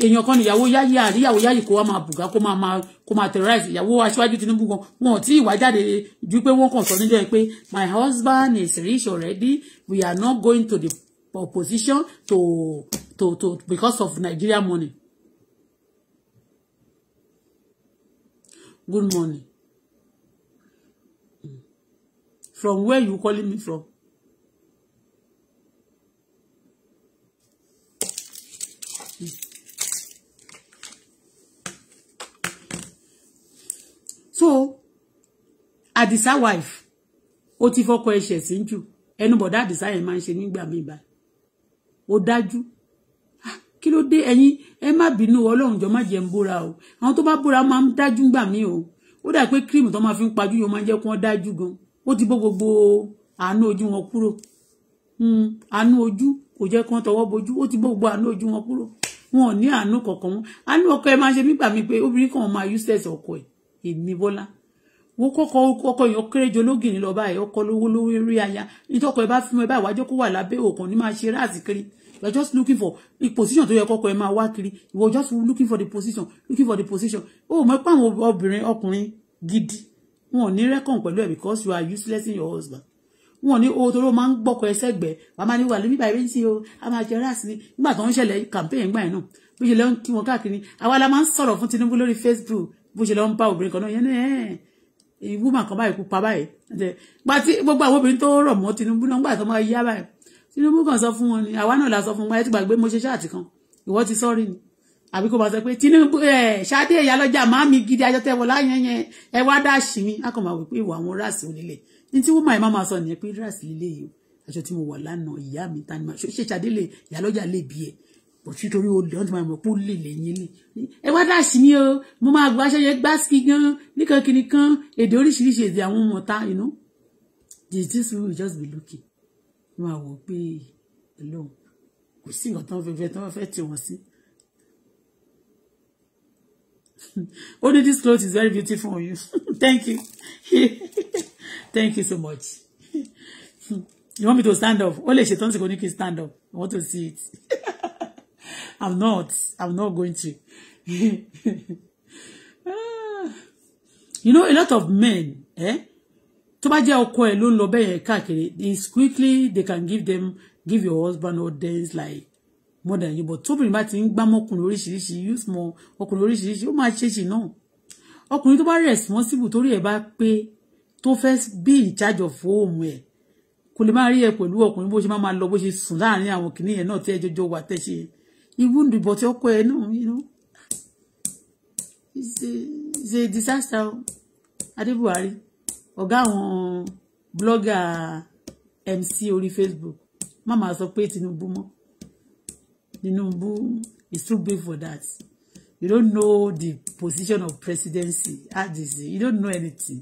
èèyàn kan níyàwó yáyí àríyàwó yáyí kó wá máa bùgá kó máa máa kó máa terrorize ìyàwó aṣíwájú Tinubu gan wọn ò tí ì wá jáde ju pé wọn kàn sọ níjọ pé my husband is rich already we are not going to the opposition to to to because of Nigeria money. good morning hmm. from where you calling me from. so àdìsá wife ó ti fọkọ ẹsẹ̀ sí jù ẹnu bọ̀dá àdìsá yẹn máa ń ṣe nígbà míì báyìí ó dájú ah, kí ló dé ẹ̀yin ẹ má bínú Ọlọ́run jọ má jẹ́ ń búra o àwọn tó bá búra máa ń dájú gbà mí o ó dà pé cream tó máa fi ń pajú yóò máa jẹ́ kí wọ́n dájú gan ó ti bó gbogbo àánú ojú wọn kúrò hmm, àánú ojú kò jẹ́ kí wọ́n tọwọ́ bojú ó ti bó gbogbo àánú ojú wọn kúrò wọn ò ní àánú kankan wọn àánú ọkọ ẹ máa ṣe mí gbà mí pé obìnrin kan máa useless ọkọ ẹ̀ èmi bọ́lá wo kọ́kọ́ ọkọ èèyàn kéré jọ lógì ní lọ báyìí ọkọ lówó lówó rí aya nítorí ẹ bá fún ẹ báyìí wájú kó wà lábẹ́ òkun ní máa ṣe ráàsì kiri you are just looking for the position tó yẹ kọ́kọ́ ẹ máa wá kiri you are just looking for the position looking for the position ó mọ̀ pé àwọn obìnrin ọkùnrin gidi wọn ò ní rẹ́kàn pẹ̀lú ẹ̀ because you are useless in your husband wọn ní owó toró máa ń gbọkọ ẹsẹ gbẹ wàá máa ní wà lóbi bàbá ìrètí o a máa jẹ ráàsì ni nígbà tó ń ṣẹlẹ̀ campaign gbà yẹn náà bí ṣe ń kí wọn káàkiri àwa la máa ń sọ̀rọ̀ fún Tinubu lórí Facebook bó ṣe lọ ń bá obìnrin kan náà yẹn náà èyí wúmà kan báyìí kú pa báyìí gba tí gbogbo àwọn obìnrin tó rọ̀ mọ́ Tinubu náà ń gbà tó máa yá báyìí Tinubu kan sọ fún wọn ni àwa náà la sọ fún wọn ẹ ti gbàgbé mo ṣe ṣáàtì kan ìwọ ti sọ́ọ́rì ni àbí kó máa sọ pé Tinubu ẹ Ṣadé ìyá lọ́jà máa mi gidi ajọ́ tẹ́wọ́ láyẹn yẹn ẹ wá dáàṣì mi a kàn máa wí pé ìwà àwọn ráàsì onílẹ̀ ní tí wúmà máa sọ nìyẹn pé ráàsì líle yìí aṣọ tí mo wà lánàá ìyá mi tani máa ṣe Ṣadé lè ìyá lè bí ẹ̀ but nítorí olè wọn ti máa mọ̀ pé ó lè lẹ́yìn lè ẹ wá dáàsì mi o mo máa you aṣọ yẹn gbásíkì gan nìkan kiri kan èdè oríṣiríṣi èdè àwọn ọmọ ta you know this things we will just be looking wọn àwọ̀ pé ẹlòmù kò sí nǹkan tán fẹ́fẹ́ tán fẹ́ tì wọ́n sí. only this clothes is very beautiful on you thank you thank you so much you want me to stand up ó she ṣetán sí kò ní kí stand up i want to see it. I'm not. I'm not going to. Ah. you know, a lot of men, eh? tó bá jẹ́ ọkọ ẹ̀ ló ń lọ bẹ́ẹ̀ quickly they can give them give your husband or dance like more than you but tóbìnrin bá ti ń gbámọ́ ọkùnrin she use more ọkùnrin oríṣiríṣi ó máa ṣe ṣì náà ọkùnrin tó bá responsible torí ẹ̀ bá pé tó fẹ́ be in charge of home ẹ̀ kò lè máa rí ẹ pẹ̀lú ọkùnrin bó ṣe máa lọ bó ṣe sùn láàrin àwọn kìnìyàn náà even the bọ̀tí ọkọ ẹ̀ náà you know it's a it's a disaster oh. adébuhari Oga on blogger mc orí facebook Mama, máa sọ pé tinubu mọ́ tinubu is too big for that you don't know the position of presidency at this you don't know anything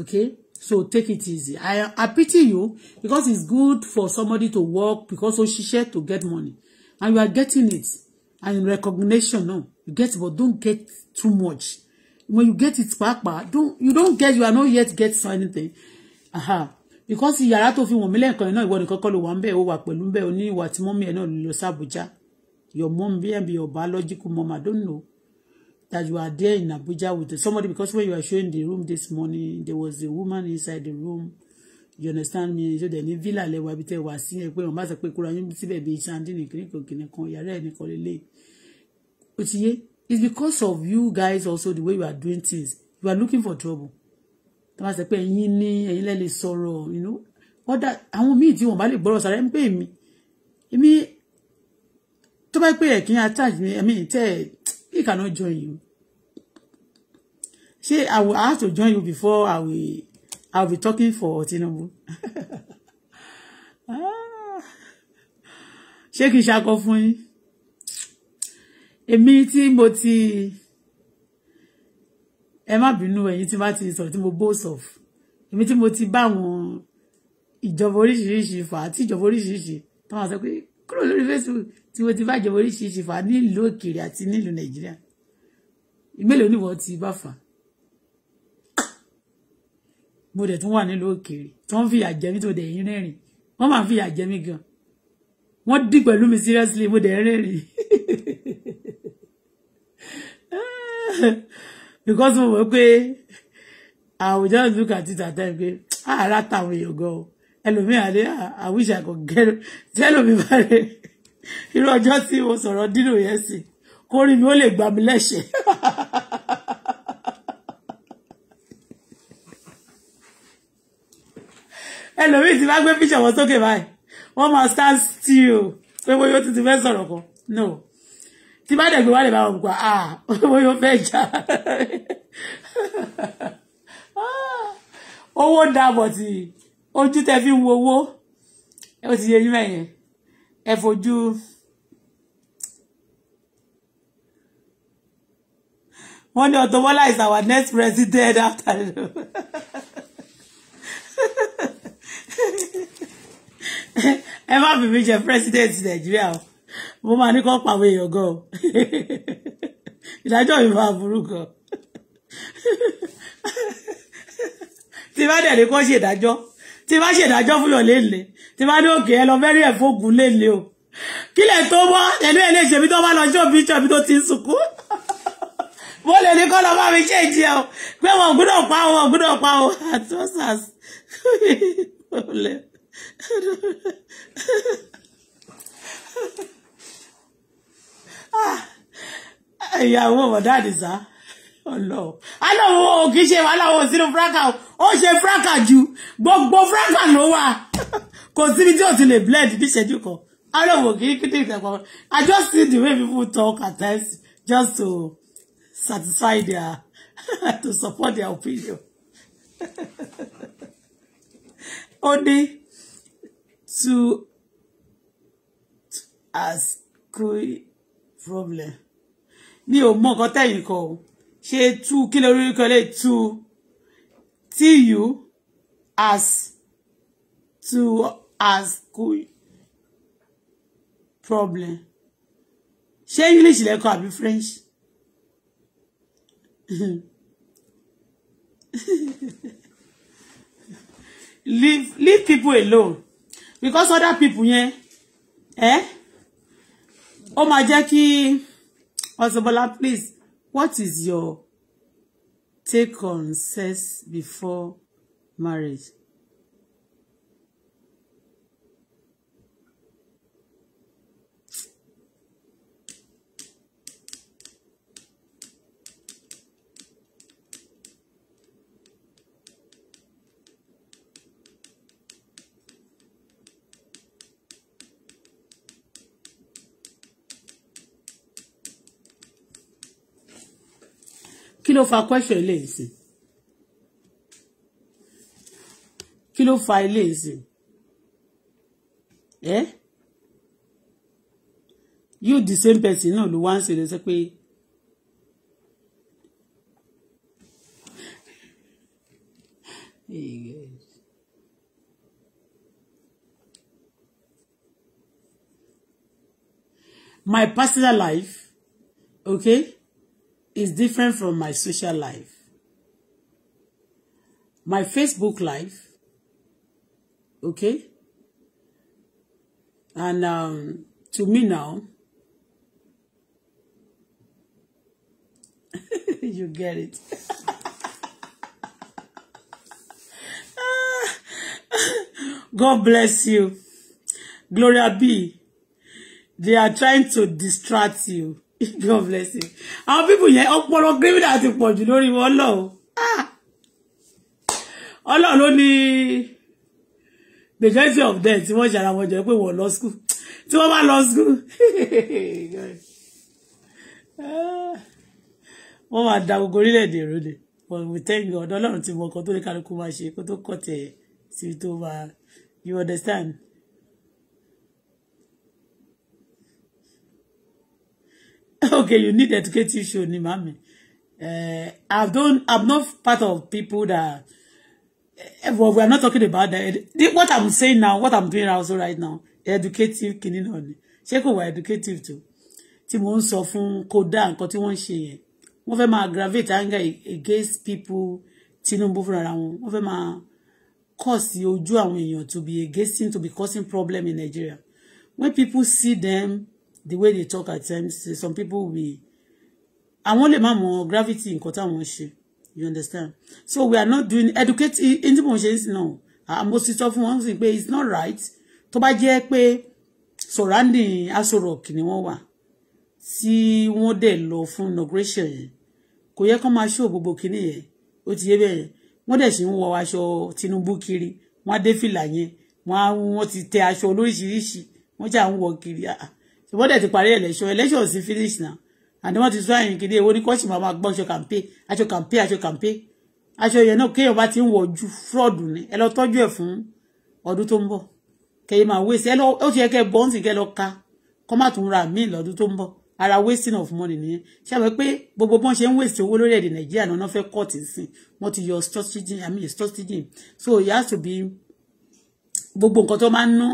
okay so take it easy i i pity you because it's good for somebody to work because ó ṣiṣẹ́ to get money and you are getting it and in recognition no you get but don't get too much when you get it pàápàá don't you don't get you are not yet get anything aha because yàrá tó fi wọ̀n mí lẹ́ẹ̀kan yẹn náà ìwọ nìkan kọ́ ló wà ń bẹ̀ ó wà pẹ̀lú ń bẹ̀ ó ní ìwà tí mọ́mí ẹ̀ náà lọ sí Àbújá your mom be be your biological mom i don't know that you are there in Abuja with somebody because when you were showing the room this morning there was a woman inside the room you understand me ṣó dẹ̀ ní villa lẹ́wà ibi tẹ́ wà sí ẹ pé wọ́n bá sọ pé kóra yín síbẹ̀ bíi sandini kìnìkan kìnìkan yàrá ẹ̀ nìkan lélẹ̀ ó ti yé it's because of you guys also the way you are doing things you are looking for trouble tí wọ́n sọ pé ẹ̀yin ní ẹ̀yin lẹ́ lè sọ̀rọ̀ you know what that míì tí wọ́n bá lè gbọ́rọ̀ sára ẹ̀ ń pè mí èmi tó bá pè ẹ̀ kí attach mi ẹ̀mí tẹ́ ẹ̀ he cannot join you See, I will have to join you before I will. I'll be talking for Tinubu. Ah. Ṣé kí n ṣakọ fún yín? Èmi tí mo ti ẹ má bínú ẹ̀yin tí bá ti sọ̀rọ̀ tí mo boast of. Èmi tí mo ti bá àwọn ìjọba oríṣiríṣi fà á tí ìjọba oríṣiríṣi tó máa sọ pé kúrò lórí Facebook tí mo ti bá ìjọba oríṣiríṣi fà á nílùú òkèèrè àti nílùú Nàìjíríà. Mélòó ni wọ́n ti bá fà á? mo dẹ̀ tún wà nílùú òkèèrè tí wọ́n fìyà jẹ mí tó dẹ̀ yín rẹ́rìn wọ́n máa fìyà jẹ mí gan wọ́n dì pẹ̀lú mi seriously mo dẹ̀ rẹ́rìn because mo mọ̀ pé I will just look at it at time pé ah, ara táwọn èèyàn gan o ẹlòmíà lé ah, I wish I could get tí ẹlòmíà bá rẹ irú ọjọ́ tí mo sọ̀rọ̀ dínú yẹn sí kórìí mi ó lè gbà mí lẹ́sẹ̀ẹ́. ẹlòmíì ti bá gbé picture wọn sókè báyìí wọ́n máa stand still pé bóyá ó ti ti fẹ́ kan no tí bá dẹ̀ gbé wálé bá wọn gbà á bóyá ó fẹ́ jà owó dàbọ̀ tí ojú tẹ fi ń wo owó ó ti yẹ yín mẹ́yẹn ẹ fojú. wọ́n ní Auto Bola is our next president after ẹ má fi mí jẹ president nàìjíríà o mo máa ní kó pàwọn èèyàn gan o ìdájọ́ mi máa burú gan tí bá dẹ̀ ní kó ṣèdájọ́ tí bá ṣèdájọ́ fún yàn lélẹ̀ tí bá ní òkè ẹ lọ mẹ́rin ẹ̀ fóògùn lélẹ̀ o kí lẹ̀ tó wọ́ ẹ̀lú ẹ̀ lè ṣe bí tó bá lọ ṣọ́ bí ṣọ́bí tó ti ń sunkún mo lè ní kọ́ lọ bá mi ṣe ìjì ẹ̀ o pé wọn gbúdọ̀ pa wọn gbúdọ̀ pa wọn àti ọ̀sàs. Ah, ìyàwó bọ̀dá àdìsá ọlọ́wọ́ alọ́wọ́ ò kì í ṣe aláwọ̀ sínú fúrákà ó ṣe fúrákà ju gbogbo fúrákà ló wà kò síbi tí ò ti lè blend níṣẹ́jú kan alọ́wọ́ kì í kí ní ìtẹ̀kọ́ I just see the way people talk at times just to satisfy their to support their opinion. ó ní to asking problem mi ò mọ nǹkan tẹ̀yìn kan o ṣe tú kí lórí kan lè tú you as to asking problem ṣé english lẹ́kọ̀ọ́ àbí french leave leave people alone because other people yẹn eh ó máa jẹ́ kí Osebola please what is your take on sex before marriage kí ló fa question ilé ìsìn kí ló fa ilé ìsìn ẹ you the same person náà ló wá ń ṣe lọ sọ pé. My personal life, okay? is different from my social life. My Facebook life, okay? And um, to me now, you get it. God bless you. Gloria B. They are trying to distract you. God bless you. Àwọn pípù yẹn ọpọlọ gírímìnà ti pọ̀ jù lórí wọn lọ́wọ́. Ah! Ọlọ́run ló ní majority of them tí wọ́n ṣe ara wọn jẹ́ pé wọ́n lọ school. Tí wọ́n bá lọ school. Wọ́n máa da gbogbo orílẹ̀-èdè èrò ni. Wọ́n wò tẹ́yìn ọ̀dọ́ Ọlọ́run ti mọ ọkọ̀ tó ní kálukú máa ṣe kó tó kọ̀ tẹ̀ sí tó máa you understand. okay, you need educative show, ni mami. Uh, eh, I don't. I'm not part of people that. Eh, well, we are not talking about that. What I'm saying now, what I'm doing also right now, educative kìíní náà Check Ṣé kò wá educative too? Tí mo ń sọ fún kódà nǹkan tí wọ́n ń ṣe anger against people Tinubu fúnra wọn. Wọ́n fẹ́ máa cause ojú àwọn èèyàn to be against him to be causing problem in Nigeria. When people see them the way they talk at times some people will àwọn lè má mọ gravity nǹkan táwọn ṣe you understand so we are not doing educate in tí mò ń ṣe sí náà àmọ́ sì sọ fún wọn sí pé it's not right tó bá jẹ́ pé surrounding Aso Rock ni wọ́n wà tí wọ́n dẹ̀ lọ fún inauguration yẹn kò yẹ kán máa ṣó gbogbo kinní yẹn ó ti yé bẹ́ẹ̀ wọ́n dẹ̀ sì ń wọ aṣọ Tinubu kiri wọ́n á dé fìlà yẹn wọ́n ti tẹ aṣọ lóríṣiríṣi wọ́n jà ń wọ kiri àà ah, ah. So wọ́n dẹ̀ ti parí election election sí finish now And wọ́n ti sọ àyìn kìdí èwo ní kọ́ọ̀ṣì máa gbọ́ aṣọ campaign aṣọ campaign aṣọ campaign aṣọ yẹn náà kéèyàn bá ti ń wọ̀ ju fraud ni ẹ lọ tọ́jú ẹ̀ fún ọdún tó ń bọ̀ kẹyìn máa wé sí ẹ lọ ó ti yẹ kẹ bọ́ ń sì kẹ lọ ka kọ́ má tún ra míì lọ́dún tó ń bọ̀ ara wasting of money nìyẹn ṣe àwọn pé gbogbo bọ́n ṣe ń waste owó lórí èdè nàìjíríà náà fẹ́ cut sí wọ́n ti yọ strategy i mean strategy so it has to be gbogbo nǹkan tó máa ń ná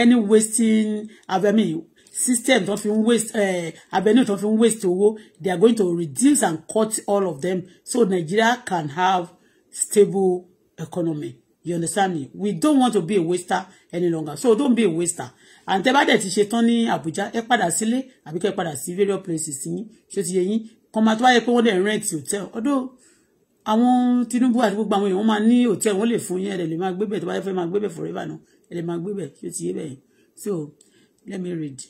any wasting i mean system tó fi ń waste eh, avenue tó fi ń waste owó they are going to reduce and cut all of them so Nigeria can have stable economy you understand me we don't want to be a waster any longer so don't be a waster and tẹ bá dẹ̀ ti ṣe tán ní Abuja ẹ padà sílé àbí kẹ padà sí various places yín ṣé ti yẹ yín kọ́má tó wáyé pé wọ́n dẹ̀ rent hotel ọdún àwọn Tinubu àti gbogbo àwọn èèyàn máa ní hòtẹ́ẹ̀lì wọ́n lè fún yín ẹ̀rẹ̀ lè máa gbébẹ̀ tó bá fẹ́ máa gbébẹ̀ forever náà ẹ̀rẹ̀ máa gbébẹ̀ tí ó ti yé bẹ́ẹ̀ so let me read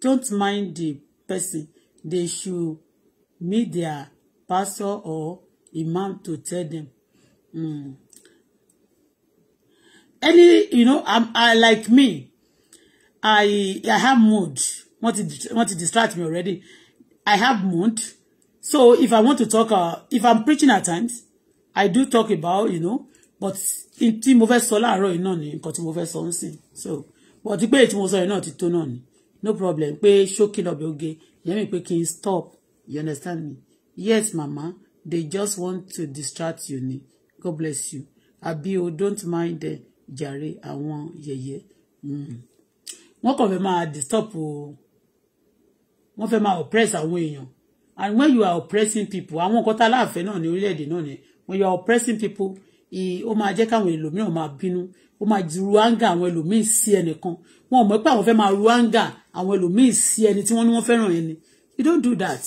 don't mind the person they should meet their pastor or imam to tell them mm. any you know I'm, I like me I I have mood want to want to distract me already I have mood so if I want to talk uh, if I'm preaching at times I do talk about you know but in tí mo fẹ́ sọ láàárọ̀ yìí náà ni nǹkan tí mo fẹ́ sọ ń sìn so but pé èyí tí mo sọ yẹn náà ti tó náà ni no problem pé ṣókí lọ bẹ oge ìyẹn mi pé kí n stop you understand me yes mama they just want to distract you ni god bless you àbí o don't mind the jàre àwọn yẹ̀yẹ́ hmm. wọ́n kàn fẹ́ máa disturb o wọ́n fẹ́ máa oppress àwọn èèyàn and when you are oppressing people àwọn nǹkan tá a láàfẹ́ náà ní orílẹ̀-èdè náà ni when you are oppressing people ó máa jẹ́ káwọn èlòmíràn máa bínú ó máa ju ruanga àwọn ẹlòmíì sí ẹnìkan wọn ò mọ̀ pé àwọn fẹ́ máa ruanga àwọn ẹlòmíì sí ẹni tí wọ́n ní wọ́n fẹ́ràn ẹni you don't do that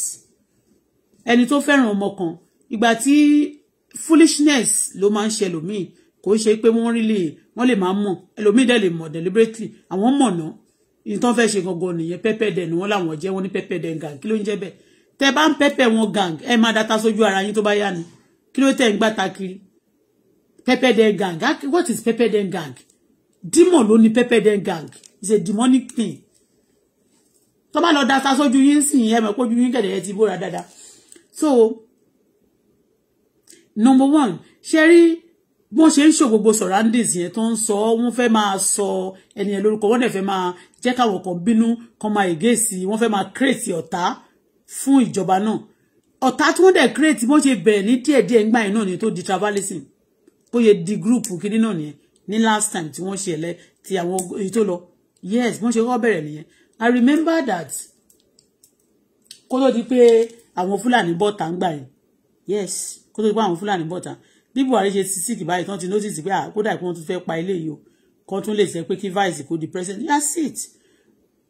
ẹni tó fẹ́ràn ọmọ kan ìgbà tí foolishness ló máa ń ṣe ẹlòmíì kò ṣe pé wọ́n rí lè wọ́n lè máa mọ̀ ẹlòmíì dẹ̀ lè mọ̀ deliberately àwọn mọ̀ náà ìtàn fẹ́ ṣe gangan nìyẹn pẹ́pẹ́ dẹ̀ ni wọ́n làwọn jẹ́ wọ́n ní pẹ́pẹ́ dẹ̀ gang kí ló ń jẹ́ bẹ́ẹ̀ tẹ́ bá ń pẹ́pẹ́ wọn gang ẹ máa data sójú ara yín tó bá yá ni kí ló tẹ̀ ń gbàtà kiri pepper den gang what is pepper den gang demon ló ní pepper den gang it's a demonic thing tó bá lọ da sa sójú yín sìn ẹ mọ̀ pójú yín kẹ̀dẹ̀ ti bóra dáadáa so number one Sherry, rí wọ́n ṣe ń ṣò gbogbo surroundings yẹn tó ń sọ wọ́n fẹ́ máa sọ ẹni yẹn lórúkọ wọ́n dẹ̀ fẹ́ máa jẹ́ káwọn kan bínú kan máa ègèsì wọ́n fẹ́ máa kírètì ọ̀tá fún ìjọba náà ọ̀tá tí wọ́n dẹ̀ kírètì wọ́n ṣe bẹ̀rẹ̀ ní díẹ̀díẹ̀ ńgbà yẹn ni tó di travelism bóyá di group kìíní náà nìyẹn ní last time tí wọ́n ṣe ẹ̀lẹ́ ti àwọn èyí tó lọ yes wọ́n ṣe kọ́ bẹ̀rẹ̀ nìyẹn I remember that kó tó di pé àwọn Fúlàní bọ́ta ń gbà yẹn yes kó tó di pé àwọn Fúlàní bọ́ta bí Buhari ṣe ti síkì báyìí tán ti notice pé ah, kódà kí wọ́n tún fẹ́ pa eléyìí o kan tún lè sẹ pé kí vice kó di president that's it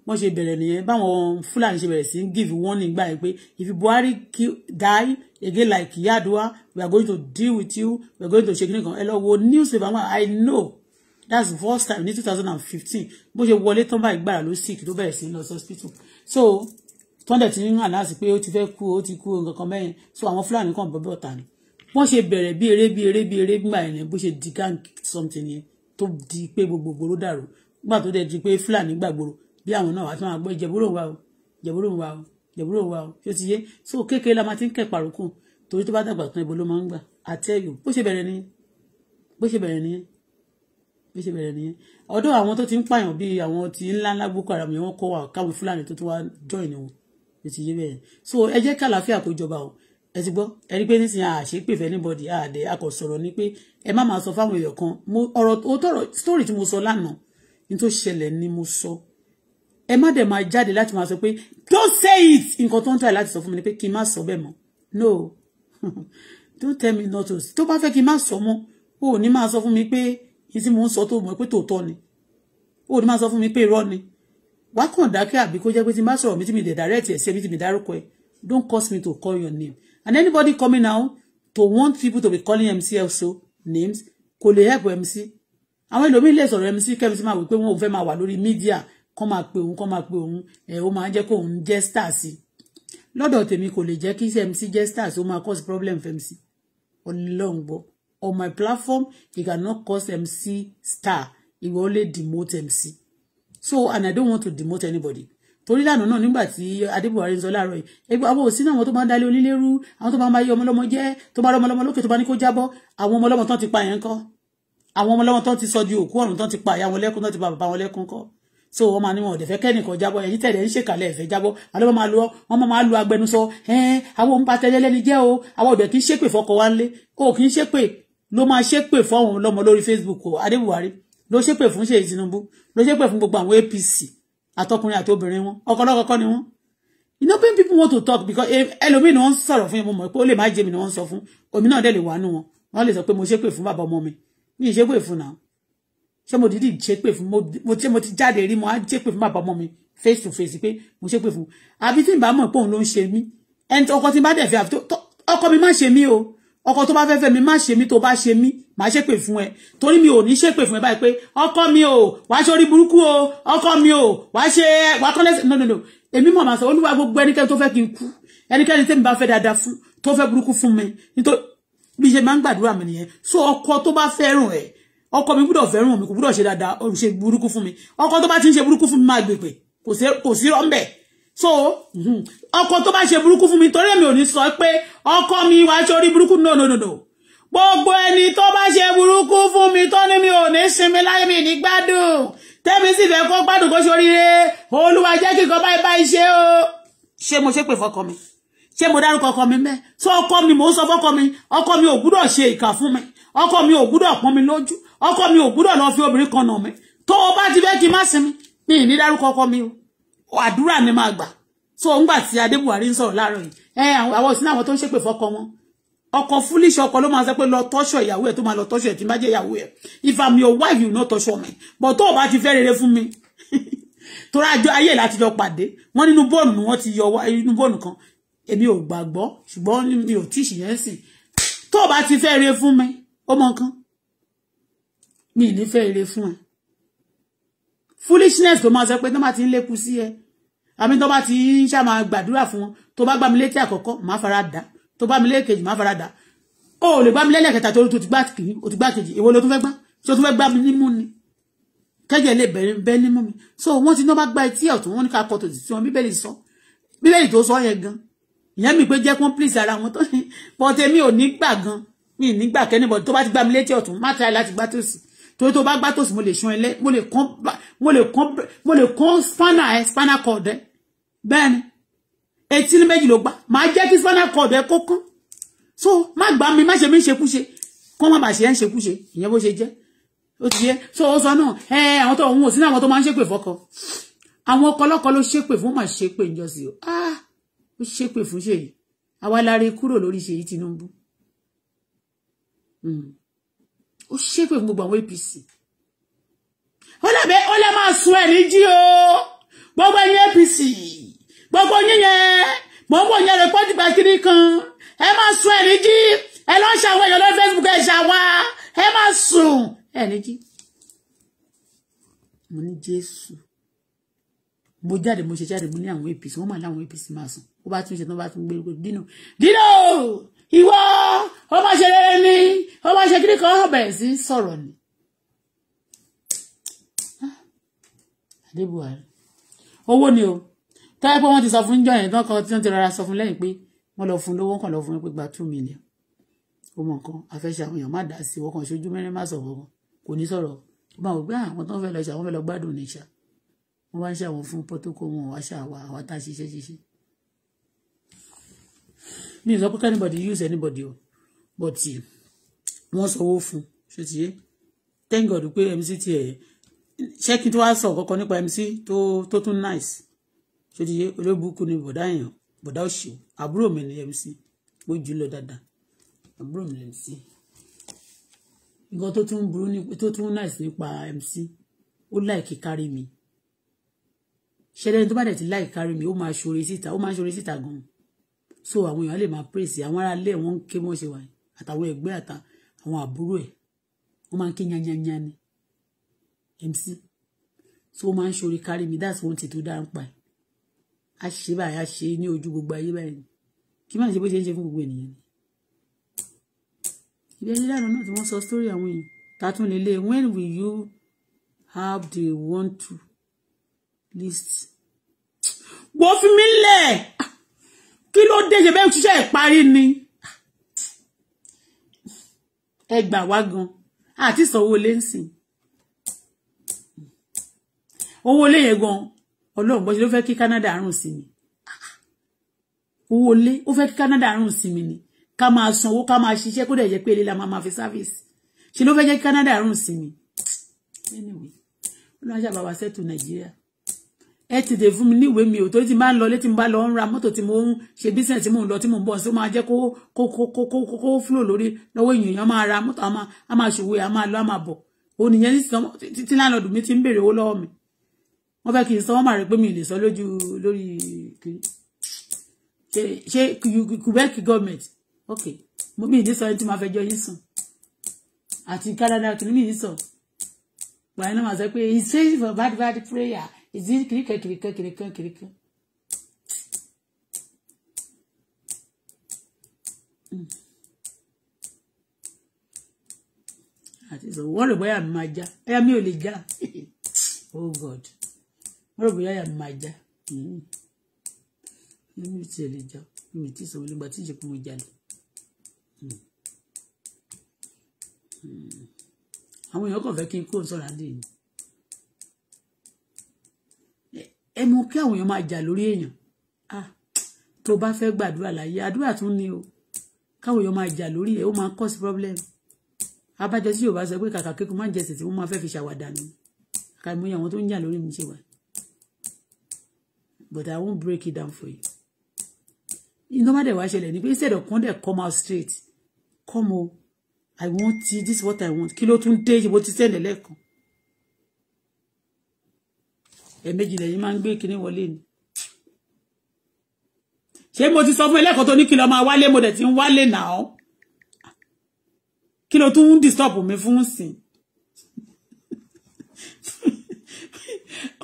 wọ́n ṣe bẹ̀rẹ̀ nìyẹn báwọn fúlàní ṣe bẹ̀rẹ̀ sí ń give warning gbà yẹn pé if buhari die again like yaduwa we are going to deal with you we are going to check. kíni kan hello. lọ wo newspaper wọn i know that's the first time ní two thousand and fifteen bó ṣe wọlé tán báyìí gbàrà ló sick tó bẹ̀rẹ̀ sí ń lọ hospital so tọ́ndẹ̀ ti ń hàn láti pé ó ti fẹ́ kú ó ti kú nǹkan kan mẹ́rin so àwọn fúlàní kan bọ́ bọ́ta ni wọ́n ṣe bẹ̀rẹ̀ bí eré bí eré bí eré gbà yẹn bó ṣe di gang something yẹn tó di pé gbogbogbò ló dàrú gbà tó dẹ̀ di pé fúlàní gbàgbòrò bí àwọn náà wà tí wọ́n gbọ́ ìjẹ̀búrò wa o ìjẹ̀búrò wa o ìjẹ̀búrò wa o ṣé ti yé so kékeré la máa ti ń kẹ́ pàrókù torí tó bá dàgbà tán ibo ló máa ń gbà àtẹ́yò bó ṣe bẹ̀rẹ̀ nìyẹn bó ṣe bẹ̀rẹ̀ nìyẹn bó ṣe bẹ̀rẹ̀ nìyẹn ọ̀dọ̀ àwọn tó ti ń pààyàn bíi àwọn ti ńlá ńlá Boko Haram yẹn wọ́n kọ́ wa káwọn Fúlàní tó tún wá join wọn ló ti yé bẹ́ẹ̀ so ẹ jẹ́ kí àlàáfíà kó jọba o ẹ ti gbọ́ ẹ rí pé nísìnyí àṣepè fẹ́ anybody àdẹ akọ̀sọ̀rọ̀ ni pé ẹ má máa sọ fáwọn èèyàn kan ọ̀rọ̀ tó tọ̀rọ̀ story tí mo sọ lánàá ní tó ṣẹlẹ̀ ni mo sọ ẹ má dẹ̀ máa jáde láti máa sọ pé don't say it nǹkan tó ń tà láti sọ fún mi ni pé kí n má sọ bẹ́ẹ̀ mọ́ no don't tell me not to tó bá fẹ́ kí n má sọ mọ́ o ò ní máa sọ fún mi pé ní tí mò ń sọ tó mọ̀ pé tòótọ́ ni o ò ní máa sọ fún mi pé irọ́ ni wá kàn dákẹ́ àbí kó jẹ́ pé tí n bá sọ̀rọ̀ mi tí mi dẹ̀ direct ẹ̀ sí ẹbí tí mi dárúkọ ẹ̀ don't cause me to call your name and anybody coming now to want people to be calling MC also names kò lè help MC àwọn ẹlòmíín lè sọ̀rọ̀ MC kẹ́mi sí máa wí pé wọ́n ò fẹ́ máa wà lórí mídíà kọ́ máa pe òun kọ́ máa pe òun ẹ̀ ó máa jẹ́ kó òun jẹ́ star sí lọ́dọ̀ tèmi kò lè jẹ́ kí MC jẹ́ star sí ó máa cause problem fẹ́mi sí ọlọ́run gbọ́ on my platform you cannot cause MC star you will only demote MC so and I don't want to demote anybody torí lánàá náà nígbà tí adébùwárí ń sọ láàárọ̀ yìí ẹgbẹ àwọn òsín náà àwọn tó máa ń dalé onílérú àwọn tó máa ń bá yé ọmọlọmọ jẹ tó máa rọmọlọmọ lókè tó bá ní kó jábọ́ àwọn ọmọlọmọ tán ti pa yẹn kọ́ àwọn ọmọlọmọ tán ti sọ di òkú ọ̀run tán ti pa ìyá wọn lẹ́kún tán ti pa bàbá wọn lẹ́kún kọ́ so wọn máa ní wọn ò dẹ̀ fẹ́ kẹ́nìkan jábọ́ ẹ̀yìn tẹ̀lé ń ṣèkàlẹ̀ ẹ̀fẹ́ jábọ́ àlọ́ máa lọ wọn máa lu agbẹnusọ ẹ̀ẹ́n àwọn òun bá tẹ́lẹ̀ lẹ́ni jẹ́ o àwọn òdẹ̀ kì í ṣépè fọkọ wa ńlé o kì í ṣépè ló máa ṣépè fún àwọn ọlọ́mọ lórí Facebook o adébuwari ló ṣépè fún ṣèyí Tinubu ló ṣépè fún gbogbo àwọn APC àtọkùnrin àti obìnrin wọn ọkọlọkọkọ ni wọn you know when people want to talk because eh, ẹlòmíì ni wọn ń sọ̀rọ̀ fún ìmọ̀ pé ó lè má jẹ́ mi ni wọ́n ń sọ fún òmí náà dẹ̀ lè wà nù ṣé mo dìídì ṣépè fún mo ṣé mo ti jáde rí mo á ṣépè fún bàbá ọmọ mi face to face pé mo ṣépè fún àbí tí n bá mọ̀ pé òun ló ń ṣe mí ẹni ọkọ tí n bá dẹ̀ fẹ́ àfi ọkọ mi má ṣe mí o ọkọ tó bá fẹ́ fẹ́ mi má ṣe mí tó bá ṣe mí má ṣépè fún ẹ torí mi ò ní ṣépè fún ẹ báyìí pé ọkọ mi o wàá ṣe orí burúkú o ọkọ mi o wàá ṣe wàá kọ́lẹ́sì no no èmi mọ̀ máa sọ olúwa gbogbo ẹnikẹ́ni tó fẹ́ kí n kú ẹnikẹ́ni tẹ́mi bá fẹ́ dáadáa fún tó fẹ́ burúkú fún mi nítorí bí ṣe máa ń gbàdúrà mi nìyẹn so ọkọ tó bá fẹ́ràn ẹ̀ ọkọ mi gbúdọ̀ fẹ́ràn mi kò gbúdọ̀ ṣe dáadáa ó ṣe burúkú fún mi ọkọ tó bá ti ń ṣe burúkú fún mi máa gbèpè kò sí rọ́ńbẹ̀ so mhm. ọkọ tó bá ṣe burúkú fún mi torí èmi ò ní sọ pé ọkọ mi wá sórí burúkú no no no no gbogbo ẹni tó bá ṣe burúkú fún mi tó ní mi ò ní sinmi láyé mi ní gbádùn tẹ́mi sì fẹ́ kó gbádùn kó ṣoríire olúwa jẹ́ kí báyìí ṣe o ṣé mo ṣépè fọkọ mi ṣé mo dárúkọ ọkọ mi mẹ́ so ọkọ mi mò ń sọ fọkọ mi ọkọ mi ò gbúdọ̀ ṣe ìkà fún mi ọkọ mi ò gbúdọ̀ pọ́n mi lójú ọkọ mi ò gbúdọ̀ lọ fi obìnrin kan nà mí tó o bá ti fẹ́ kí n má sinmi mi ì ní dárúkọ ọkọ mi o àdúrà mi máa gbà so ńgbà tí adébùwárí ń sọ̀rọ̀ láàárọ̀ yìí ẹ àwọn òsínà àwọn tó ń ṣépè fọkọ wọn ọkọ foolish ọkọ ló máa sọ pé lọ tọ́ṣọ̀ ìyàwó ẹ̀ tó máa lọ tọ́ṣọ̀ ẹ̀ tí má jẹ́ ìyàwó ẹ̀ if i'm your wife you no tọ́ṣọ̀ mi but tó o bá ti fẹ́ rere fún mi torí àjọ ayé láti jọ pàdé wọn nínú bọ́ọ̀nù wọn ti yọ inú bọ́ọ̀nù kan èmi ò gbàgbọ́ ṣùgbọ́n mi ò tíì ṣìyẹn sìn tó o bá ti fẹ́ rere fún mi ó mọ nǹkan mi ì ní fẹ́ ire fún ẹ foolishness tó máa sọ pé tó bá ti ń lékun sí ẹ àmì tó bá ti ń ṣàmà gbàdúrà fún wọn tó bá gbà mí létí àkọ́kọ́ má fara dà tó bá mi lékejì má fara dà ó lè gbà mí lẹ́lẹ́kẹta tó ti gbà kìíní ó ti gbà kejì èwo ló tún fẹ́ gbà tí ó tún fẹ́ gbà mí nímú ni kẹ́jẹ̀ lè bẹ́ nímú mi so wọ́n ti ná bá gba etí ọ̀tún wọn ní ká kọtò sí wọn bíbélì sọ bíbélì tó sọ yẹn gan ìyẹn mi pé jẹ́ kó ń pèsè ara wọn tó ṣe pọ́tẹ́ mi ò ní gbà gan mi ì ní gbà kẹ́nìbọ̀ tó bá ti gbà mí létí ọ̀tún má tẹ́lá láti gbà tó sì torí tó bá gbá tòsí mo lè sun ẹlẹ mo lè kán mo lè kán mo lè kán spanner ẹ spanner cord ẹ bẹ́ẹ̀ ni etí ní méjì ló gbá máa jẹ́ kí spanner cord ẹ kó kán so má gbá mi má ṣe mí ṣekúṣe kán má bàa ṣe ẹ ń ṣekúṣe ìyẹn bó ṣe jẹ́ ó ti yẹ so ó sọ náà ẹ àwọn tó òun ò sí ní àwọn tó máa ń ṣépè fọkọ àwọn ọkọ ọlọkọ ló ṣépè fún mà ṣépè ń jọ o ah ó ṣépè fún ṣèyí àwa la kúrò lórí ṣèyí Tinubu. Mm ó ṣépè gbogbo àwọn APC ó lẹ́bẹ̀ ó lẹ́ máa sun ẹ̀rí jí o gbogbo ẹ̀yin APC gbogbo yíyẹn mò ń wò yẹn rẹ̀ pọ́ńtì gbàkiri kan ẹ máa sun ẹ̀rí jí ẹ lọ́ ṣàwọn èèyàn lórí Facebook ẹ ṣàwá ẹ máa sùn ẹ̀rí jí mo ní Jésù mo jáde mo ṣe jáde mo ní àwọn APC wọ́n máa láwọn APC máa sùn ó bá tún ṣe tán bá tún gbé dínú dínú ìwọ ọmọ ṣe rere ni ọmọ ṣe kíní kan bẹ̀rẹ̀ sí sọ̀rọ̀ ni. adébùwárí owó ni o táyà pé wọ́n ti sọ fún jọ yẹn tán kan tí wọ́n ti rárá sọ fún lẹ́yìn pé wọ́n lọ fún lówó kàn lọ fún pé gba two million ó mọ nǹkan afẹ́ṣe àwọn èèyàn má dá sí wọ́n kàn ṣojú mẹ́rin má sọ̀rọ̀ wọn kò ní sọ̀rọ̀ ó máa wò pé ah, àwọn tó ń fẹ́ lọ ṣe àwọn fẹ́ lọ gbádùn níṣà wọ́n wá ń ṣe àwọn fún pọ́tókó wọn wá ṣe àwa tá a ṣiṣẹ́ ṣiṣẹ́ mi ò sọ pé anybody use anybody o but wọ́n sanwó fún ṣe ti yé thank God pé MC ti ẹ̀ ṣé kí n tó wá sọ kankan nípa MC tó tó tún nice ṣe ti yé olóbùkún ni bọ̀dá èèyàn bọ̀dá òṣèlú àbúrò mi ni MC mo jù lọ dáadáa àbúrò mi ni MC nǹkan tó tún burú tó tún nice nípa MC ó láìkí kárí mi ṣẹlẹ̀ tó bá dẹ̀ ti láì kárí mi ó máa ṣoore síta ó máa ṣoore síta gan so àwọn èèyàn lè máa praise àwọn ará ilé wọn ń ké mọ́ ṣe wà àtàwọn ẹgbẹ́ àtà àwọn àbúrò ẹ̀ wọ́n máa ń ké yányányá ni MC so wọ́n máa ń ṣorí kárí mi that's one thing tó dára ń pa ẹ̀ a ṣe báyìí a ṣe ní ojú gbogbo ayé báyìí kí má ṣe bó ṣe ń ṣe fún gbogbo ènìyàn ni ibi ẹni dáná náà tí wọ́n sọ story àwọn èèyàn tatún lélẹ̀ when will you have the want to list wọ́n fi mí lẹ̀ kí ló dé ṣe bẹ́ẹ̀ ṣiṣẹ́ ìparí ni ẹ gbà wá gan àti ìsanwó ilé ń sìn owó ilé yẹn gan ọlọ́run bọ́ṣe ló fẹ́ kí Canada rùn sí mi owó ilé ó fẹ́ kí Canada rùn sí mi ni ká máa sanwó ká máa ṣiṣẹ́ kó dẹ̀ jẹ́ pé ilé la máa máa fi sáfíìsì ṣe ló fẹ́ jẹ́ kí Canada rùn sí mi ó lọ́n ṣàbàwà sẹ́tù Nàìjíríà ẹ ti dè fún mi níwèé mi ò tó ti máa ń lọ létí mi bá lọ ń ra mọ́tò tí mo ń ṣe business tí mo ń lọ tí mo ń bọ̀ sí máa jẹ́ kó kó kó kó kó kó flow lórí lọ́wọ́ èèyàn máa ra mọ́tò a máa a máa ṣòwò a máa lọ a máa bọ̀ òun nìyẹn ní tí láńlọ́ọ̀dù mi ti ń béèrè owó lọ́wọ́ mi wọ́n fẹ́ kí n sọ wọ́n máa rẹ̀ pé mi lè sọ lójú lórí ṣe Quebec government ok mo mi ì ní sọ ẹni tí máa fẹjọ́ yín sùn àti Canada kì í mi ní sọ gbàyẹn náà máa sọ pé he says for bad bad prayer ìdí kìríkẹ kìríkẹ kìríkẹ kìríkẹ. àti sọ wọ́n rò bóyá mi máa já ẹ̀yà mi ò lè já oh god wọ́n rò bóyá ẹ̀yà mi máa já hmm. mi tiẹ̀ lè já mi ti sọ nígbà tí ìṣèkú mo jalè. Hmm. Hmm. àwọn èèyàn kàn fẹ́ kí n kó sọ̀rọ̀ adé yìí. ẹ mọ kí àwọn èèyàn máa jà lórí èèyàn ah, tó bá fẹ́ gbàdúrà láyé àdúrà tún ni o káwọn èèyàn máa jà lórí ẹ ó máa cause problem abájọ tí yorùbá sọ pé kàkà kíkún má jẹ tètè wọn máa fẹ́ fi ṣàwàdà ni kàkà ìmúyẹ àwọn tó ń jà lórí mi ṣe wà but i won't break it down for you iná má dẹ̀ wá ṣẹlẹ̀ ni pé instead of kan dẹ̀ come out straight come o i want you this is what i want kí ló tún dé ibo ti sẹ́ẹ̀lẹ̀ lẹ́ẹ̀kan ẹ̀ẹ̀mejì lẹ́yìn máa ń gbé kinní wọlé ni ṣé mo ti sọ fún ẹlẹ́kọ̀ọ́ tó ní kí lọ máa wálé mo dẹ̀ ti ń wálé náà kí ló tún ń disturb mi fún sìn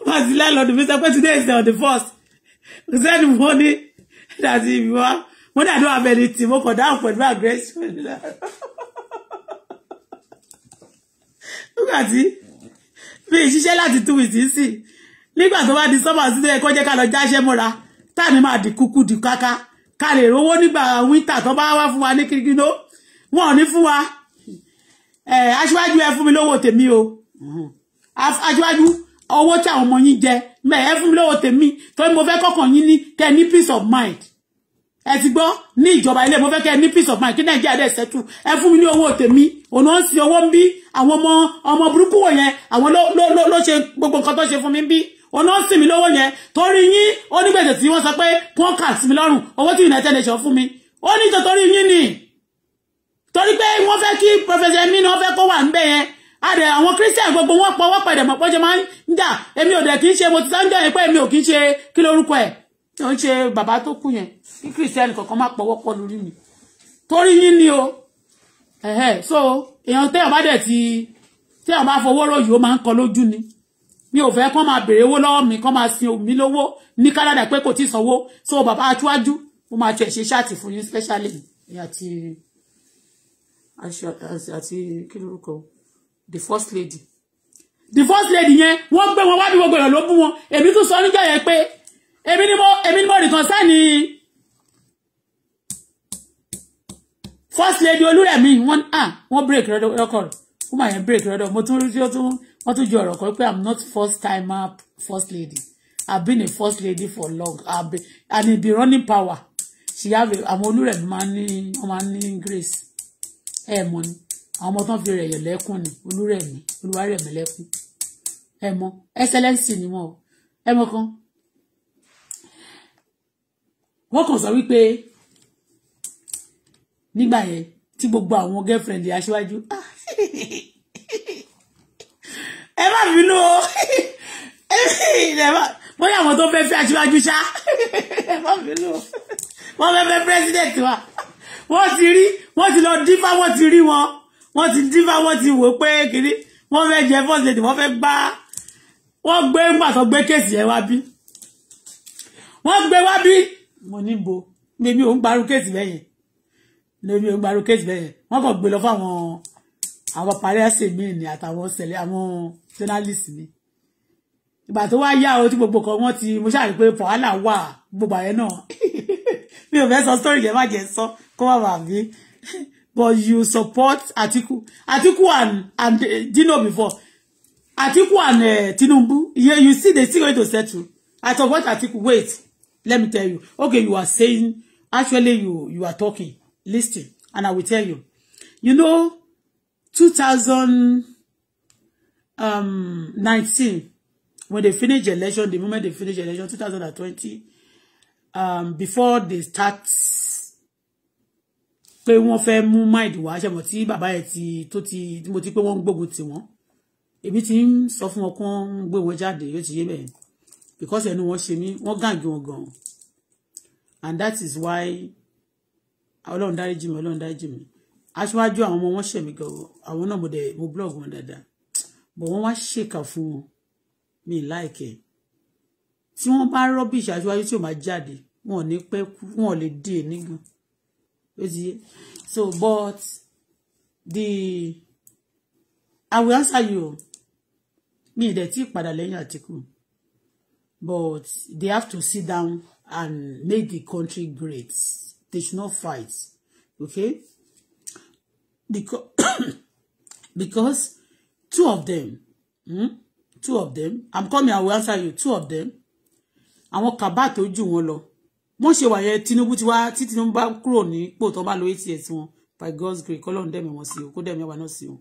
wọ́n ti landlord mi sọ pé today is the first we send money that if you are when I don't have anything mo kàn dáhùn pẹ̀lú aggression nígbà tí mi ì ṣiṣẹ́ láti two weeks sí nígbà tó bá di summer sí ẹ̀kọ́ jẹ́ ká lọ jáṣẹ́ mọ́ra táà ní máa di kúkú di káká ká lè rówó nígbà winter tó bá wá fún wa ní kíkínó wọn ò ní fún wa aṣíwájú ẹ fún mi lówó tèmi o aṣíwájú owó tí àwọn ọmọ yín jẹ mẹ ẹ fún mi lówó tèmi torí mo fẹ́ kọ́kàn yín ní kẹ́ ní peace of mind ẹ ti gbọ́ ní ìjọba ilé mo fẹ́ kẹ́ ní peace of mind kí nàìjíríà dẹ̀ ṣẹ́tù ẹ fún mi ní owó tèmi òun ó ń sin owó ń bí àwọn ọmọ ọmọ burúkú wọ̀nyẹn àwọn ló ló ló ṣe gbogbo nǹkan tó ṣe fún mi ń bí òun náà sì mí lọ́wọ́ yẹn torí yín ó ní gbèsè tí wọ́n sọ pé wọ́n kà sí mi lọ́rùn owó tí United Nations fún mi ó ní tòtórí yín ni torí pé wọ́n fẹ́ kí Professor Yemi náà fẹ́ kó wà ń bẹ̀ yẹn àdẹ àwọn Christian gbogbo wọn pọ̀ wọ́pọ̀ ìdẹ̀mọ̀ pọ́jọ́ máa ń jà èmi ò dẹ̀ kì í ṣe mo ti sáńjọ́ yẹn pé èmi ò kì í ṣe kí lórúkọ ẹ̀ ó ń ṣe bàbá tó kú yẹn kí Christian kọ̀ọ̀kan má pọ̀ wọ́pọ̀ lórí mi torí yín ni o so èèyàn téèyàn bá dẹ̀ ti téèyàn bá fọwọ́ ròyìn ó máa ń kọ lójú ni mi ò fẹ́ kán máa béèrè owó lọ́wọ́ mi kán máa sin omi lówó ní Canada pé kò tí ì so bàbá aṣáájú mo máa tiẹ̀ ṣe ṣáàtì fún specially àti àti kí lórúkọ the first lady the first lady yẹn wọ́n gbé wọn wá bí gbogbo èèyàn ló bú wọn èmi tún sọ níjọ́ yẹn pé èmi ni mo èmi ni mo nìkan sáni first lady olúrẹ̀mí wọ́n ah wọ́n break record wọ́n máa yẹn break rẹ́dọ̀ mo tún rí tí ó tún wọ́n tún ju ọ̀rọ̀ kan pé i'm not first timer first lady i've been a first lady for long I've been, and it be running power she have àwọn olúrẹ̀mí máa ń ní wọ́n máa ń ní grace ẹ̀ mọ́ ni àwọn ọmọ tán fi rẹ̀yọ̀ lẹ́kùn ni olúrẹ̀mí olúwarẹ̀mí lẹ́kùn ẹ̀ mọ́ excellence ni wọ́n ẹ̀ mọ́ kan wọ́n kàn sọ wípé nígbà yẹn tí gbogbo àwọn girlfriend aṣíwájú ah ẹ má bínú o bóyá àwọn tó fẹ́ fẹ́ aṣíwájú ṣá ẹ má bínú o wọ́n fẹ́ fẹ́ president wa wọ́n ti rí wọ́n ti lọ dífá wọ́n ti rí wọn wọ́n ti dífá wọ́n ti wò pé kiri wọ́n fẹ́ jẹ fọ́sẹ̀tì wọ́n fẹ́ gbá wọ́n gbé pàtó gbé kéèsì yẹn wá bí wọ́n gbé wá bí mo ní bo lèmi ò ń gbarú kéèsì bẹ́yẹn lèmi ò kéèsì bẹ́yẹn wọ́n kàn gbé lọ fáwọn àwọn paparazzi mi ni àtàwọn sẹ̀lẹ̀ àwọn journalist mi ìgbà tó wá yá o tí gbogbo kan wọ́n ti mo ṣáà rí pé wàhálà wà gbogbo àyẹ̀ náà mi ò fẹ́ sọ story yẹn má jẹ́ sọ kó má bàa bí but you support Atiku Atiku and and uh, eh, Dino before Atiku and uh, Tinubu yeah, you see they still going to settle I support Atiku wait let me tell you okay you are saying actually you you are talking listen and I will tell you you know 2019, um, when they finish election, the moment they finish election, 2020, um, before they start pé wọ́n fẹ́ mú mind wá ṣe mọ̀ tí bàbá ẹ̀ ti tó ti mo ti pé wọ́n ń gbógun tì wọ́n èmi ti ń sọ fún wọn kó ń gbé wọn jáde yóò ti yé bẹ́ẹ̀ because ẹnu wọn ṣe mí wọ́n gàǹgì wọn gan and that is why ọlọ́run dáríjì mi ọlọ́run dáríjì mi aṣáájú àwọn ọmọ wọn ṣẹ̀mí gan àwọn náà mo dẹ̀ mo blog wọn dáadáa bọ̀ wọ́n wá ṣèkà fún wọn mi láìkẹ́ tí wọ́n bá rọ́bìṣì aṣáájú tí ò máa jáde wọn ò ní pẹ́ kú wọn ò lè dé e nígan ló ti yé so but the I will answer you mi ìdẹ̀ tí ìpadà lẹ́yìn Àtíkù but they have to sit down and make the country great they should not fight okay because because two of them hmm? two of them i'm coming i will answer you two of them àwọn kaba tó jù wọn lọ wọn ṣe wà yẹn Tinubu ti wá tí Tinubu bá kúrò nípò tó bá lo eight wọn by God's grace kọlọ́run dẹ̀mí wọn sí o kó dẹ̀mí wa náà sí o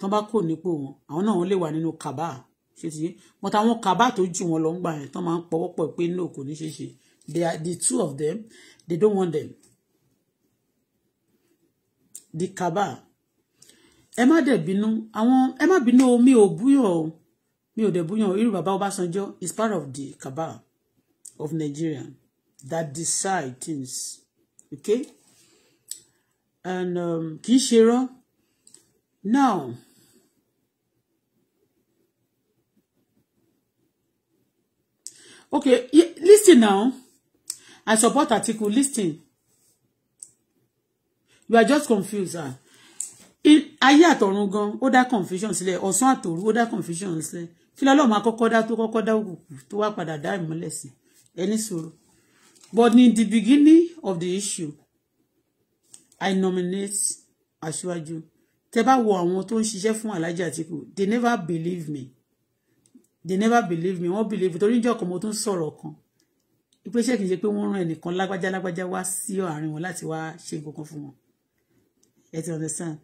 tó bá kúrò nípò wọn àwọn náà wọn lè wà nínú kaba ṣe ti yé wọn táwọn kaba tó jù wọn lọ ń gbà yẹn tó máa ń pọwọ́pọ̀ pé no kò ní ṣe ṣe the two of them they don't want them di kaba ẹ má dẹ̀ bínú àwọn ẹ má bínú mi ò búyàn mi ò dẹ̀ búyàn irú Baba Ọbásanjọ́ is part of the kaba of Nigeria that decide things okay and um, kì í now. okay listen now i support article listen you are just confused ah ayé àtọ̀run gan ó dá confusion sílẹ̀ ọ̀sán àtòru ó dá confusion sílẹ̀ kí lọ́lọ́run máa kọ́kọ́ dá tó kọ́kọ́ dá òkùnkùn tó wá padà dá ìmọ́lẹ̀ sí ẹni sọ̀rọ̀ but in the beginning of the issue I nominate aṣíwájú tẹ bá wo àwọn tó ń ṣiṣẹ́ fún Alhaji Atiku they never believe me they never believe me wọ́n believe torí níjọ́ kan mo tún sọ̀rọ̀ kan ìpèsè kìí ṣe pé wọ́n rán ẹnìkan lágbájá lágbájá wá sí àárín wọn láti wá ṣe nǹkan kan fún wọn ẹ understand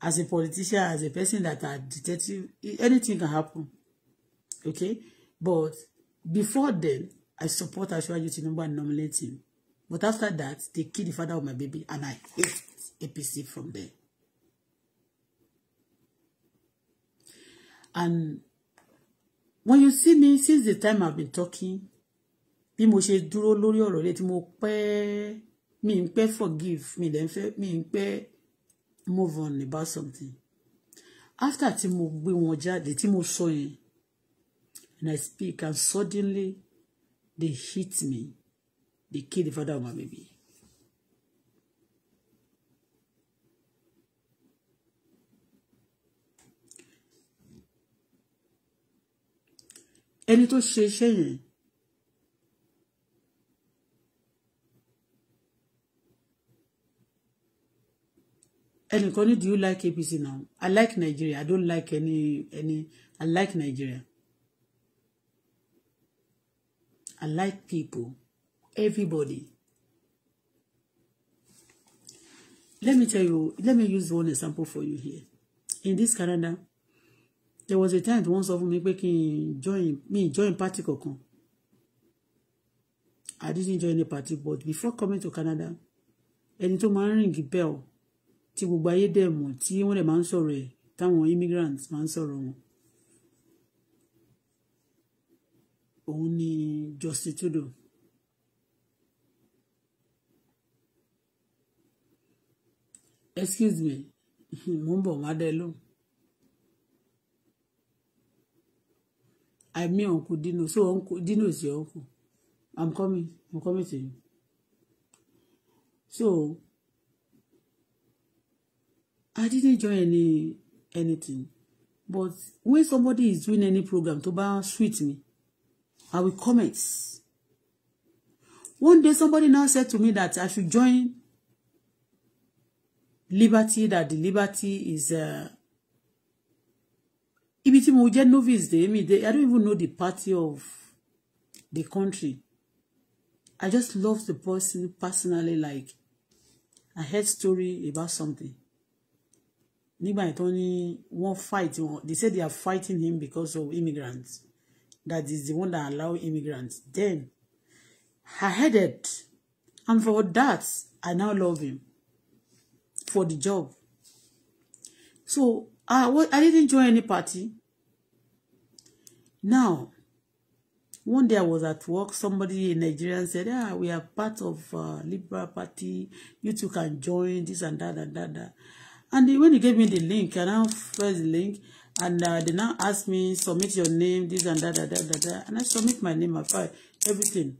as a politician as a person that are detective anything can happen okay but before then I support Asiwaju Tinubu and nominate him but after that they kill the father of my baby and I hate APC from there and when you see me since the time I've been talking bí mo ṣe dúró lórí ọ̀rọ̀ rẹ Me ń pẹ́ forgive me. Then, ń fẹ́ mi ń move on about something after tí mo gbé wọn jáde tí mo sọ yẹn and I speak and suddenly they hit me they kill the father of my baby. ẹni tó ṣe iṣẹ́ yẹn ẹnìkan ní do you like APC now I like Nigeria I don't like any any I like Nigeria I like people everybody let me tell you let me use one example for you here in this Canada there was a time wọ́n sọ fún mi pé kí n join me join party kankan I didn't join any party but before coming to Canada ẹni tó máa ń ring bell tí gbogbo ayé dẹ̀ mọ̀ tí wọ́n dẹ̀ máa ń sọ̀rọ̀ ẹ̀ táwọn immigrants máa ń sọ̀rọ̀ wọn. òun ni Justin Trudeau. excuse me mo ń bọ̀ wá dẹ lóhùn. I mean Uncle Dino. So Uncle Dino is your uncle. I'm coming. I'm coming to you. So I didn't join any anything but when somebody is doing any program to bá sweet me I will comment one day somebody now said to me that I should join Liberty that the Liberty is uh, ibi tí mo jẹ́ novice dey me dey I don't even know the party of the country I just love the person personally like I heard story about something nígbà yẹn tó ní wọ́n fight wọn they say they are fighting him because of immigrants that is the one that allow immigrants then I headed and for that I now love him for the job so I, I didn't join any party now one day I was at work, somebody in Nigeria said, ah, we are part of uh, Liberal Party. You two can join this and that and that. And that. And they, when they gave me the link, I now press the link, and uh, they now asked me, submit your name, this and that, that, that, that, And I submit my name, my file, everything.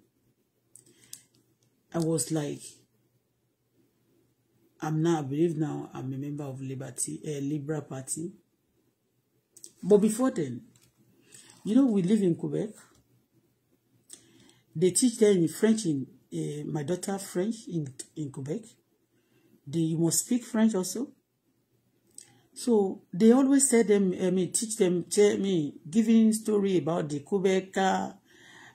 I was like, I'm now, I believe now, I'm a member of Liberty, uh, Liberal Party. But before then, you know, we live in Quebec. They teach them in French in uh, my daughter French in in Quebec. They you must speak French also. So they always tell them, I eh, mean, teach them, tell me, giving story about the Quebecer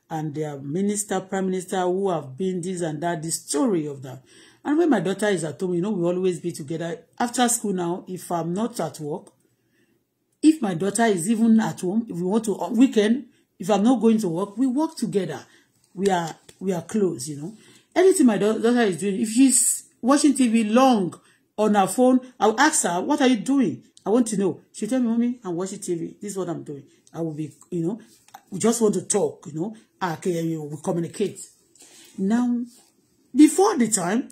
and their minister, prime minister, who have been this and that, the story of that. And when my daughter is at home, you know, we always be together. After school now, if I'm not at work, if my daughter is even at home, if we want to, on weekend, if I'm not going to work, we work together. We are, we are close, you know. Anything my daughter is doing, if she's watching TV long, on her phone. I'll ask her, what are you doing? I want to know. She tell me, mommy, I'm watching TV. This is what I'm doing. I will be, you know, we just want to talk, you know. Ah, okay, you know, we communicate. Now, before the time,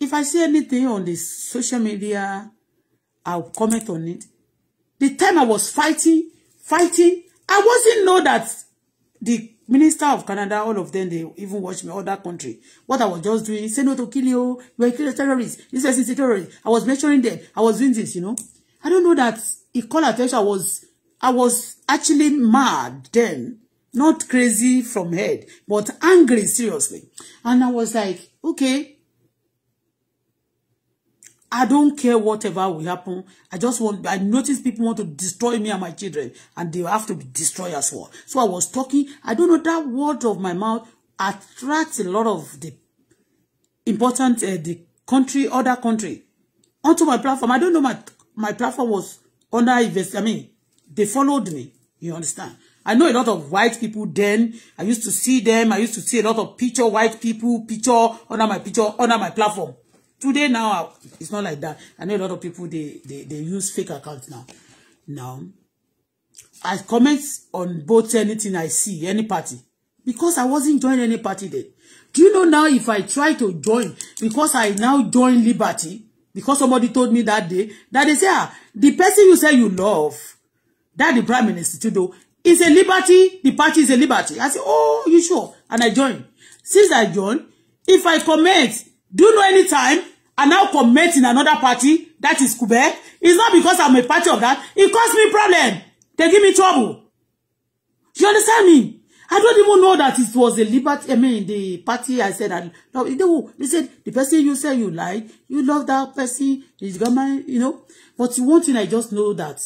if I see anything on the social media, I'll comment on it. The time I was fighting, fighting, I wasn't know that the Minister of Canada, all of them, they even watch me, all that country. What I was just doing, say no to kill you, you are killing terrorists, this is a terrorist. I was measuring them, I was doing this, you know. I don't know that He called attention. I was, I was actually mad then, not crazy from head, but angry, seriously. And I was like, okay, I don't care whatever will happen. I just want, I notice people want to destroy me and my children, and they have to be destroyed as well. So I was talking, I don't know, that word of my mouth attracts a lot of the important, uh, the country, other country, onto my platform. I don't know, my, my platform was under, invest, I mean, they followed me, you understand? I know a lot of white people then. I used to see them. I used to see a lot of picture white people, picture under my picture, under my platform. Today now, it's not like that. I know a lot of people, they, they, they use fake accounts now. Now, I comment on both anything I see, any party. Because I wasn't joining any party then. Do you know now if I try to join, because I now join Liberty, because somebody told me that day, that they say, ah, the person you say you love, that the prime minister to do, is a liberty, the party is a liberty. I say, oh, you sure? And I join. Since I join, if I comment, Do you know any time I now commit in another party, that is Quebec, it's not because I'm a party of that. It cause me problem. They give me trouble. You understand me? I don't even know that it was a liberty. I mean, the party I said that. No, they, they said the person you say you like, you love that person, his government, you know. But one thing I just know that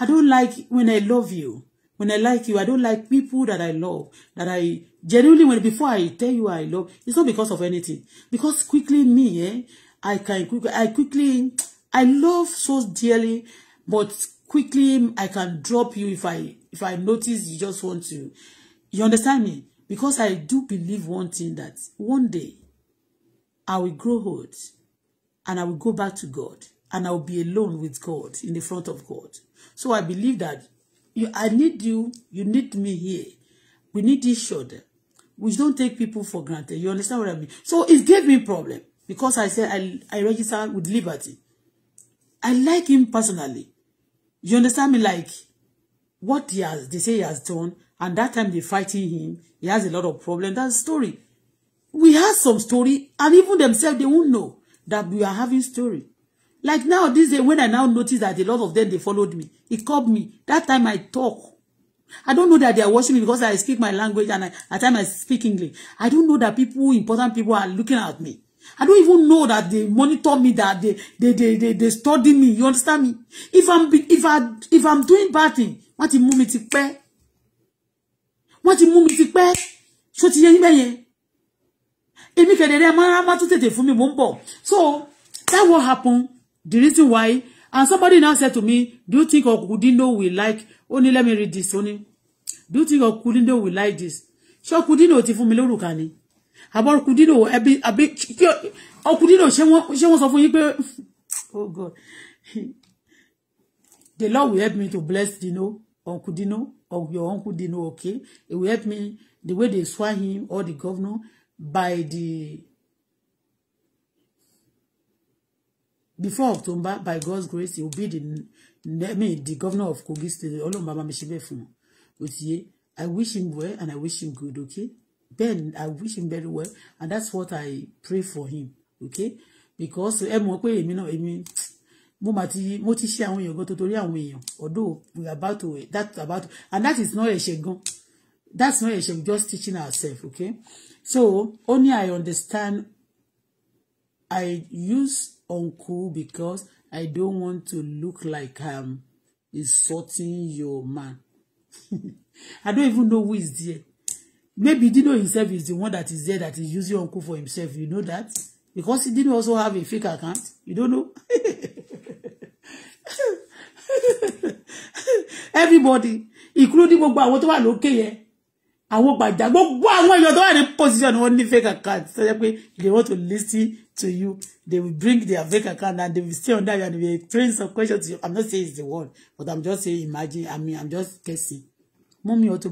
I don't like when I love you. When I like you, I don't like people that I love, that I genuinely when before I tell you I love, it's not because of anything. Because quickly me, eh, I can quickly, I quickly, I love so dearly, but quickly I can drop you if I if I notice you just want to. You understand me? Because I do believe one thing that one day I will grow old and I will go back to God and I will be alone with God in the front of God. So I believe that you, I need you, you need me here. We need each other we don't take people for granted. You understand what I mean? So it gave me problem because I said I, I registered with Liberty. I like him personally. You understand me? Like what he has, they say he has done, and that time they fighting him. He has a lot of problem. That's story. We have some story, and even themselves they won't know that we are having story. Like now, this day when I now notice that a lot of them they followed me, he called me. That time I talk. I don't know that they are watching me because I speak my language and I, at times I speak English. I don't know that people, important people are looking at me. I don't even know that they monitor me, that they they they they, they study me. You understand me? If I'm if I if I'm doing bad thing, what you move mi to pẹ́. What you move mi to pẹ́. Ṣó ti yé yín So that what happened? The reason why And somebody now said to me, do you think Okudindo will like, only let me read this, only. Do you think Okudindo will like this? Ṣé Okudindo ti fún mi lórúkà ni? Àbọ̀ Okudindo ẹbí àbí Okudindo ṣé wọ́n sọ fún yín pé oh God the Lord will help me to bless Dino, Uncle Dino, or your Uncle Dino, okay? It will help me the way they swear him or the governor by the before October by God's grace he will be the I mean, the governor of Kogi State Ọlọ́run bàbá mi ṣe bẹ́ẹ̀ otiye I wish him well and I wish him good okay Ben I wish him very well and that's what I pray for him okay because ẹ mọ̀ pé èmi náà èmi mo ma ti mo ti ṣe àwọn èèyàn gan tó àwọn èèyàn although we are about to that about to, and that is not ẹ̀ṣẹ̀ gan that's not ẹ̀ṣẹ̀ we just teaching ourselves okay so only I understand I use uncle because I don't want to look like I'm insulting your man. I don't even know who is there. Maybe Dino himself is the one that is there that is using uncle for himself. You know that? Because he didn't also have a fake account. You don't know? Everybody, including gbogbo àwọn tó wà lókè yẹn àwọn gbàjà gbogbo àwọn èèyàn tó wà ní position wọn ní fake account tó jẹ́ pé they want to listen to you they will bring their fake account and they will stay on that and they will train some questions to you i'm not saying it's the one but i'm just saying imagine i mean i'm just guessing mummy Auto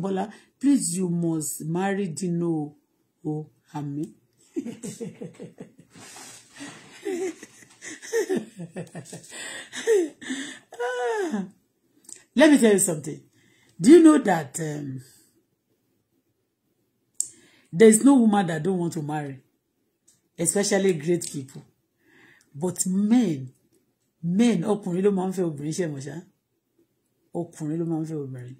please you must marry Dino o ami. Ah. let me tell you something do you know that. Um, There is no woman that don't want to marry, especially great people. But men, men, ọkùnrin ló máa ń fẹ́ obìnrin ṣe mọ̀ ṣá. Ọkùnrin ló máa ń fẹ́ obìnrin.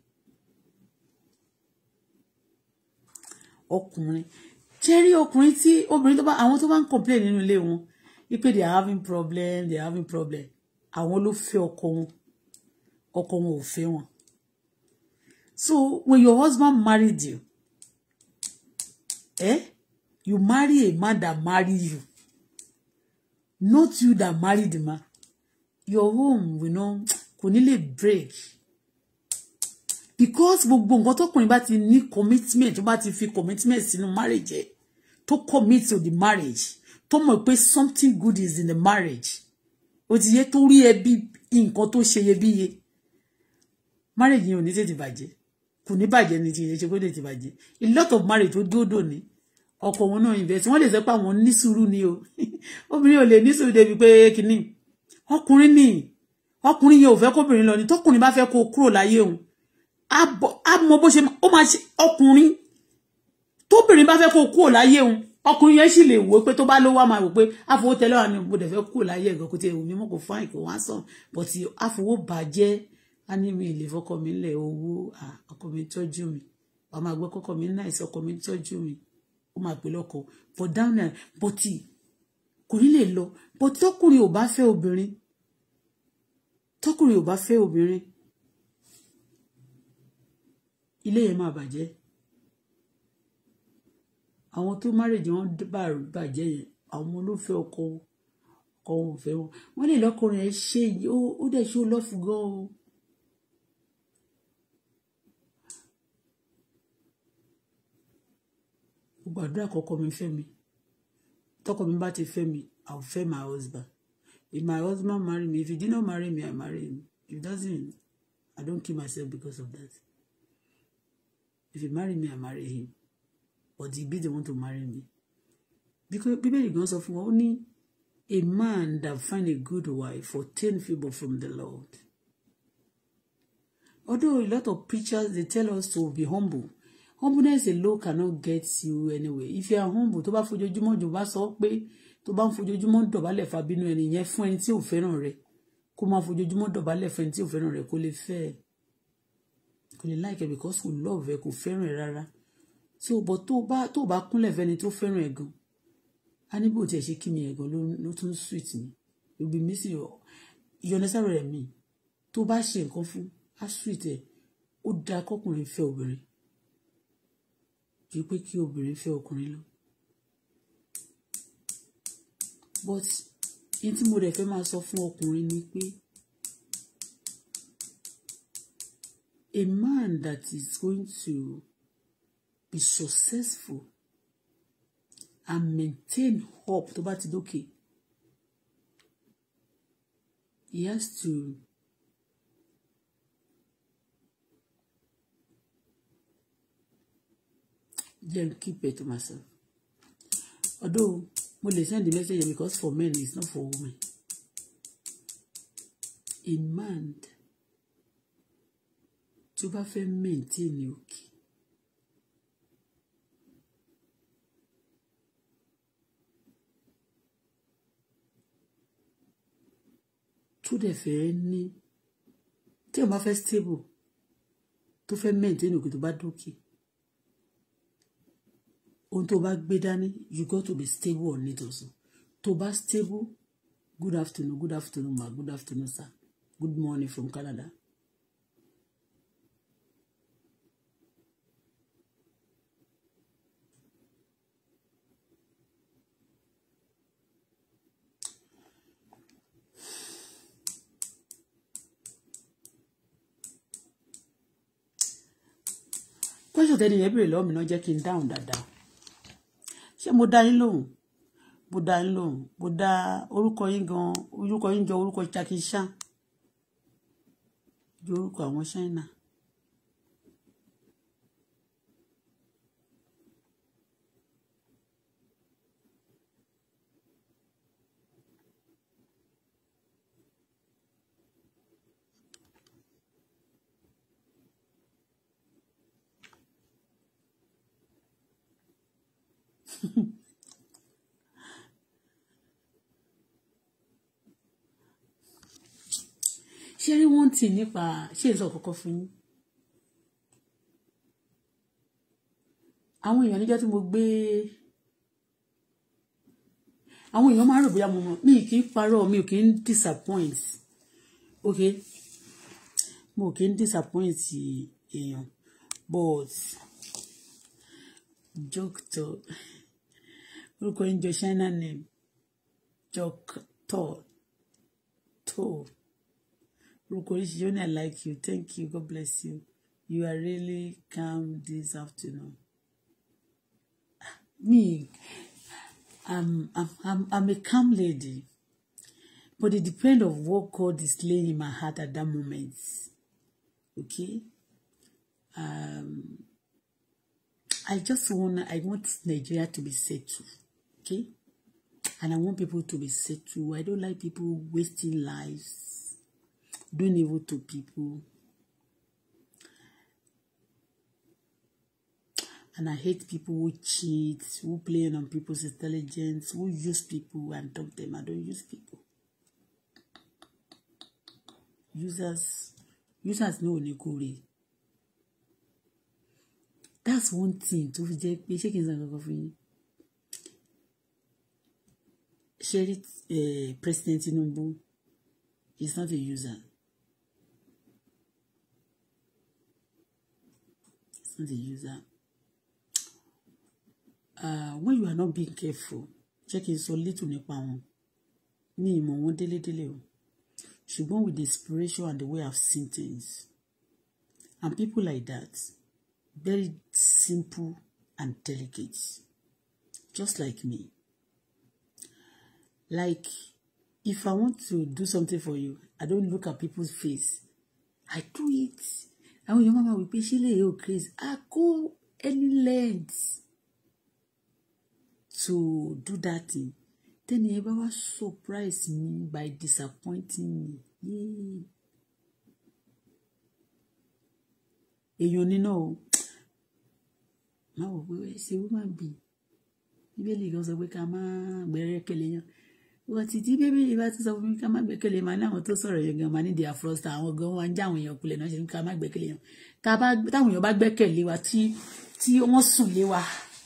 Ọkùnrin. Cherry ọkùnrin tí obìnrin tó bá àwọn tó bá ń complain nínú ilé wọn wípé they are having problem they are having problem àwọn ló fẹ́ ọkọ wọn ọkọ wọn ò fẹ́ wọn. So when your husband married you Eh? You marry a man that marry you. Not you that marry the man. Your home, you know, kò ní lè break. Because gbogbo nǹkan tọkùnrin bá ti ní commitment, tó bá ti fi commitment sínú marriage ẹ̀, tó commit to the marriage, tó mọ̀ pé something good is in the marriage. Ó ti yẹ tó rí ẹbí nǹkan tó ṣe iyebíye. Marriage yẹn ò ní tètè bàjẹ́ kò ní bàjẹ́ ní ti ìyẹn ṣe kó lè ti bàjẹ́ a lot of marriage tó dúdò ní ọkọ wọn náà invest wọn lè sọ pé àwọn ní sùúrù ni o obìnrin ò lè ní débi pé kínní ọkùnrin ni ọkùnrin yẹn ò fẹ́ kóbìnrin lọ ni tọkùnrin bá fẹ́ kó kúrò láyé òun á mọ bó ṣe ó máa ṣe ọkùnrin tóbìnrin bá fẹ́ kó kúrò láyé òun ọkùnrin yẹn sì lè wò pé tó bá lówó àmà wò pé àfọwọ́ tẹ́lẹ̀ mo dẹ̀ fẹ́ kúrò láyé ẹ̀gọ́ kó tiẹ̀ wù mí mọ́ kó fáìn kó wá sàn bọ̀tì àfọwọ́ bàjẹ́ á ní mi ìlè fọkọ mi ńlẹ̀ owó ọkọ mi tọ́jú mi wàá máa gbọ́ kọ́kọ́ mi náà ìsọkọ mi tọ́jú mi ó máa pè lọ́kọ but down there but kò ní lè lọ but tọkùnrin ò bá fẹ́ obìnrin tọkùnrin ò bá fẹ́ obìnrin ilé yẹn máa bàjẹ́ àwọn tó márèjì wọn bàjẹ́ yẹn àwọn olófẹ́ ọkọ ọkọ wọn wọn lè lọ́kùnrin ẹ̀ ṣe ó dẹ̀ ṣe ó lọ́fù gan-an mo gbàdúrà kọ́kọ́ mi fẹ́ mi tọ́kọ mi bá ti fẹ́ mi i will fẹ́ my husband if my husband marry me if he did not marry me i marry him if he doesn't i don't kill myself because of that if he marry me i marry him but he be the one to marry me because bíbélì gan sọ fún wa ó ní a man that find a good wife for ten people from the lord although a lot of preachers dey tell us to be humble humbleness alone cannot get you anywhere if you are humble tó bá fojoojúmọ́ jù bá sọ pé tó bá ń fojoojúmọ́ dọ̀bálẹ̀ fàbínú ẹni yẹn fún ẹni tí ò fẹ́ràn rẹ kó máa fojoojúmọ́ dọ̀bálẹ̀ fún ẹni tí ò fẹ́ràn rẹ kó lè fẹ́ ẹ kò lè láìkẹ́ because kò love ẹ kò fẹ́ràn ẹ rárá tí o bọ̀ tó bá tó bá kúnlẹ̀ fẹ́ni tó fẹ́ràn ẹ gan a ní bó tiẹ̀ ṣe kí mi ẹ̀ gan ló tún sweet ni òbí mi sì yọ̀nẹ́sàrọ̀ rẹ̀ mi tó bá ṣe nǹkan fún á sweet ẹ̀ ó dáa kọkùnrin fẹ́ obìnrin ju pé kí obìnrin fẹ́ ọkùnrin lọ but ní tí mo dẹ̀ fẹ́ máa sọ fún ọkùnrin ni pé a man that is going to be successful and maintain hope tó bá ti dókè he has to. Then keep it to myself. Although, when they send the message, because for men, it's not for women. In man, tó bá maintain òkè. tó dẹ̀ fẹ́ ní tí o bá fẹ́ stable tó fẹ́ maintain òkè tó bá ohun tó bá gbé dání you got to be stable on it also tó bá stable good afternoon good afternoon ma good afternoon sir good morning from Canada. question tẹ́ni yẹn béèrè lọ́wọ́ mi náà jẹ́ kí n dáhùn dáadáa ṣé mo dá yín lóhùn mo dá yín lóhùn mo dá orúkọ yín gan orúkọ yín jọ orúkọ chakinshan ju orúkọ àwọn ṣáínà rántí nípa ṣé n sọ kọ̀ọ̀kan fún yín àwọn èèyàn níjọ́ tí mo gbé àwọn èèyàn máa ń rò bóyá mo mọ̀ mi kì í parọ́ mi ò kì í disappoint ok mo kì í disappoint èèyàn but jọ́kítọ̀ orúkọ yín jọ china name to to orúkọ oríṣiríṣi ó i like you thank you god bless you you are really calm this afternoon me i'm i'm i'm, I'm a calm lady but it depends on what God is laying in my heart at that moment okay um I just want I want Nigeria to be settled okay and I want people to be settled I don't like people wasting lives doing evil to people. And I hate people who cheat, who play on people's intelligence, who use people and dump them. I don't use people. Users, users ní oníkórè. That's one thing To fi jẹ́ pé ṣé kí n san eh, President Tinubu is not a user. the user. Um, uh, when you are not being careful checking so little sọ little nípa imo ní ìmọ̀ wọn délédélé o ṣùgbọ́n with the inspiration and the way I've seen things and people like that very simple and delicate just like me like if I want to do something for you I don't look at people's face I do it àwọn èèyàn máa wí pé ṣé lè yóò craze I go any length to do that thing tẹ́ni ẹ bá wá surprise me by disappointing me èèyàn nínú o máa wò pé ṣe woman be bíbélì kan sọ pé ká má gbẹrẹ kẹlẹ yan wọ́tí tí bébí yìí bá ti sọ fún mi ká má gbẹ́kẹ̀lé máa láwọn tó sọ̀rọ̀ yẹn gan máa ní their frustrate àwọn gan wọn já àwọn èèyàn kulẹ̀ náà ṣe ká má gbẹ́kẹ̀lé wọn táwọn èèyàn bá gbẹ́kẹ̀lé wa tí tí wọ́n sùn lé wa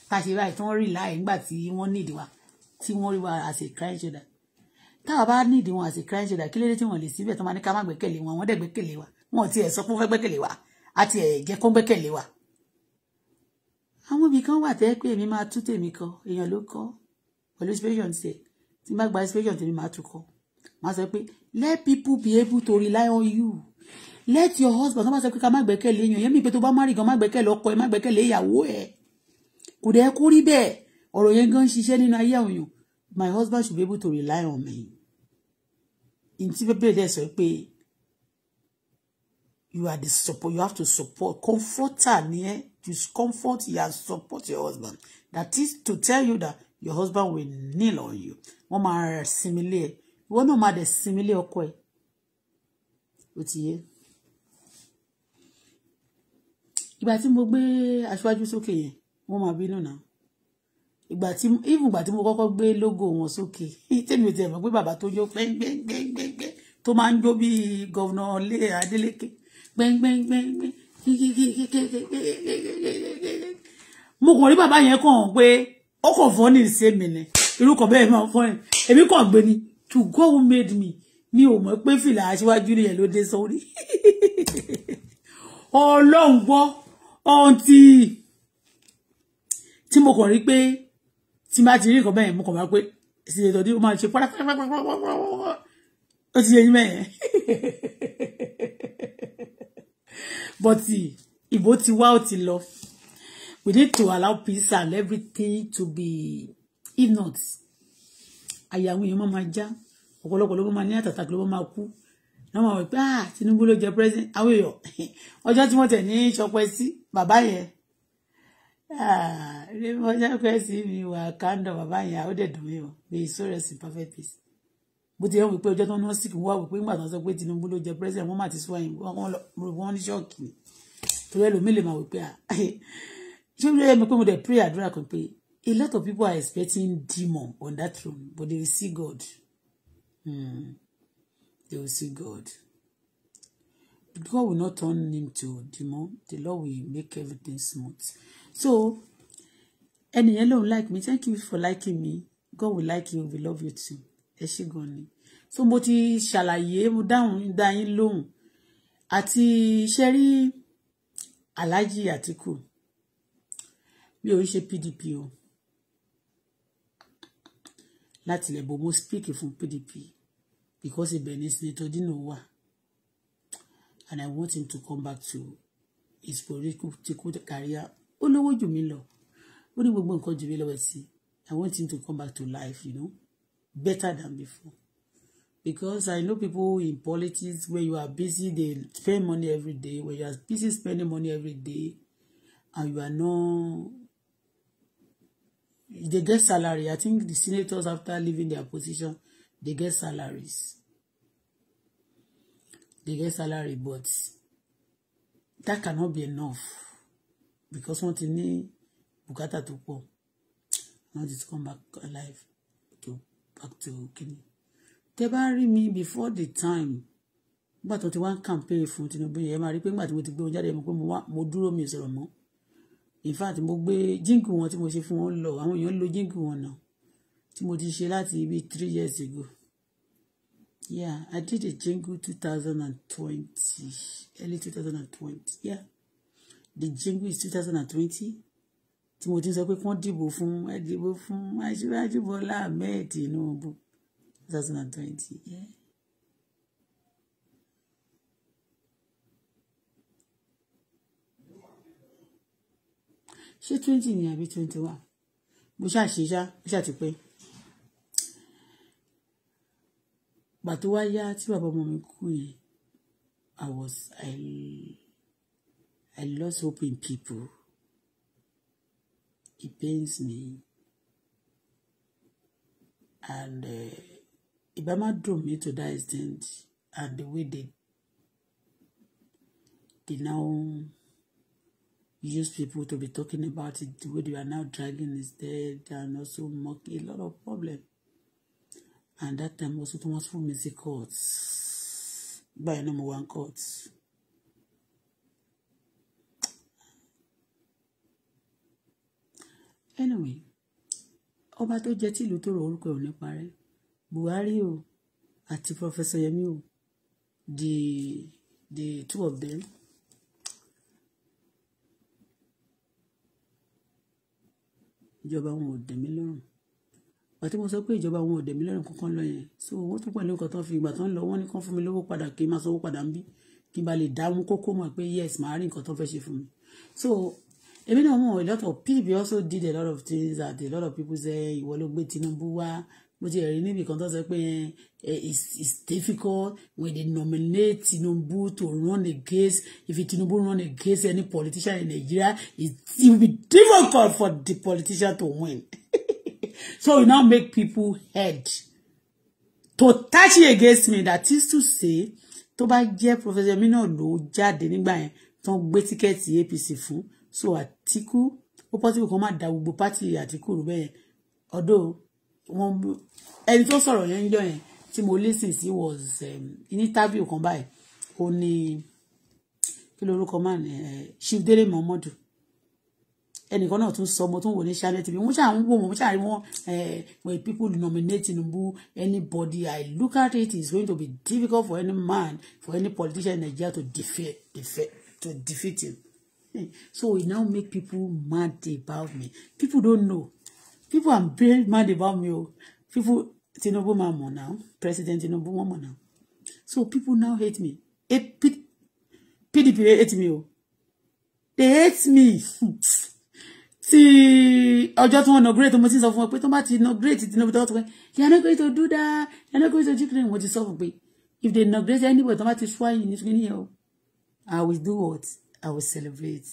tá a ṣe báyìí tí wọ́n rí láàyè nígbà tí wọ́n nídìí wa tí wọ́n rí wa as a crying shoulder táwa bá nídìí wọn as a crying shoulder kí ló dé tí wọ́n lè síbẹ̀ tó máa ní ká má gbẹ́kẹ̀lé wọn wọ́n dẹ̀ gbẹ́kẹ̀lé wa wọ́n fẹ́ ẹ̀ jẹ́ tí n gba inspiration tèmi máa tún kọ máa sọ pé let people be able to rely on you let your husband tó bá sọ pé ká má gbẹ́kẹ̀lé èèyàn yẹn mi pé tó bá má rí gan má gbẹ́kẹ̀lé ọkọ ẹ má gbẹ́kẹ̀lé ìyàwó ẹ kò dẹ́ kó rí bẹ́ẹ̀ ọ̀rọ̀ yẹn gan ṣiṣẹ́ nínú ayé àwọn my husband should be able to rely on me ntí bẹ́ẹ̀ dẹ́ sọ pé you are the support you have to support comforter ni ẹ to comfort you and support your husband that is to tell you that your husband will kneel on you wọ́n máa sinmi lé ẹ e. ìwọ náà máa dẹ̀ sinmi lé ọkọ ẹ ó ti yé ìgbà tí mo gbé aṣáájú sókè yẹn wọ́n máa bínú náà ìgbà tí even ìgbà tí mo kọ́kọ́ gbé lógo wọn sókè tèmi ò tiẹ̀ mọ̀ pé bàbá tó jó gbẹ́ngbẹ́ngbẹ́ngbẹ́ tó máa ń jó bíi gọ́vnà lé Adeleke gbẹ́ngbẹ́ngbẹ́ngbẹ́ mo kàn rí bàbá ó kàn fọ́ the same mi ni irú kan bẹ́ẹ̀ máa fọ́ ẹ̀ èmi kàn gbé ni to go who made me mi ò mọ̀ pé fìlà aṣíwájú nìyẹn ló dé sórí ọlọ́run gbọ́ ohun tí tí mo kàn rí pé tí bá ti rí nǹkan bẹ́ẹ̀ mo kàn bá pé ìṣèlè ìtọ́jú ó máa ṣe pàápàá ó ti yẹ yín mẹ́yẹn bọ́tì ìbò ti wá ó ti lọ we need to allow peace and everything to be if not àyà àwọn èèyàn máa ma já ọ̀pọ̀lọpọ̀ ló máa ní àtàtàkì ló máa kú náà máa wọ̀ pé ah Tinubu ló jẹ president àwọn èèyàn ọjọ́ tí wọ́n tẹ̀ ní sọpẹ́ sí bàbá yẹn ọjọ́ ah, pẹ́ sí mi wà kándọ̀ bàbá yẹn ó dẹ̀ dùn mí o may so perfect peace bó ti yẹ wípé ọjọ́ tó ń ná sìkì wá wípé nígbà tó ń sọ pé Tinubu ló jẹ president wọ́n mà ti sọ àyìnbó wọ́n ní ṣọ́ọ̀kì torí ẹlòmíì lè máa wípé ah ṣé wíwá yẹ mi pé mo pray àdúrà kan pé a lot of people are expecting demon on that room, but they will see God hmm. they will see God God will not turn him to demon the Lord will make everything smooth so any lòun like me thank you for liking me God will like you we love you too ẹ ṣé so mo ti ṣàlàyé mo down dá yín lóhùn àti ṣẹ́rí aláàjì àtìkù mi ò ń ṣe PDP o láti ilẹ̀ bò mo speak fún PDP because ibẹ̀ ni senator Dino wà and I want him to come back to his political career ó lówó jù mí lọ ó ní gbogbo nǹkan jù mí lọ́wọ́ sí I want him to come back to life you know better than before because I know people in politics when you are busy they spend money every day when you are busy spending money every day and you are not they get salary. I think the senators, after leaving their position, they get salaries. They get salary, but that cannot be enough because wọ́n ti ní bùkátà tó pọ̀. Now just come back alive to back to Kenya. They bury me before the time nígbà tó ti wá ń campaign fún Tinubu yẹn, ẹ máa rí pé nígbà tí mo ti gbé wọn jáde mo pé mo dúró mi ò sọ̀rọ̀ mọ́ in fact mo gbé jíǹkù wọn tí mo ṣe fún wọn lọ àwọn èèyàn lo jíǹkù wọn náà tí mo ti ṣe láti ibi three years ago yeah i did the jingle two thousand and twenty early two thousand and twenty yeah the jingle is two thousand and twenty tí mo ti sọ pé kán dìbò fún ẹ dìbò fún Aṣíwájú Bọ́lá Ahmed Tinubu two thousand and twenty yeah. ṣé twenty ni àbí twenty one mo ṣàṣe ṣá mo ṣàti pé gbà tó wá yá tí bàbá ọmọ mi kú yìí I was I, I lost hope in people it pains me and eh, ìbá má dùn mí to that extent and the way they they now use people to be talking about it the way they are now dragging is dead and also mocking a lot of problem and that time also Thomas fún mi sí courts, by number one courts. ń court anyway ọba tó jẹ tí ìlú tó rọ orúkọ ẹ ò ní parẹ́ Buhari o àti Professor Yemi o the the two of them ìjọba wọn ò dẹ̀ mí lọ́rùn àti mo sọ pé ìjọba wọn ò dẹ̀ mí lọ́rùn kankan lọ yẹn so owó tún pẹ̀lú nǹkan tó fi ìgbà tó ń lọ wọ́n ní kán fún mi lówó padà kí n máa sanwó padà ń bí kí n bá lè dá mú kókó mọ̀ pé yes màá rí nǹkan tó fẹ́ ṣe fún mi so èmi náà mọ̀ a lot of people also did a lot of things that a lot of people say ìwọ ló gbé Tinubu wá mo ti rí níbi kan tó sọ pé eh, it's difficult when they nominate Tinubu to run a case. if Tinubu run a case, any politician in Nigeria it will be difficult for the politician to win so we now make people head to touch it against me that is to say tó bá jẹ́ professor mi náà ló jáde nígbà yẹn tán gbé tíkẹ́ẹ̀tì APC fún so Àtíkú ó pọ́sibú kan má da gbogbo pátì Àtíkù rú bẹ́ẹ̀ ọdún wọ́n ẹni tó sọ̀rọ̀ yẹn ń jọ yẹn tí mo listen sí was um, ní interview kan báyìí ó ní kí lorúkọ máa ní eh, eh, chief délé mọ́mọ́dù ẹnìkan náà tún sọ ọmọ tó ń wò ní channel tv wọn ṣáà ń wò wọn ṣáà rí wọn eh, when people nominate Tinubu anybody I look at it is going to be difficult for any man for any politician in Nigeria to defeat defeat to defeat him so e now make people mad about me people don't know people are very mad about me Oh, people Tinubu máa mọ̀ now president Tinubu wọ́n mọ̀ now so people now hate me hate PDP hate me Oh, they hate me ti ọjọ́ tí wọ́n inaugurate mo ti sọ fún wọn pé tó bá ti inaugurate Tinubu tó tó pé you are not going to do that you are not going to do that mo ti sọ fún pé if they inaugurate anywhere tó bá ti sọ àyìn nítorí nìyẹn o oh, I will do what I will celebrate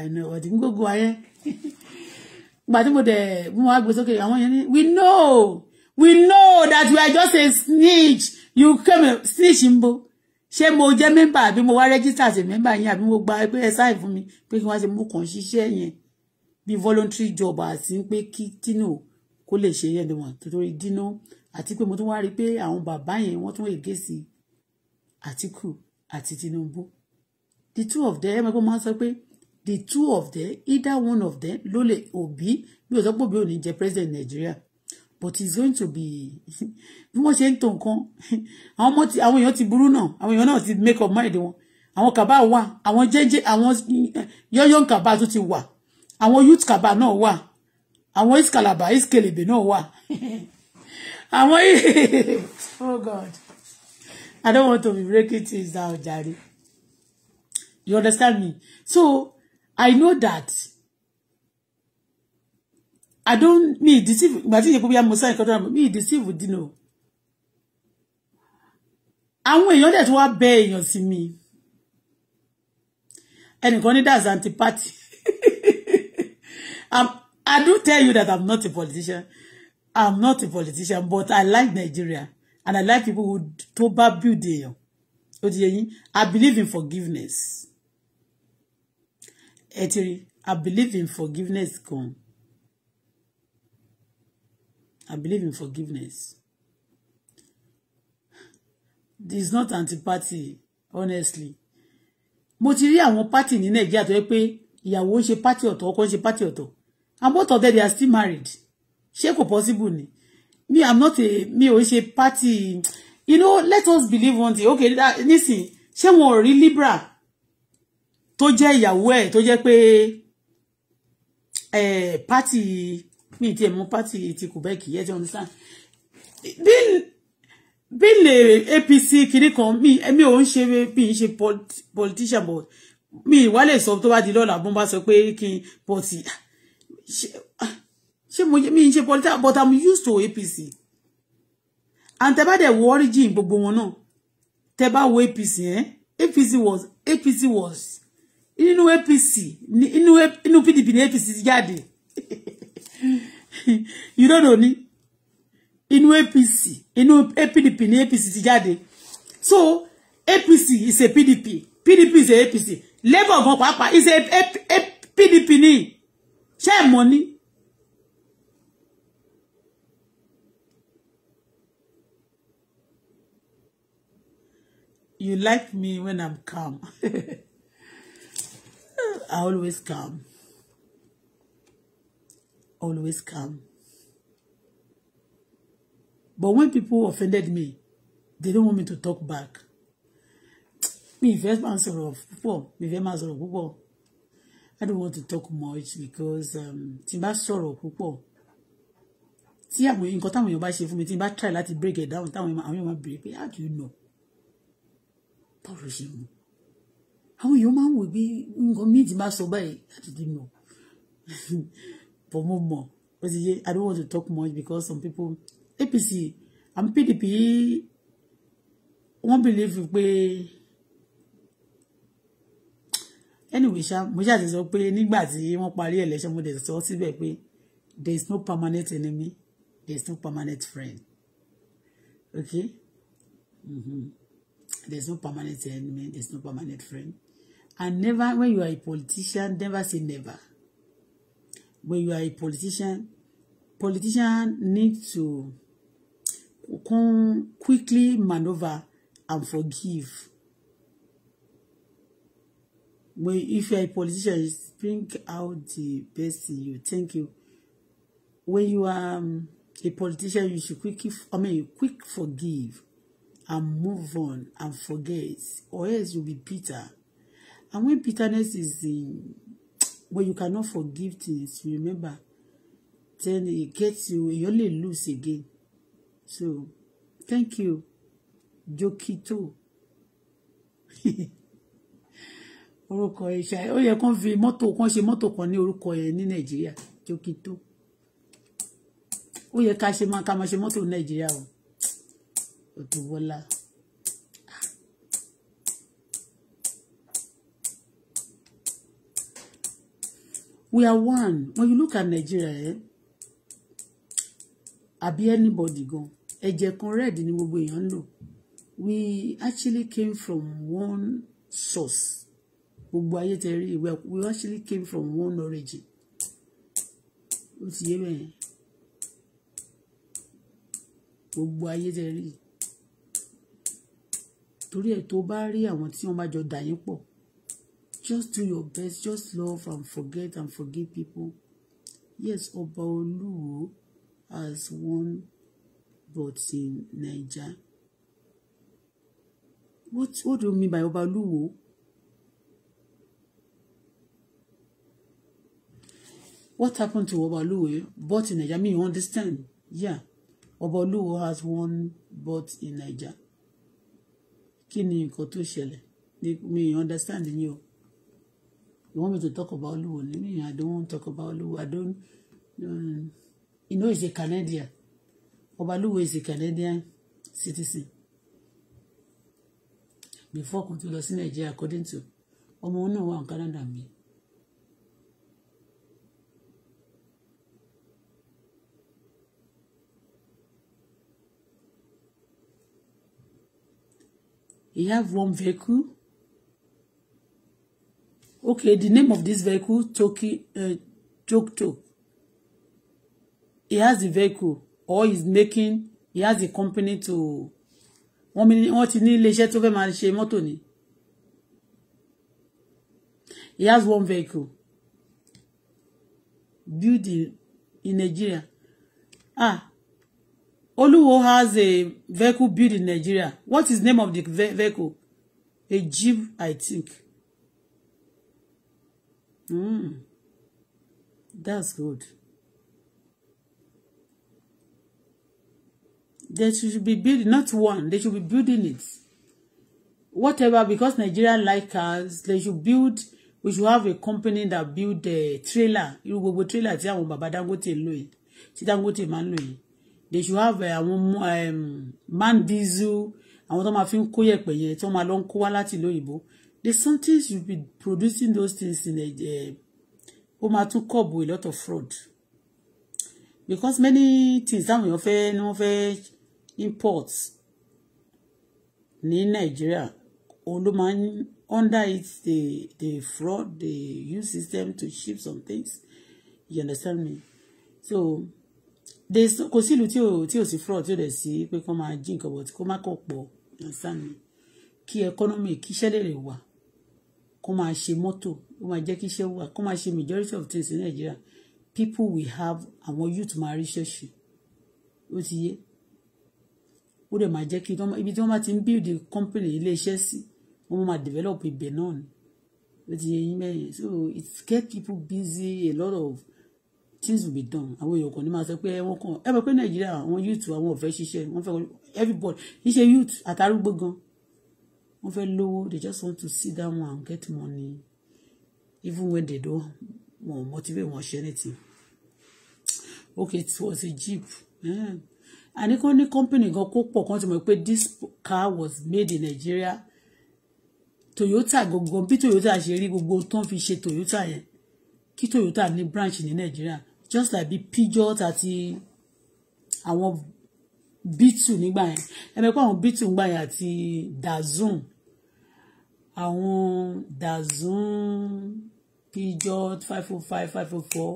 I know ọ̀dìmí gbogbo ayẹ́. gbà tí mo dẹ̀ mo wá gbé sókè àwọn yẹn ní we know we know that we are just a snitch you come a snitch ń bo ṣé mo jẹ́ mẹ́mbà àbí mo wá rẹ́gísítà sí mẹ́mbà yẹn àbí mo gba pé ẹ sáì mi pé kí wọ́n ṣe mú kàn ṣiṣẹ́ yẹn bí voluntary job àti pé kí tino kó lè ṣe yẹn lọ́wọ́ torí dino àti pé mo tún wá rí i pé àwọn bàbá yẹn wọ́n tún ègé sí Àtíkù Tinubu the two of them ẹgbẹ́ máa ń sọ pé the two of them either one of them ló lè Obi bí o sọ pé Obi ò ní jẹ president Nigeria but it's going to be bí wọ́n ṣe ń tó nǹkan àwọn ọmọ ti àwọn èèyàn ti burú náà àwọn èèyàn náà ti make up mind wọn àwọn kaba wà àwọn jẹjẹ àwọn yọyọ kaba tó ti wà àwọn youth kaba náà wà àwọn iskalaba iskelebe náà wà àwọn oh god i don't want to be breaking things down jare you understand me so I know that I don't me deceive ìgbà tí ìyẹ̀kú bí a mọ̀ sáyẹn kọ́tọ́ àmọ́ me deceive dino àwọn èèyàn dẹ̀ tí wọ́n bẹ èèyàn sí mi ẹnìkan ní that's anti-party I do tell you that I'm not a politician I'm not a politician but I like Nigeria and I like people who to build there. ó I believe in forgiveness. Actually, i believe in forgiveness come. i believe in forgiveness this is not anti-party honestly mo ti rí àwọn party ní nàìjíríà tó yẹ pé ìyàwó ń party ọ̀tọ̀ ọkọ ń ṣe party ọ̀tọ̀ and both of them they are still married ṣé kò possible ni me i'm not a me. ò ń party you know let us believe one thing okay that nisin ṣé wọn really rí tó jẹ́ ìyàwó ẹ̀ tó jẹ́ pé eh, pátì mi ti ẹ̀ mú pátì ti Quebec yẹ́ ti understand bí lè APC kiri kan mi èmi ò ń ṣe bí n ṣe politician but mi ìwá lè sọ tó bá di lọ́la bó bá sọ pé kí n pọ̀tì ṣé mi ń ṣe politician but I'm used to APC and tẹ bá dẹ̀ wo origin gbogbo wọn náà tẹ bá wo APC eh? APC was APC was Inu APC inu inu PDP ní APC ti jáde you don't know ni Inu APC inu PDP ní APC ti jáde so APC is a PDP PDP is a APC labour gan pàápàá is a, a, a PDP ni ṣé ẹ ni. you like me when I'm calm. I always come, Always come. But when people offended me, they don't want me to talk back. Me, first answer of, púpọ̀, me first man of, I don't want to talk much because um, tí n bá sọ̀rọ̀ púpọ̀. Tí àwọn nǹkan táwọn èèyàn bá ṣe fún mi, break it down, táwọn èèyàn máa break it, how do you know? Báwo ló àwọn èèyàn máa ń wò bí nǹkan míì ti máa sọ báyìí láti di mọ̀ but mo mọ̀ ó ti yé I don't want to talk much because some people APC and PDP wọ́n believe pé anyway ṣá mo ṣáà ti sọ pé nígbà tí wọ́n parí election mo dẹ̀ sọ síbẹ̀ pé there is no permanent enemy there is no permanent friend okay mm-hmm. there is no permanent enemy there is no permanent friend And never, when you are a politician, never say never. When you are a politician, politician need to come quickly maneuver and forgive. When if you are a politician, bring out the best in you. Thank you. When you are um, a politician, you should quickly, I mean, quick forgive and move on and forget, or else you'll be bitter. And when bitterness is in, when you cannot forgive things, remember, then it gets you, you only lose again. So, thank you, Jokito. orúkọ ẹ ṣe ó yẹ kán fi mọ́tò kan ṣe mọ́tò kan ní orúkọ ẹ ní nàìjíríà Jokito ó yẹ ká ṣe máa ká máa ṣe mọ́tò nàìjíríà o Auto Bola. we are one when you look at Nigeria eh? àbí anybody go. ẹ̀jẹ̀ kan red ni gbogbo èèyàn ń we actually came from one source gbogbo ayé tẹ rí we actually came from one origin ó ti yé bẹ́ẹ̀ gbogbo ayé tẹ rí torí ẹ̀ tó bá rí àwọn tí wọ́n bá jọ dà yín pọ̀ just do your best just love and forget and forgive people yes Ọba Olúwo has won but in Naija what what do you mean by Ọba Olúwo what happened to Ọba Olúwo but in Naija I mean you understand yeah Ọba Olúwo has won but in Naija kí ni nǹkan tó ṣẹlẹ̀ mi understand yín o. You want me to talk about I mean, I don't want to talk about Oluwole. I don't. Um, you know, he's a Canadian. Oba Oluwole is a Canadian citizen. Before kò tó lọ sí Nigeria, according to ọmọ náà wà ní Canada mi. He have one vehicle Okay, the name of this vehicle, Toki, uh, Jokto. He has a vehicle or he's making, he has a company to, wọ́n mi wọ́n ti ní iléeṣẹ́ tó fẹ́ máa ṣe mọ́tò He has one vehicle. Building in Nigeria. Ah, Oluwo has a vehicle built in Nigeria. What is name of the vehicle? A Jeep, I think. Mm. That's good. They should be building, not one, they should be building it. Whatever, because Nigeria like us, they should build, we should have a company that build the trailer. Irú go trailer tí àwọn bàbá Dangote ń lò yìí, tí Dangote máa They should have eh, àwọn um, man diesel, àwọn tó máa fi ń kó yẹ̀pẹ̀ yẹn, tó máa lọ ń kó there's something you be producing those things in a eh, eh, ó máa tún kọ̀bù a lot of fraud because many things táwọn èèyàn fẹ́ ni wọ́n fẹ́ import ní Nàìjíríà òun under it the the fraud they use system to ship some things you understand me so they kò sí ìlú tí ò tí ò sí fraud tí ò dẹ̀ sí pé kó máa jí nǹkan bọ̀ tí kó má kọ̀ pọ̀ you understand me kí economy kí iṣẹ́ lè rè wà kó máa ṣe mọ́tò ó máa jẹ́ kí iṣẹ́ wà kó máa ṣe majority of things in Nigeria, people we have àwọn youth máa rí ṣọ́ọ̀ṣì ó ti yé ó dẹ̀ máa jẹ́ kí ibi tí wọ́n bá ti ń build company ilé iṣẹ́ sí wọ́n máa develop ibẹ̀ náà ni ó ti yé yín mẹ́yìn so it get people busy a lot of things will be done àwọn èèyàn kan ní máa sọ pé wọ́n kàn ẹ mọ̀ pé Nàìjíríà àwọn youth àwọn ò fẹ́ ṣiṣẹ́ wọ́n fẹ́ everybody ṣiṣẹ́ youth àtàrúgbó gan-an wọ́n fẹ́ lówó they just want to sit down and get money even when they don't wọn ò motivate wọn ṣe anything okay it was a jeep àní eh. kan ní company gan kó pọ̀ kan ti mọ̀ pé this car was made in Nigeria Toyota gbogbo bí Toyota ṣe rí gbogbo tó ń fi ṣe Toyota yẹn kí Toyota ní branch ní Nigeria just like bí Peugeot àti àwọn Beetle nígbà yẹn ẹ mẹ́pẹ́ àwọn Beetle nígbà yẹn àti Dazun àwọn dazun pijot five oh five five oh four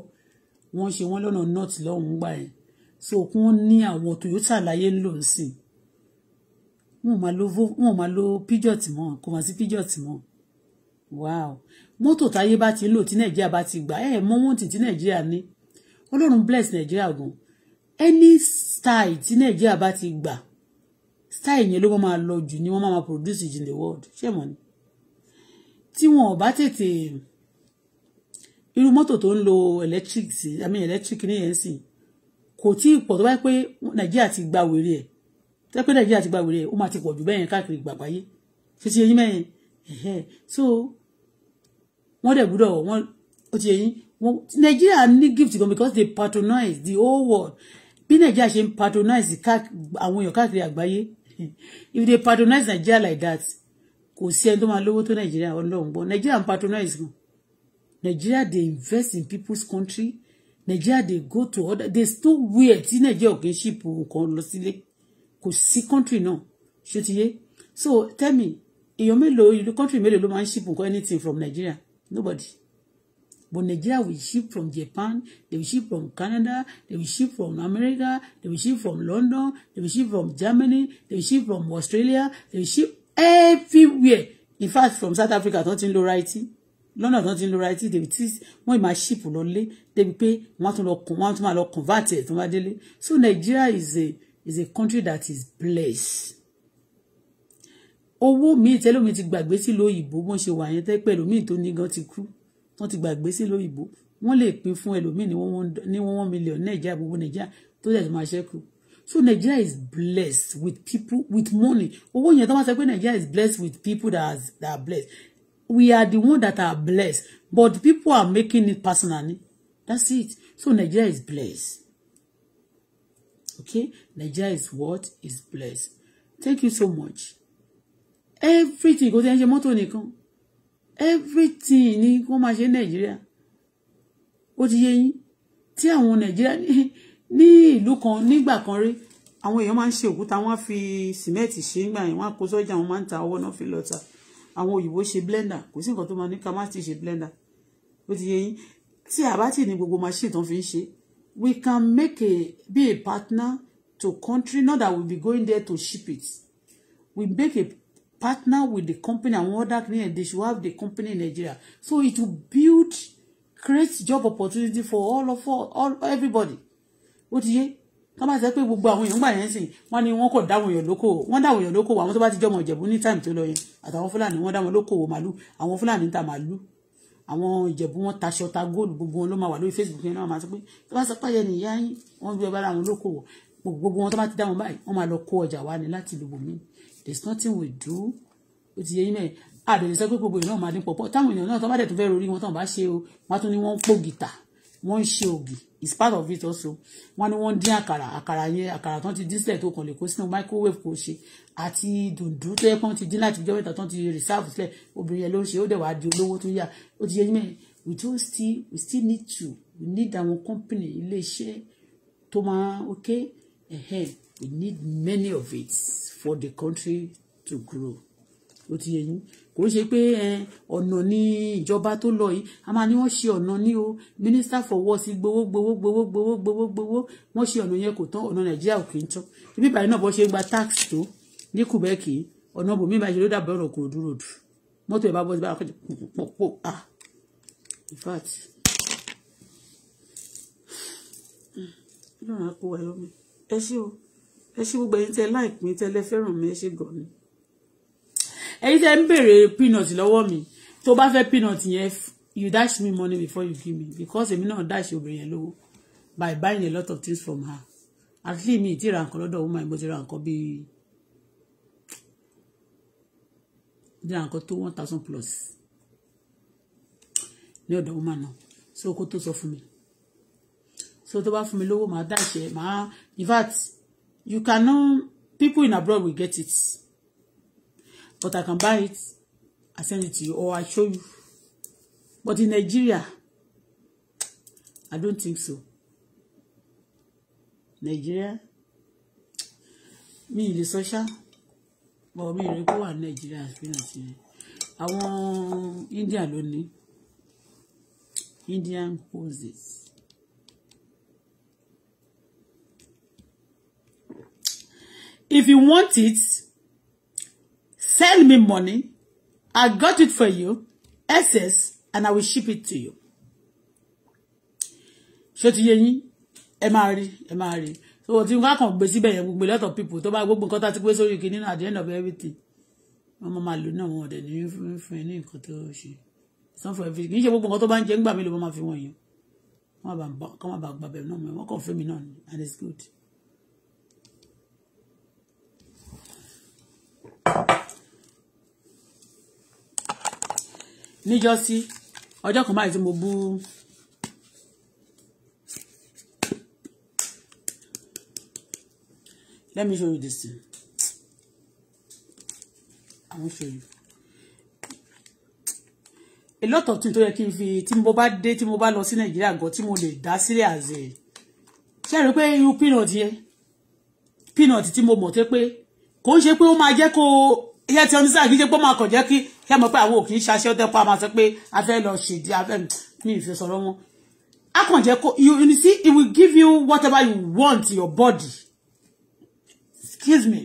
wọ́n ṣe wọ́n lọ́nà north lọ́hùn gbà yẹn so kí wọ́n ní àwọn Toyota láyé ń lò ń sìn wọn ò máa lo pijot mọ́ kò máa sí pijot mọ́ wow mọ́tò táyé bá ti ń lò tí nàìjíríà bá ti gbà ẹ̀ mọ́ wọ́n tì tí nàìjíríà ní ọlọ́run bless nàìjíríà gan any style tí nàìjíríà bá ti gbà style yẹn ló máa lọ jù ni wọ́n máa produce in the world ṣé mo ní tí wọn ò bá tètè irú mọ́tò tó ń lo electric i mean electric ní yẹn sì kò tí ì pọ̀ tó bá yẹ pé nàìjíríà ti gba wèrè ẹ̀ tó yẹ pé nàìjíríà ti gba wèrè ẹ̀ ó máa ti pọ̀ jù bẹ́ẹ̀ yẹn káàkiri gbàgbáyé ṣe ti yẹyin mẹ́yìn ẹ̀hẹ́ so wọ́n dẹ̀ gbúdọ̀ wọ́n ó ti yẹyin nàìjíríà ní gift gan because they patronize the whole world bí nàìjíríà ṣe ń patronize àwọn èèyàn káàkiri àgbáyé if they patronize nàìjíríà like that kò sí ẹni tó máa lówó tó nàìjíríà ọlọ́run gbọ́ nàìjíríà ń patronize gan nàìjíríà dey invest in people's country nàìjíríà dey go to other they still wear tí nàìjíríà ò kí ń ṣìpò nǹkan lọ sílé kò sí country náà ṣó ti yé so tell me èèyàn mélòó ìlú country mélòó ló máa ń ṣìpò nǹkan anything from nigeria nobody but nigeria will ship from japan they will ship from canada they will ship from america they will ship from london they will ship from germany they will ship from australia they will ship everywhere in fact from South Africa tó ti ń lo raiti lọ́nà tó ti ń lo raiti débi tí wọ́n ì máa ṣìpù lọ́lé débi pé wọ́n tún lọ kàn wọ́n tún máa lọ convert ẹ̀ tó máa délé so Nigeria is a is a country that is blessed owó míì tẹ́lómi ti gbàgbé sí lóyìnbó wọ́n ṣe wà yẹn tẹ́ pé ẹlòmíì tó ní gan ti kú wọ́n ti gbàgbé sí lóyìnbó wọ́n lè pín fún ẹlòmíì ní one million nàìjíríà gbogbo nàìjíríà tó dẹ̀ tó máa ṣẹ́kù so Nigeria is blessed with people with money owó yẹn tó bá sọ pé Nigeria is blessed with people that, has, that are blessed we are the one that are blessed but people are making it personally that's it so Nigeria is blessed okay Nigeria is what is blessed thank you so much everything kò tí ń ṣe mọ́tò nìkan everything ni wọ́n máa ṣe ní Nàìjíríà ó ti yé yín tí àwọn Nàìjíríà ní ní ìlú kan nígbà kan rí àwọn èèyàn máa ń ṣe òkúta wọ́n fi sìmẹ́ǹtì ṣe nígbà yẹn wọ́n á kó sọ́jà wọ́n máa ń ta ọwọ́ náà fi lọ ta àwọn òyìnbó ṣe blender kò sí nǹkan tó máa ní ká má ti ṣe blender ó ti yẹ yín tí a bá ti ní gbogbo machine tó fi ń ṣe we can make a be a partner to country not that we be going there to ship it we make a partner with the company and other company they should have the company in Nigeria so it will build create job opportunity for all of all, all everybody ó ti yé ká má sọ pé gbogbo àwọn èèyàn gbà yẹn sìn wọn ni wọn kò dáwọn èèyàn lóko wọn dáwọn èèyàn lóko àwọn tó bá ti jọmọ ìjẹ̀bú ní táìmù tó lọ yẹn àtàwọn fúlàní wọn dáwọn lóko wò màlúù àwọn fúlàní ta màlúù àwọn ìjẹ̀bú wọn taṣọ ta góòlù gbogbo wọn ló máa wà lórí facebook yẹn náà máa sọ pé tó bá sọ pé ayẹyẹ nìyá yín wọn bí ọba láwọn lóko wò gbogbo wọn tó bá ti dáwọn báyìí wọn máa lọ kó ọjà wá ní láti lùbọ̀ mí there's nothing we do wọn tó bá wọn ń pò gìtà ń ṣe ògì it's part of it also wọ́n ní wọ́n dín àkàrà àkàrà yẹn àkàrà tán ti dín sílẹ̀ tó kàn lè kó sínú microwave kò ṣe àti dùndú tó yẹ kán ti dín láti jọ́mẹ́ta tán ti reserve sílẹ̀ obìnrin yẹn ló ń ṣe ó dẹ̀ wá di olówó tó yá ó ti yẹ yín mẹ́rin we do still we still need to we need àwọn company ilé iṣẹ́ tó máa okay uh we need many of it for the country to grow ó ti yẹ yín kò ń ṣe pé ọ̀nà ní ìjọba tó lọ yìí a máa ní wọ́n ṣe ọ̀nà ní o minister for works gbowó gbowó gbowó gbowó gbowó gbowó wọ́n ṣe ọ̀nà yẹn kò tán ọ̀nà nàìjíríà ò kì í tán ibi ìbàdàn náà bọ́ ṣe gba tax tó ní kùbẹ́ẹ̀kì ọ̀nà bòmí ìbàdàn ló dàbọ̀ ọ̀rọ̀ kòròdú ròdù mọ́tò ìbá bọ́ sí báyìí pọ̀pọ̀ ah in fact lọ́run á ẹ ṣé o ẹ ṣé gbogbo ẹ̀yin tẹ láìpín tẹ́lẹ̀ fẹ́ràn mi ẹ ṣé gan ni ẹ̀yin tẹ́ ń béèrè peanut lọ́wọ́ mi tó bá fẹ́ peanut yẹn you dash me money before you give me because èmi náà dash obìnrin yẹn lówó by buying a lot of things from her at least mi ti ra nǹkan lọ́dọ̀ woman mo ti ra nǹkan bíi ti ra nǹkan tó one thousand plus ní ọ̀dọ̀ woman náà so kó tó sọ fún mi so tó bá fún mi lówó màá dash ẹ màá in fact you cannot people in abroad will get it but I can buy it I send it to you or I show you but in Nigeria I don't think so Nigeria me the social, but me ì rí kó wà ní Nigeria experience yẹn àwọn India ló ní Indian houses. If you want it Sell me money. I got it for you. SS and I will ship it to you. Ṣé ti yé yín? Ẹ máa rí, ẹ máa rí. So tí wọ́n kàn gbé síbẹ̀ a lot of people tó bá gbogbo nǹkan tá a ti gbé sórí at the end of everything. Wọ́n máa máa lò náà you ọ̀dẹ̀ ní fún Some for everything. You í ṣe to nǹkan tó bá ń jẹ ń gbà mí Come máa fi wọ̀nyí. Wọ́n máa bá gbàbẹ̀ náà mọ̀ wọ́n and it's good. Thank you. níjọ́sí ọjọ́ kan báyìí tí mo bú let me show you this thing i wan show you a lot of things tó yẹ kí n fi tí mo bá dé tí mo bá lọ sí nàìjíríà gan tí mo lè dá sílẹ̀ àzẹ̀ ṣe rí pé irú peanut yẹn peanut tí mo mọ̀ tẹ́ pé kò ń ṣe pé ó máa jẹ́ kó iye tí ọdún sáà kì í ṣe pé ó máa kàn jẹ́ kí kí ẹ mọ̀ pé àwọn ò kì í ṣaṣẹ́ ọdẹ pa máa sọ pé a fẹ́ lọ ṣèdí a fẹ́ mi ìfẹ́ sọ̀rọ̀ wọn. a kàn jẹ́ kó you you see it will give you whatever you want your body excuse me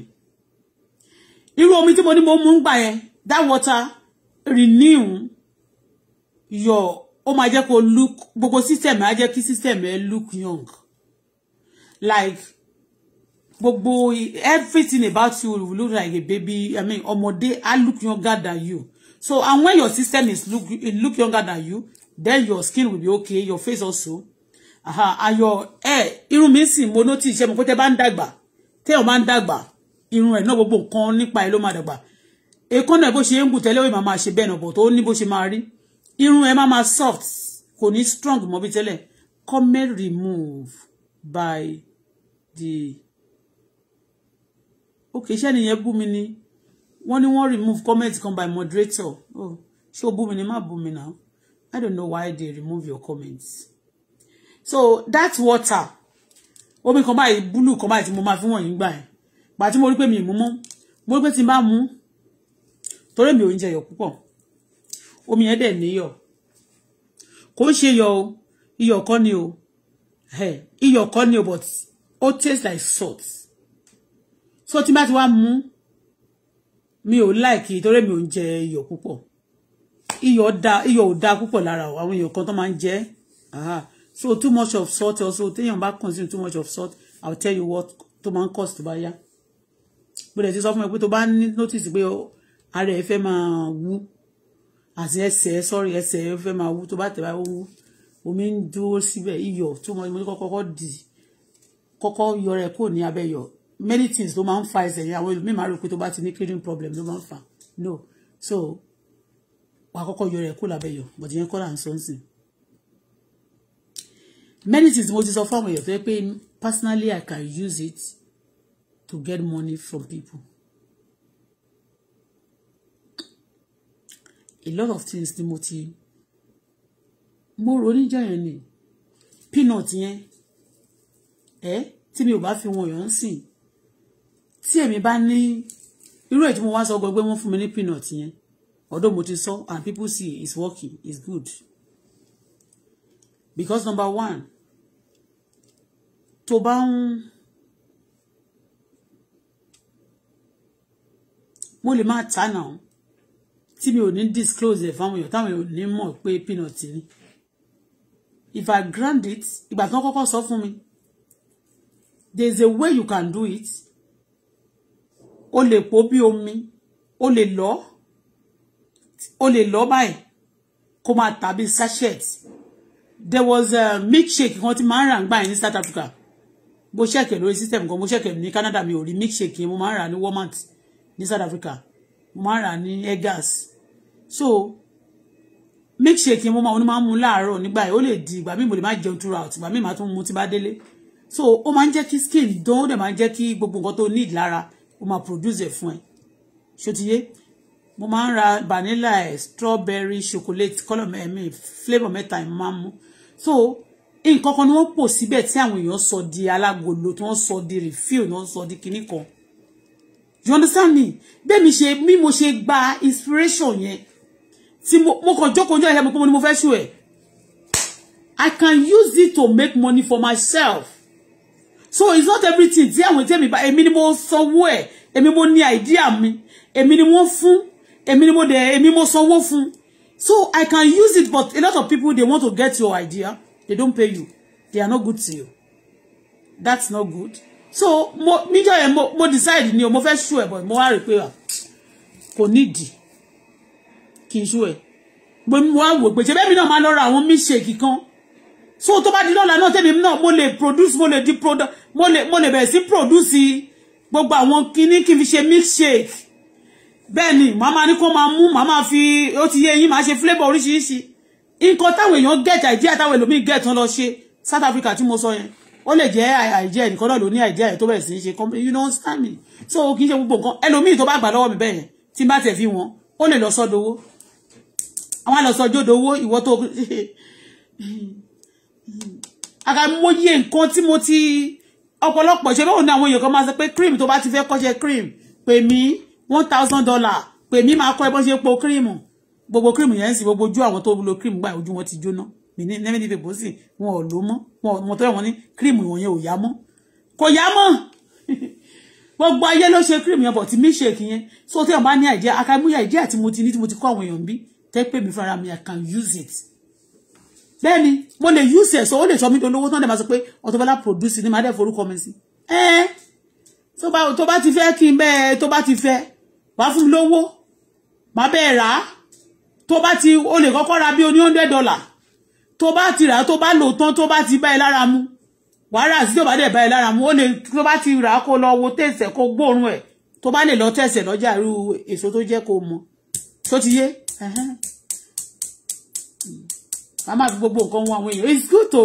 irú omi tí mo ní mo mú ń gbà yẹn that water renew your ó máa jẹ́ kó look gbogbo system á jẹ́ kí system ẹ look young like gbogbo everything about you will look like a baby i mean ọmọdé i look younger than you So, and when your system is look, it look younger than you, then your skin will be okay, your face also. Aha, and your hair, irun mi sì mo notice ṣe mo kó tẹ́ bá ń dàgbà. Tẹ́ ò máa ń dàgbà. Irun ẹ̀ náà gbogbo nǹkan nípa ẹ̀ ló máa dàgbà. Èékánná ẹ̀ bó ṣe ń gùn tẹ́lẹ̀ ó máa máa ṣe bẹ́ẹ̀ náà bọ̀ tó ní bó ṣe máa rí. Irun ẹ̀ máa máa soft, kò ní strong mo bi tele. Come remove by the. Okay, ṣé ẹni yẹn bú ni? wọ́n ní wọ́n remove comment kan by moderator oh ṣé o bú mi ni má bú mi now I don't know why they remove your comments so that water omi kan báyìí búlù kan báyìí tí mo máa fi wọ̀nyí gbà ẹ̀ gbà mo rí pé mi ì mú mọ́ mo rí pé tí n bá mú torí mi ò ń jẹ iyọ̀ púpọ̀ omi yẹn dẹ̀ níyọ̀ kò ń ṣe iyọ̀ o iyọ̀ kọ́ ni o iyọ̀ kọ́ ni o but ó taste like salt so tí n bá ti wá mú mi ò láìkì torí mi ò ń jẹ iyọ̀ púpọ̀ iyọ̀ da iyọ̀ ò da púpọ̀ lára o àwọn èèyàn kan tó máa ń jẹ so too much of salt also téèyàn bá consume too much of salt i will tell you what tó máa ń cost tó bá yá bó dẹ̀ ti sọ fún mi pé tó bá ní notice pé ara ẹ fẹ́ máa wú àti ẹsẹ̀ sọ́rí ẹsẹ̀ ẹ fẹ́ máa wú tó bá tẹ̀ bá wú omi ń dúró síbẹ̀ iyọ̀ tó mọ ní kọ́kọ́ di. kọ́kọ́ yọ rẹ̀ kò ní abẹ́yọ̀ many things ló máa ń fa ẹsẹ̀ yẹn àwọn ẹlòmíì máa rò pé tó bá ti ní kidney problem ló máa ń fa no so wàá kọ́kọ́ yọ rẹ̀ kó lábẹ́ yọ bọ̀dé yẹn kọ́ là ń sọ nsìn many things mo ti sọ fún àwọn èèyàn tó yẹ pé personally I can use it to get money from people a lot of things ni mo ti mo rò níjà yẹn ni peanut yẹn ẹ tí mi ò bá fi wọn yàn ń sìn tí èmi bá ní irú èyí tí mo wá sọ gbogbo wọn fún mi ní peanut yẹn although mo ti sọ and people see it's working it's good because number one tó bá ń mo lè máa tà náà tí mi ò ní disclose ẹ̀ fáwọn èèyàn táwọn èèyàn ò ní mọ̀ pé peanut ni if I grant it ìgbà tí wọ́n kọ́kọ́ sọ fún mi there is a way you can do it o lè po bí omi o lè lọ o lè lọ báyìí kó máa tà sachet there was a milkshake kan tí máa ń rà ń gbà ní South Africa mo ṣẹ̀kẹ̀ lórí system kan mo ṣẹ̀kẹ̀ ní Canada mi ò rí milkshake yẹn mo máa ń rà ní Walmart ní South Africa mo máa ń rà ní Eggers so milkshake yẹn mo máa ń máa ń mu láàárọ̀ nígbà yẹn ó lè di ìgbà míì mo lè má jẹun throughout ìgbà míì má tún mu tí bá délé so ó máa ń jẹ́ kí skin dán ó dẹ̀ máa ń jẹ́ kí gbogbo nǹkan tó need lára ó máa produce ẹ̀ fún ẹ ṣòtìyé mo máa ń ra vanilla ẹ̀ eh, strawberry chocolate colour ẹ̀mí flavour mẹ́ta ẹ̀ máa ń so nǹkan kan ni wọ́n pò síbẹ̀ tí àwọn èèyàn sọ di alágolo tí wọ́n sọ di refill tí wọ́n sọ di kinní kan you understand me bẹ́ẹ̀ mi ṣe mi mo ṣe gba inspiration yẹn tí mo kàn jókòó ọjọ́ ìlẹ́mọ̀ pé mo ni mo fẹ́ ṣù ẹ̀ I can use it to make money for myself so it's not everything tí àwọn tell me, but a minimum somewhere, a minimum mo idea mi èmi ni wọ́n fún èmi ni mo dẹ̀ èmi mo so I can use it but a lot of people they want to get your idea they don't pay you they are not good to you that's not good so mo níjọ́ yẹn mo mo decide ni o mo fe ṣú ẹ̀ but mo wá rè pé ah, kò nídìí kì í ṣú ẹ̀ mo wá wò pé ṣe bẹ́ẹ̀ mi na máa lọ ra àwọn milkshake kan so tó bá di lọ́la náà tèmi náà mo lè produce mo lè di product mo lè mo lè bẹ̀rẹ̀ sí produce gbogbo àwọn kinní kí n fi ṣe milkshake bẹ́ẹ̀ ni màá máa ní kó máa mú màá máa fi ó ti yé yín màá ṣe flavour oríṣiríṣi nǹkan táwọn èèyàn get idea táwọn èlòmíì get wọn lọ ṣe South Africa tí mo sọ yẹn ó lè jẹ́ àìjẹ́ nìkan náà ló ní àìjẹ́ àìtó bẹ̀rẹ̀ sí you don't understand me so kì í ṣe gbogbo nǹkan ẹlòmíì tó bá gbà lọ́wọ́ mi bẹ́ẹ̀ yẹn tí n bá tẹ̀ fi wọn ó lè lọ sọ́dọ̀ owó àwọn àlọ́sọ́jọ́dọ̀ owó ìwọ́ tó àkàìmọye nǹkan tí mo ti ọ̀pọ̀lọpọ̀ ṣe báwo ni àwọn èèyàn kan máa sọ pé cream tó bá ti fẹ́ kọ́ṣẹ́ cream pe mi one thousand dollar pe mi ma kọ́ ẹ e bọ́n ṣe po cream gbogbo cream yẹn sì gbogbo ojú àwọn tó lo cream gbà ojú wọn ti jóná nẹ́mẹ́ni bèbò sì wọn ò lò mọ́ wọn ò tọ́ wọn ní cream wọn yẹn ò yá mọ́ kò yá mọ́ gbogbo ayé ló ṣe cream yẹn bọ̀ tí milkshake yẹn so tí wọn idea ní àìjẹ́ akamúyà ìjẹ́ àti mo ti ní tí mo ti kọ́ àwọn èèyàn bí tẹ́ pè mí fúnra mi I can use it bẹ́ẹ̀ ni mo lè use ẹ̀ sọ ó lè sọ mí dolówó tán lè máa sọ pé Auto Bola produce ni màá dẹ̀ forúkọ mi sí ẹ́ tó bá tó bá ti fẹ́ kí n bẹ́ẹ̀ tó bá ti fẹ́ wàá fún mi lówó màá bẹ́ẹ̀ rà á tó bá ti o lè kọ́kọ́ ra bí oní hundred dollar tó bá ti rà á tó bá lò tán tó bá ti bá ẹ lára mu wàá rà sí tó bá dẹ̀ bá ẹ lára mu ó lè tó bá ti rà á kó lọ wo tẹ̀sẹ̀ kó gbóòórùn ẹ̀ tó bá lè lọ tẹ̀sẹ̀ lọ́jà irú èso tó jẹ́ kó mọ tó ti yé màá máa fi gbogbo nǹkan wọn àwọn èèyàn it's good to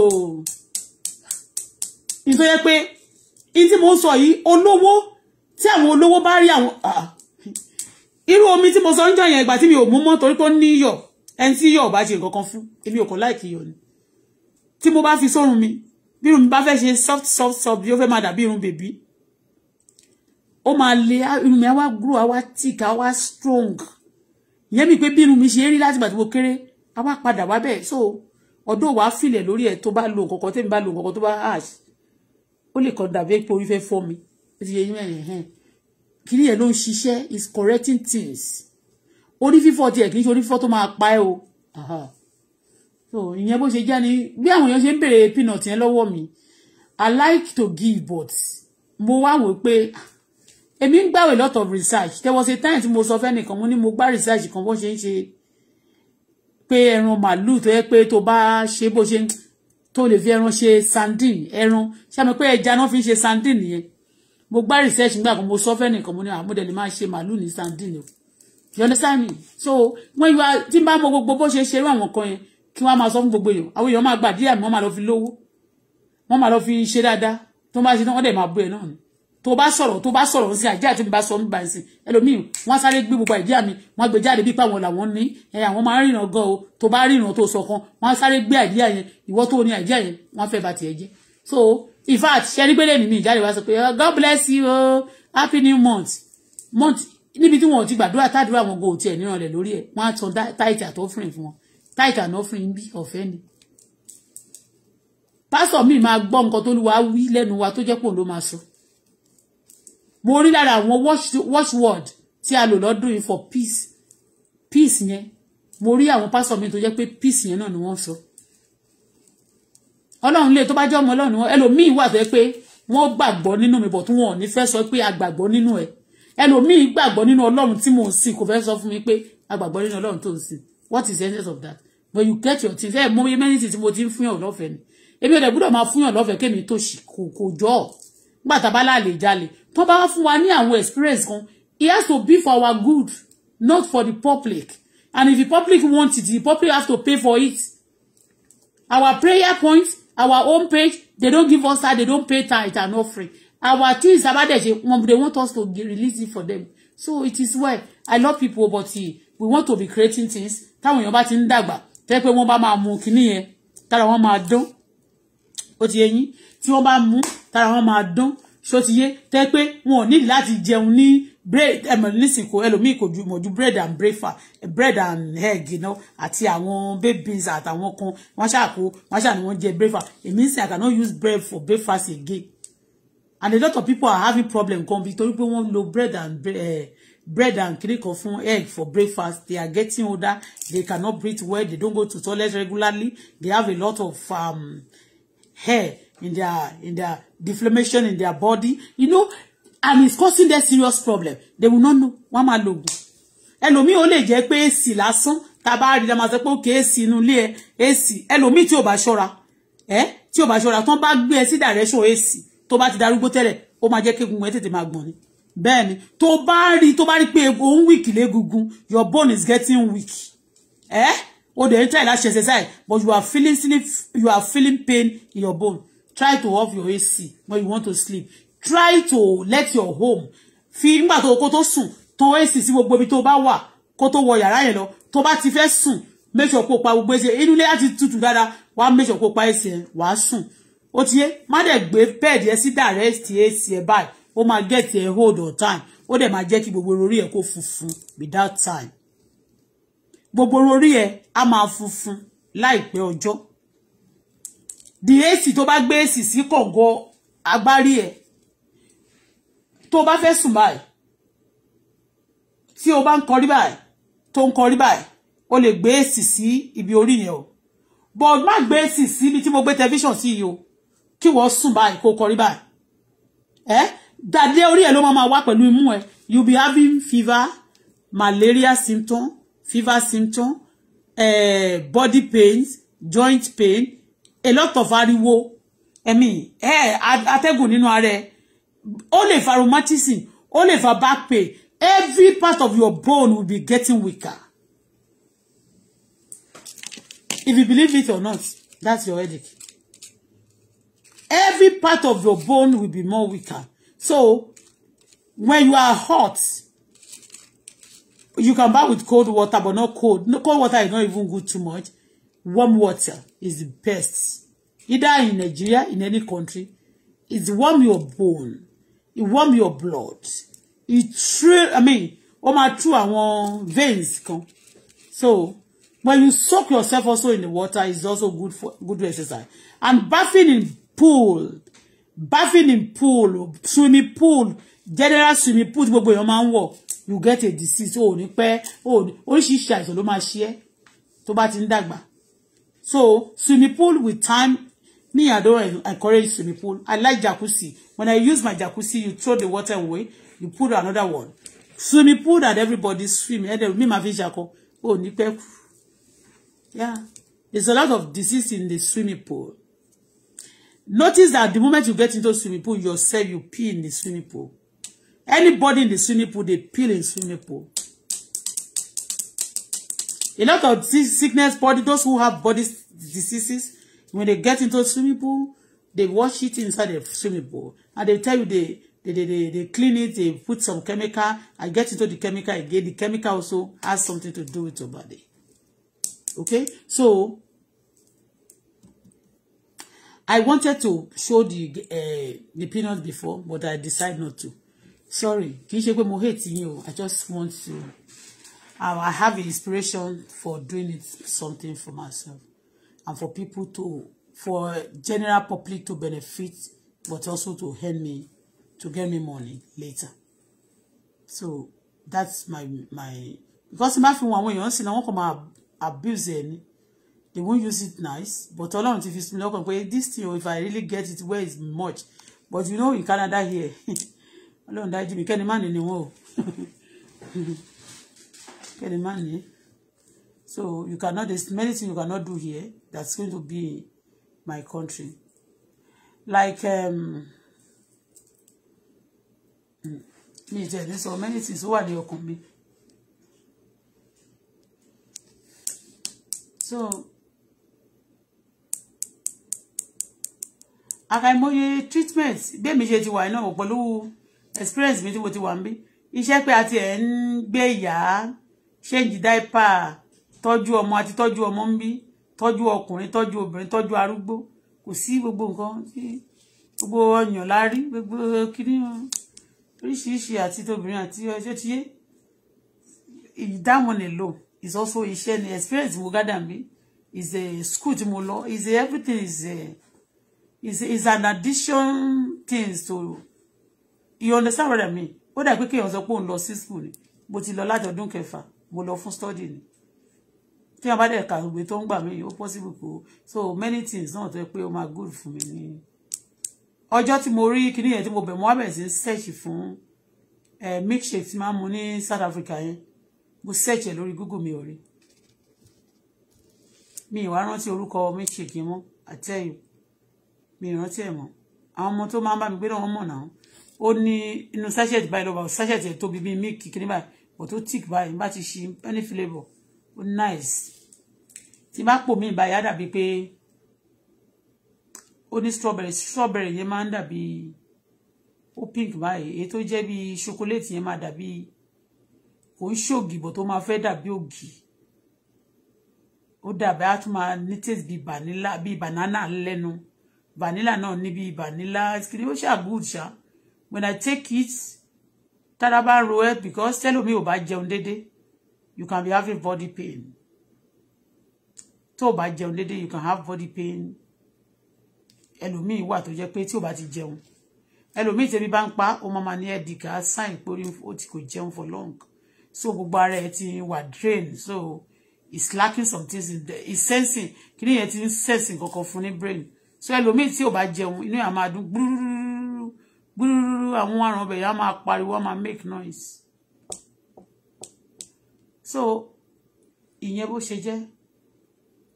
nítorí pé ní tí mo ń sọ yìí olówó tí àwọn olówó bá rí àwọn ah, irú omi tí mo sọ ń jọ yẹn ìgbà tí mi ò mú mọ́ torí pé ó ní iyọ̀ ẹni tí iyọ̀ bá ṣe nǹkan kan fún èmi ò kàn láìkì iyọ̀ ni tí mo bá fi sórun mi bí irun mi bá fẹ́ ṣe soft soft soft bí ó fẹ́ máa dàbí irun bèbí ó máa le irun mi á wá grow á wá thick á wá strong ìyẹn mi pé bí irun mi ṣe rí láti ìgbà tí mo kéré a wá padà wá bẹ́ẹ̀ so ọdún wàá filẹ̀ lórí ẹ̀ tó bá lo nǹkan kan tẹ́mi bá lo nǹkan kan tó bá ash ó lè kàn dàbí pé orí fẹ́ fọ́ mi ó ti yẹ yín ló ń ṣiṣẹ́ is correcting things orí fífọ́ tiẹ̀ kì í ṣe orí fífọ́ tó máa pa ẹ́ o so ìyẹn bó ṣe jẹ́ ni bí àwọn èèyàn ṣe ń béèrè peanut yẹn lọ́wọ́ mi I like to give but mo wá wò pé èmi ń gbàwé lot of research there was a time tí mo sọ fẹ́ nìkan mo ní mo gbá research kan bó ṣe ń ṣe pé ẹran màlúù tó yẹ pé tó bá ṣe bó ṣe tó lè fi ẹran ṣe sandin ẹran ṣàmì pé ẹja náà fi ṣe sandin nìyẹn mo gbá research nígbà kan mo sọ fẹ́ nìkan mo ní àwọn ah, mọ́dẹ̀lì máa ṣe màlúù ní sandin o you understand me so wọ́n yọ tí n bá mọ gbogbo bó ṣe ṣe irú àwọn kan yẹn kí wọ́n máa sọ fún gbogbo èèyàn àwọn èèyàn máa gbà díẹ̀ wọ́n máa lọ fi lówó wọ́n máa lọ fi ṣe dáadáa tó bá ṣe tán wọ́n dẹ̀ máa bú ẹ náà ni tó bá sọ̀rọ̀ tó bá sọ̀rọ̀ sí àjẹ́ àti ìbá sọ ń bá ẹ̀sìn ẹlòmíì wọ́n sáré gbé gbogbo àìdíà mi wọ́n gbé jáde bípa àwọn làwọn ní ẹ àwọn máa ń rìnà gan o tó bá rìnà tó sọ kan wọ́n sáré gbé àìdíà yẹn ìwọ tó ní àìdíà yẹn wọ́n fẹ́ bà tiẹ̀ jẹ́ so in fact ṣe nígbélé mi mi ìjáde wá sọ pé oh, God bless you oh, happy new month month níbi tí wọn ò ti gbàdúrà tádúrà wọn go tiẹ̀ níran rẹ̀ lórí ẹ̀ wọ́n á tan táìtì àtọ́fìnrin fún wọn táìtì ànáfìnrin bí ọ̀fẹ́ ni pásọ̀ mi máa gbọ́ nǹkan tó lù wá wí lẹ́nu wa tó jẹ́ pò ló máa sọ mo rí lára àwọn watchword tí a lò lọ́dún yìí for peace peace yẹn mo rí àwọn pásítọ̀ mi tó jẹ́ pé peace yẹn náà ni wọ́n sọ ọlọ́run lè tó bá jẹ́ ọmọ ọlọ́run ni wọ́n ẹlòmíì wà tó yẹ pé wọ́n gbàgbọ́ nínú mi bọ̀ tí wọ́n ò ní fẹ́ sọ pé a gbàgbọ́ nínú ẹ̀ ẹlòmíì gbàgbọ́ nínú ọlọ́run tí mò ń sìn kò fẹ́ sọ fún mi pé a gbàgbọ́ nínú ọlọ́run tó ń sìn what is the essence of that but you get your things ẹ mọ iye mẹ́rin tí mo ti ń fún yàn lọ́fẹ̀ẹ́ ni èmi ò dẹ̀ gbọ́dọ̀ máa fún yàn lọ́fẹ̀ẹ́ kémi tó ṣì kò jọ́ ọ̀ nígbà tá jalè tó bá wá fún wa ní àwọn experience kan it has to be for our good not for the public and if the public want it the public have to pay for it our prayer point our home page they don't give us that they don't pay tithe and offering our things abadeje they want us to release it for them so it is well i love people but we want to be creating things táwọn èèyàn bá ti ń dàgbà tẹ́ pé wọ́n bá máa mu kinní yẹn tára wọ́n máa dán ó ti yẹ yín tí wọ́n bá mu tára wọn máa dán ṣó ti yé tẹ́ pé wọn ò ní láti jẹun ní bread ẹmọ nísìnyí kò ẹlòmíì kò ju mọ̀ ju bread and breakfast bread and egg you know, àti àwọn babies àtàwọn kan wọ́n ṣàkó wọ́n ṣàní wọ́n jẹ breakfast It means I cannot use bread for breakfast again and a lot of people are having problem kan bí torí pé wọ́n lo bread and uh, bread and kiri kan fún egg for breakfast they are getting older they cannot breathe well they don't go to toilet regularly they have a lot of um, hair in their in their inflammation in their body you know and it's causing them serious problem they will not know wọ́n máa lo oògùn ẹlòmíì ó lè jẹ́ pé èsì lásán tá bá rí la máa sọ pé òkè èsì inú ilé ẹ èsì ẹlòmíì tí ò bá ṣọ́ra ẹ tí ò bá ṣọ́ra tán bá gbé ẹ sí direction èsì tó bá ti darúgbó tẹ́lẹ̀ ó máa jẹ́ kéegun ẹ tètè máa gbọ̀n ni bẹ́ẹ̀ ni tó bá rí tó bá rí pé òun weak légungun your bone is getting weak ẹ o dey try that exercise but you are feeling you are feeling pain in your bone try to off your AC when you want to sleep try to let your home fi nígbà tó kó tó sùn tó AC sí gbogbo ibi tó bá wà kó tó wọ yàrá yẹn lọ tó bá ti fẹ́ sùn make sure kó pa gbogbo AC inú ilé láti tutù dáadáa wàá make sure kó pa AC ẹ wàá sùn ó ti yé má dẹ̀ gbé bẹ́ẹ̀dì direct AC ẹ báyìí ó máa get ẹ hold on time ó dẹ̀ máa jẹ́ kí gbogbo orí ẹ kó funfun without time gbogbo e ẹ á máa funfun láìpẹ́ ọjọ́ the AC to bá gbé AC sí kọ̀ǹgọ́ agbárí ẹ̀ tó bá fẹ́ sùn báyìí tí o bá ń kọrí báyìí tó ń kọrí báyìí o lè gbé AC sí ibi orí yẹn o but má gbé AC síbi tí mo Television tẹlifíṣàn yo. Ki o kí wọ́n sùn báyìí kó kọrí báyìí ẹ́ dàdé orí ẹ̀ ló máa wá pẹ̀lú imú ẹ̀ you be having fever malaria symptom fever symptom eh? body pains joint pain a lot of ariwo emi. Eh, atẹ́gùn nínú ara ẹ̀ ó lè fa rheumatism ó lè fa back pain every part of your bone will be getting weaker if you believe it or not that's your headache every part of your bone will be more weaker so when you are hot you can bath with cold water but not cold cold water is not even good too much warm water is the best. Either in Nigeria, in any country, it warm your bone, it warm your blood, it thrill, I mean, ó máa tú àwọn veins kan. So, when you soak yourself also in the water, it's also good for good exercise. And bathing in pool, bathing in pool, swimming pool, general swimming pool, gbogbo èèyàn máa ń wọ̀, you get a disease, ó ní pẹ́, ó ní oríṣiríṣi àìsàn ló máa ṣe é tó bá ti ń dàgbà. So swimming pool with time, me I don't encourage swimming pool. I like jacuzzi. When I use my jacuzzi, you throw the water away, you put another one. Swimming pool that everybody swim. and then Me my fi jacuzzi. Oh, ni Yeah. There's a lot of disease in the swimming pool. Notice that the moment you get into swimming pool, yourself, you pee in the swimming pool. Anybody in the swimming pool, they pee in the swimming pool. A lot of sickness body, those who have body diseases, when they get into a swimming pool, they wash it inside the swimming pool. And they tell you they, they, they, they, they clean it, they put some chemical, and get into the chemical again. The chemical also has something to do with your body. Okay? So, I wanted to show the uh, the peanut before, but I decided not to. Sorry, kì mo hate yín I just want to... I have inspiration for doing it something for myself and for people to, for general public to benefit, but also to help me, to get me money later. So that's my, my, because my friend, when you see, I won't come abuse any. They won't use it nice, but Ọlọ́run ti fi sí mi this thing, if I really get it, where is much? But you know, in Canada here, Ọlọ́run dájú mi, kẹ́ni má ní ni kẹ́lẹ́ má ní so you cannot there's many things you cannot do here that's going to be my country like um, mi So many things Who are they coming? mi so àkàìmọye treatment bí èmi ṣe ti wà náà pẹ̀lú experience mi tí mo ti wà ń bí iṣẹ́ pé a ti ẹ̀ ṣéǹjì dáìpà tọ́jú ọmọ àti tọ́jú ọmọ ń bí tọ́jú ọkùnrin tọ́jú obìnrin tọ́jú arúgbó kò sí gbogbo nǹkan tí gbogbo ọyàn lárí gbogbo kiri oríṣiríṣi àti tóbìnrin àti ọjọ́ tí yé ìdáhùn nílò is also iṣẹ́ ni experience mo gádà mi is a school tí mo lọ is a everything is a is a, is an addition things to you understand what I mean ó dà pé kéèyàn sọ pé òun lọ sí school ni mo ti lọ láti ọdún kẹfà mo lọ fún study ni tí wọn bá dẹ̀ ka ìwé tó ń gbà mí ó possible kó so many things náà tó yẹ pé ó máa good fún mi ní ọjọ́ tí mo rí kinní yẹn tí mo bẹ̀ mo wá bẹ̀rẹ̀ sí search fún milkshake tí máa ń mu ní South Africa yẹn mo search ẹ̀ lórí Google mi ò rí mi ìwà rántí orúkọ milkshake mọ́ àtẹ́yìn mi ìrántí ẹ̀ mọ́ àwọn ọmọ tó máa ń bá mi gbé náà wọ́n mọ̀ náà ó ní inú sachet báyìí lọ́wọ́ sachet ẹ̀ tóbi bíi mílìkì kinní báyìí but ó tick báyìí n bá ti ṣe any flavour ó nice tí bá pò mí báyìí á dàbí pé ó ní strawberry strawberry yẹn máa ń dàbí ó pink báyìí èyí tó jẹ́ bí chocolate yẹn máa dàbí kò ń ṣògì bọ̀ tó máa fẹ́ dàbí ògì ó dàbí á tún máa ní taste bíi vanilla bíi banana lẹ́nu vanilla náà ní bíi vanilla ice cream ó ṣáà good ṣá when I take it. Tada bá ń ro ẹ́ because tẹ́lómi ò bá jẹun dédé you can be having body pain tó o bá jẹun dédé you can have body pain ẹlòmíì wà tó jẹ́ pé tí o bá ti jẹun ẹlòmíì tẹbi bá ń pa ó máa ní ẹdìgà sign pé ó ti kò jẹun for long so gbogbo ara ẹ ti wà drain so it's lacking some things in there it's sensing kí ni yẹn ti ń sensing kankan fún ní brain so ẹlòmíì tí o bá jẹun inú yà máa dún gbúrúrú gbúrúrú àwọn àrùn ọbẹ̀ yẹn á máa pariwo á máa make noise so ìyẹn bó ṣe jẹ́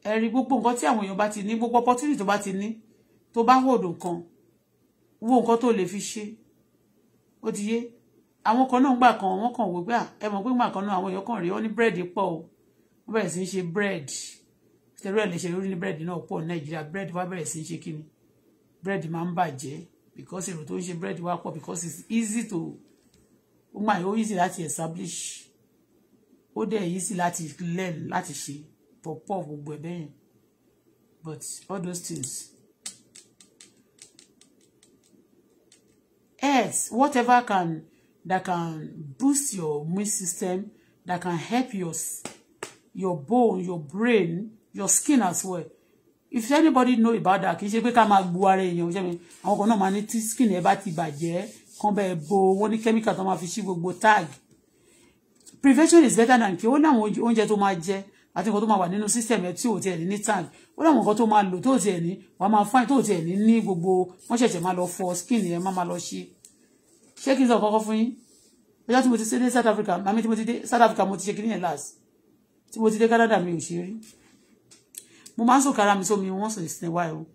ẹ̀rí gbogbo nǹkan tí àwọn èèyàn bá ti ní gbogbo opportunity tó bá ti ní tó bá hòdò kan wo nǹkan tó lè fi ṣe ó ti yé àwọn kan náà gbà kan wọ́n kàn wò gbà ẹ mọ̀ pé gbà kan náà àwọn èèyàn kàn rí wọ́n ní búrẹ́dì pọ̀ o wọ́n bẹ̀rẹ̀ sí ń ṣe búrẹ́dì tẹ̀rọ ẹ̀ lè ṣe lórí ní búrẹ́dì náà pọ̀ nàìjíríà búrẹ́dì wá bẹ̀rẹ̀ sí ń ṣe kíni búrẹ́dì máa ń bàjẹ́ because èrò tó ń ṣe búrẹ́dì wá pọ̀ because it's easy to ó máa ó easy láti establish ó dẹ̀ easy láti learn láti ṣe pọ̀pọ̀ gbogbo ẹ̀ bẹ́yẹn but all those things else whatever can that can boost your immune system that can help your your bone your brain your skin as well if anybody know about that kì í ṣe pé ká máa gbu ara èèyàn ṣe mi àwọn kan náà máa ní tí skin ẹ bá ti bàjẹ́ kan bẹ́ẹ̀ bo wọ́n ní chemical tó máa fi ṣí gbogbo tag prevention is better than kí ó ní àwọn oúnjẹ tó máa jẹ àti nǹkan tó máa wà nínú system ẹ tí ò tiẹ̀ ní ní tag ó ní àwọn nǹkan tó máa lò tó tiẹ̀ ní wàá máa fine tó tiẹ̀ ní ní gbogbo wọ́n ṣẹ̀ṣẹ̀ máa lọ fọ skin ẹ máa máa lọ ṣí ṣé kí n sọ kọ́kọ́ fún yín ọjọ́ tí mo ti ṣe dé South Africa màmí tí mo ti dé South Africa mo ti ṣe kí ní ẹ̀ last tí mo ti dé Canada mi ò ṣe rí mo máa ń sòkè ara mi sómi once in a while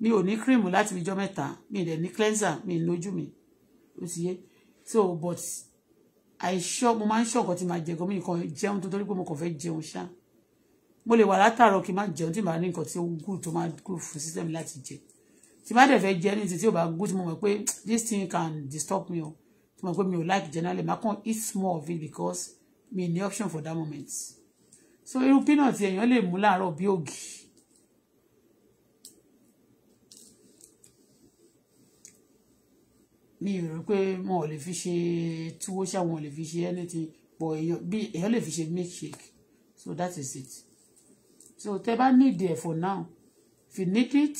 mi ò ní cream láti fi jọ mẹ́ta mi dẹ̀ ní cleanser mi ń lójú mi ó ti yé so but àìṣọ́ mo máa ń ṣọ́ nǹkan tí màá jẹ gan mi nǹkan jẹun tó torí pé mo kàn fẹ́ jẹun ṣá mo lè wà látàárọ̀ kí n má jẹun tí màá ní nǹkan tí ó gùn tó máa gùn fún system láti jẹ tí má dẹ̀ fẹ́ jẹ ní ti tí ò bá gùn tí mo mọ̀ pé this thing can disturb me o tí mo mọ̀ pé mi ò like generally màá kàn eat small of it because mi ní option for that moment so irú peanut èèyàn lè mú láàárọ̀ bí ògì mi ò rò pé wọn ò lè fi ṣe túwó ṣá wọn ò lè fi ṣe anything but èèyàn bí èèyàn lè fi ṣe milkshake so that is it so tẹ bá need it for now if you need it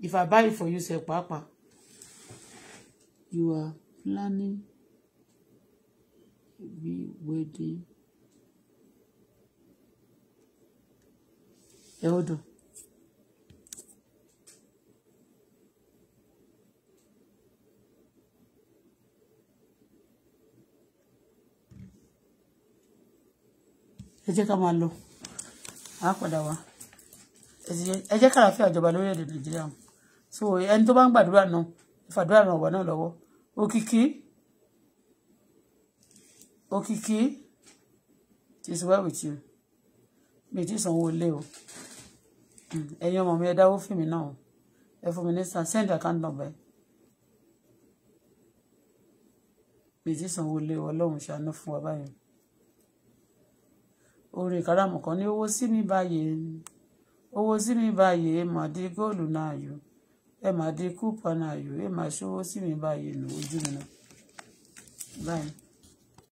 if I buy it for you ṣe pàápàá you are planning be wedding ẹ ẹ jẹ́ ká máa lọ àá padà wá ẹ jẹ́ kàràfẹ́ àjọba lórílẹ̀‐èdè nàìjíríà so ẹni tó bá ń gbàdúrà náà ìfàdúrà ràn wá náà lọ́wọ́ òkìkí òkìkí ti wá with you mi ti sanwó ilé o ẹ̀yin ọmọ mi ẹ dáwó fún mi náà o ẹ fún mi ní sàn send account number mi ti sanwó ilé o ọlọ́run ṣàánú fún wa báyìí orin kàràmù kan ní owó sí mi báyìí owó sí mi báyìí ẹ mà di góòlù náà yò ẹ di kúpà náà yò ẹ mà sí mi báyìí nù ojú mi náà báyìí.